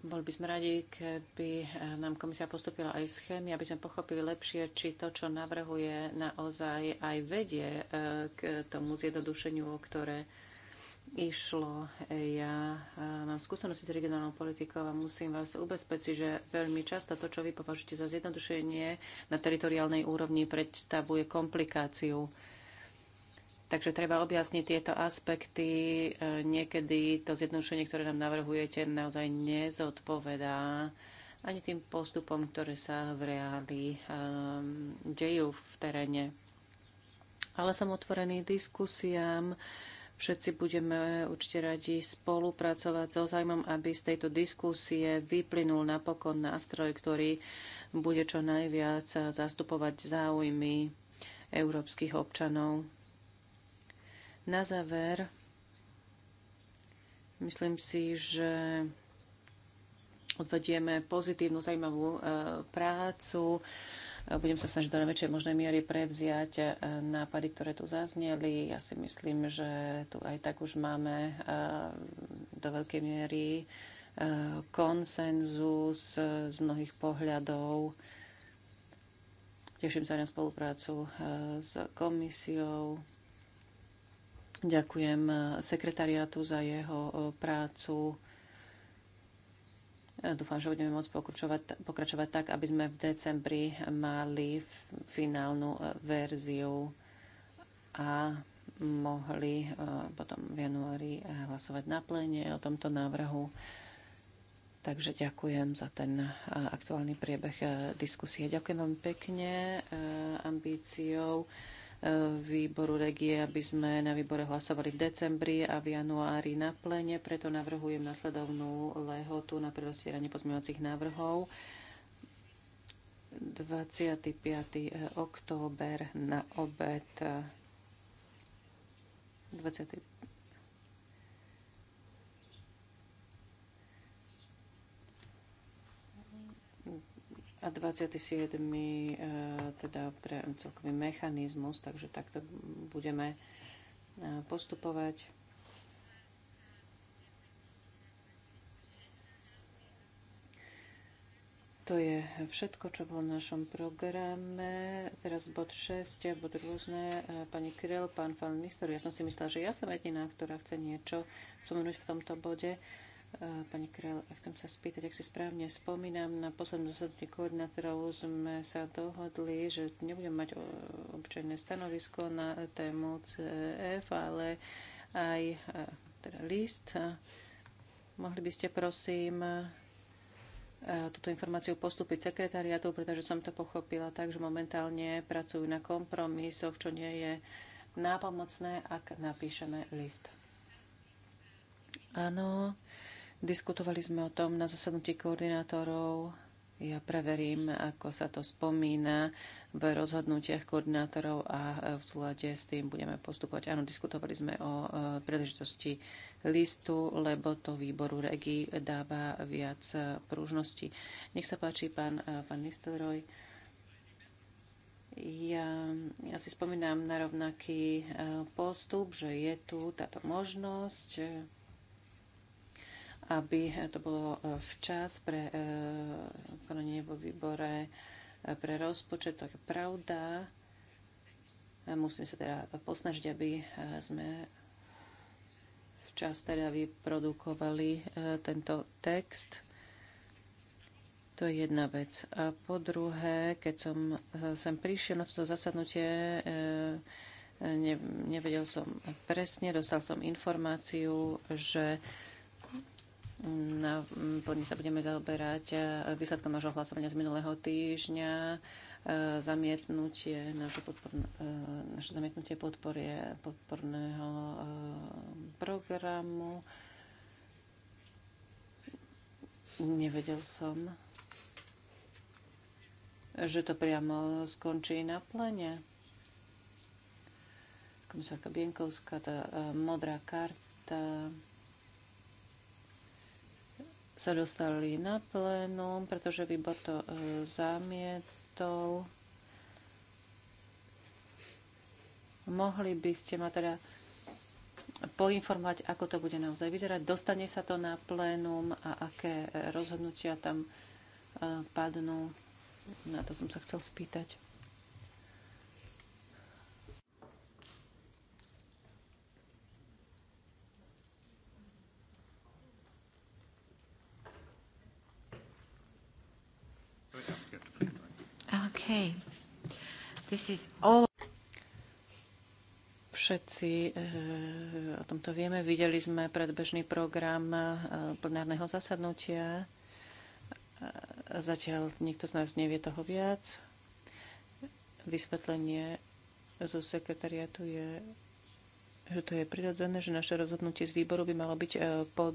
Boli by sme radi, keby e, nám komisia postupila aj schémy, aby sme pochopili lepšie, či to, čo navrhuje, naozaj aj vedie k tomu zjednodušeniu, o ktoré išlo. E, ja e, mám skúsenosti s regionálnou politikou a musím vás ubezpečiť, že veľmi často to, čo vy považujete za zjednodušenie na teritoriálnej úrovni, predstavuje komplikáciu. Takže treba objasniť tieto aspekty. E, niekedy to zjednodušenie, ktoré nám navrhujete, naozaj nezodpovedá ani tým postupom, ktoré sa v reáli dejú v teréne. Ale som otvorený diskusiám Všetci budeme určite radi spolupracovať so zájmom, aby z tejto diskusie vyplynul napokon nástroj, ktorý bude čo najviac zastupovať záujmy európskych občanov. Na záver, myslím si, že odvedieme pozitívnu, zaujímavú e, prácu budem sa snažiť do najväčšej možnej miery prevziať e, nápady, ktoré tu zazneli. Ja si myslím, že tu aj tak už máme e, do veľkej miery e, konsenzus z mnohých pohľadov. Teším sa na spoluprácu s komisiou. Ďakujem sekretariátu za jeho prácu. E, dúfam, že budeme môcť pokračovať, pokračovať tak, aby sme v decembri mali finálnu e, verziu a mohli e, potom v januári hlasovať na plene o tomto návrhu. Takže ďakujem za ten aktuálny priebeh diskusie. Ďakujem vám pekne ambíciou výboru regie, aby sme na výbore hlasovali v decembri a v januári na plene. Preto navrhujem nasledovnú lehotu na prerostieranie pozmeňovacích návrhov. 25. október na obed 25. a 27. E, teda pre celkový mechanizmus, takže takto budeme e, postupovať. To je všetko, čo bolo v našom programe. Teraz bod 6, bod rôzne. E, pani Kryl, pán Fan ja som si myslela, že ja som jediná, ktorá chce niečo spomenúť v tomto bode. Eh, pani ja chcem sa spýtať, ak si správne spomínam, na poslednom zasadnutí koordinátorov sme sa dohodli, že nebudem mať eh, občajné stanovisko na tému CF, e ale aj eh, teda list. Mohli by ste prosím túto informáciu postúpiť sekretariatu, pretože som to pochopila tak, že momentálne pracujú na kompromisoch, čo nie je nápomocné, ak napíšeme list. Áno, Diskutovali sme o tom na zasadnutí koordinátorov. Ja preverím, ako sa to spomína v rozhodnutiach koordinátorov a v súlade s tým budeme postupovať. Áno, diskutovali sme o e, príležitosti listu, lebo to výboru regi dáva viac e, prúžnosti. Nech sa páči, pán Van e, Nistelrooy. Ja, ja si spomínam na rovnaký postup, že je tu táto možnosť aby to bolo e, včas pre e, konanie vo výbore e, pre rozpočet. To je pravda. Musíme sa teda posnažiť, aby sme včas teda vyprodukovali tento text. To je jedna vec. A po druhé, keď som sem prišiel na toto zasadnutie, nevedel som presne, dostal som informáciu, že Podne sa budeme zaoberať e, výsledkom nášho hlasovania z minulého týždňa. E, zamietnutie, naše, podporné, e, naše zamietnutie podporie, podporného programu. Nevedel som, že to priamo skončí na plene. Komisárka Bienkovská, tá modrá karta sa dostali na plénum, pretože výbor to e, zamietol. Mohli by ste ma teda poinformovať, ako to bude naozaj vyzerať. Dostane sa to na plénum a aké e, rozhodnutia tam e, padnú. Na to som sa chcel spýtať. This is all... Všetci eh, o tomto vieme. Videli sme predbežný program eh, plenárneho zasadnutia. Eh, zatiaľ nikto z nás nevie toho viac. Vysvetlenie zo sekretariatu je že to je prirodzené, že naše rozhodnutie z výboru by malo byť pod,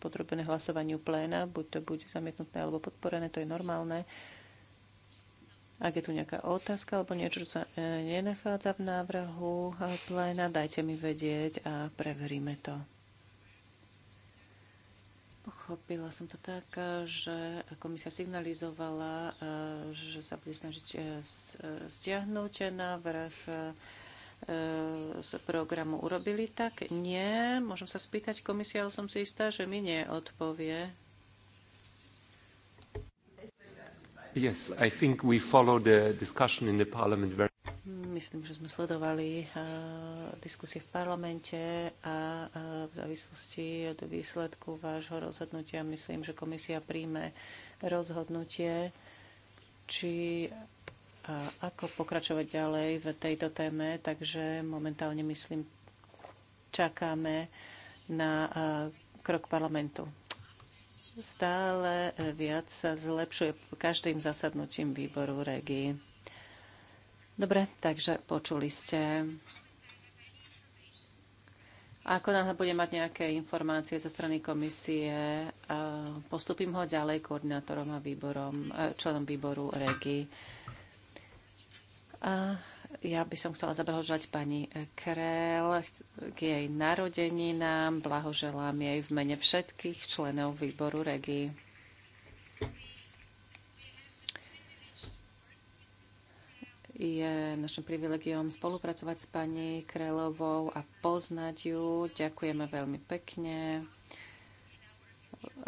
podrobené hlasovaniu pléna, buď to bude zamietnuté alebo podporené, to je normálne. Ak je tu nejaká otázka alebo niečo, čo sa e, nenachádza v návrhu e, pléna, dajte mi vedieť a preveríme to. Pochopila som to tak, že komisia signalizovala, e, že sa bude snažiť stiahnuť návrh z programu. Urobili tak? Nie. Môžem sa spýtať komisia, ale som si istá, že mi neodpovie. Yes, I think we follow the discussion in the parliament very Myslím, že sme sledovali uh, diskusie v parlamente a uh, v závislosti od výsledku vášho rozhodnutia myslím, že komisia príjme rozhodnutie, či uh, ako pokračovať ďalej v tejto téme. Takže momentálne myslím, čakáme na eh, krok parlamentu stále e, viac sa zlepšuje každým zasadnutím výboru regii. Dobre, takže počuli ste. Ako náhle bude mať nejaké informácie zo strany komisie, e, postupím ho ďalej koordinátorom a výborom, e, členom výboru REGI. A ja by som chcela zablahoželať pani Krel k jej narodení nám, Blahoželám jej v mene všetkých členov výboru REGI. Je našim privilegiom spolupracovať s pani Krelovou a poznať ju. Ďakujeme veľmi pekne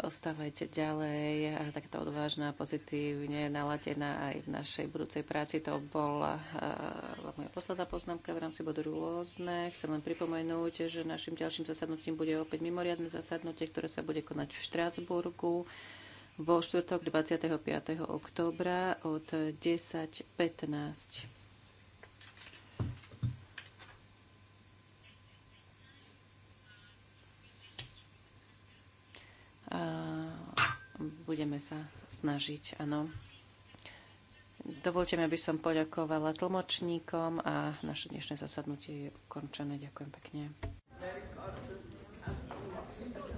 ostávajte ďalej a takáto odvážna, pozitívne naladená aj v našej budúcej práci. To bola uh, moja posledná poznámka v rámci bodu rôzne. Chcem len pripomenúť, že našim ďalším zasadnutím bude opäť mimoriadne zasadnutie, ktoré sa bude konať v Štrásburgu vo štvrtok 25. októbra od 10.15. Eh, budeme sa snažiť, áno. Dovolte mi, aby som poďakovala tlmočníkom a naše dnešné zasadnutie je ukončené. Ďakujem pekne.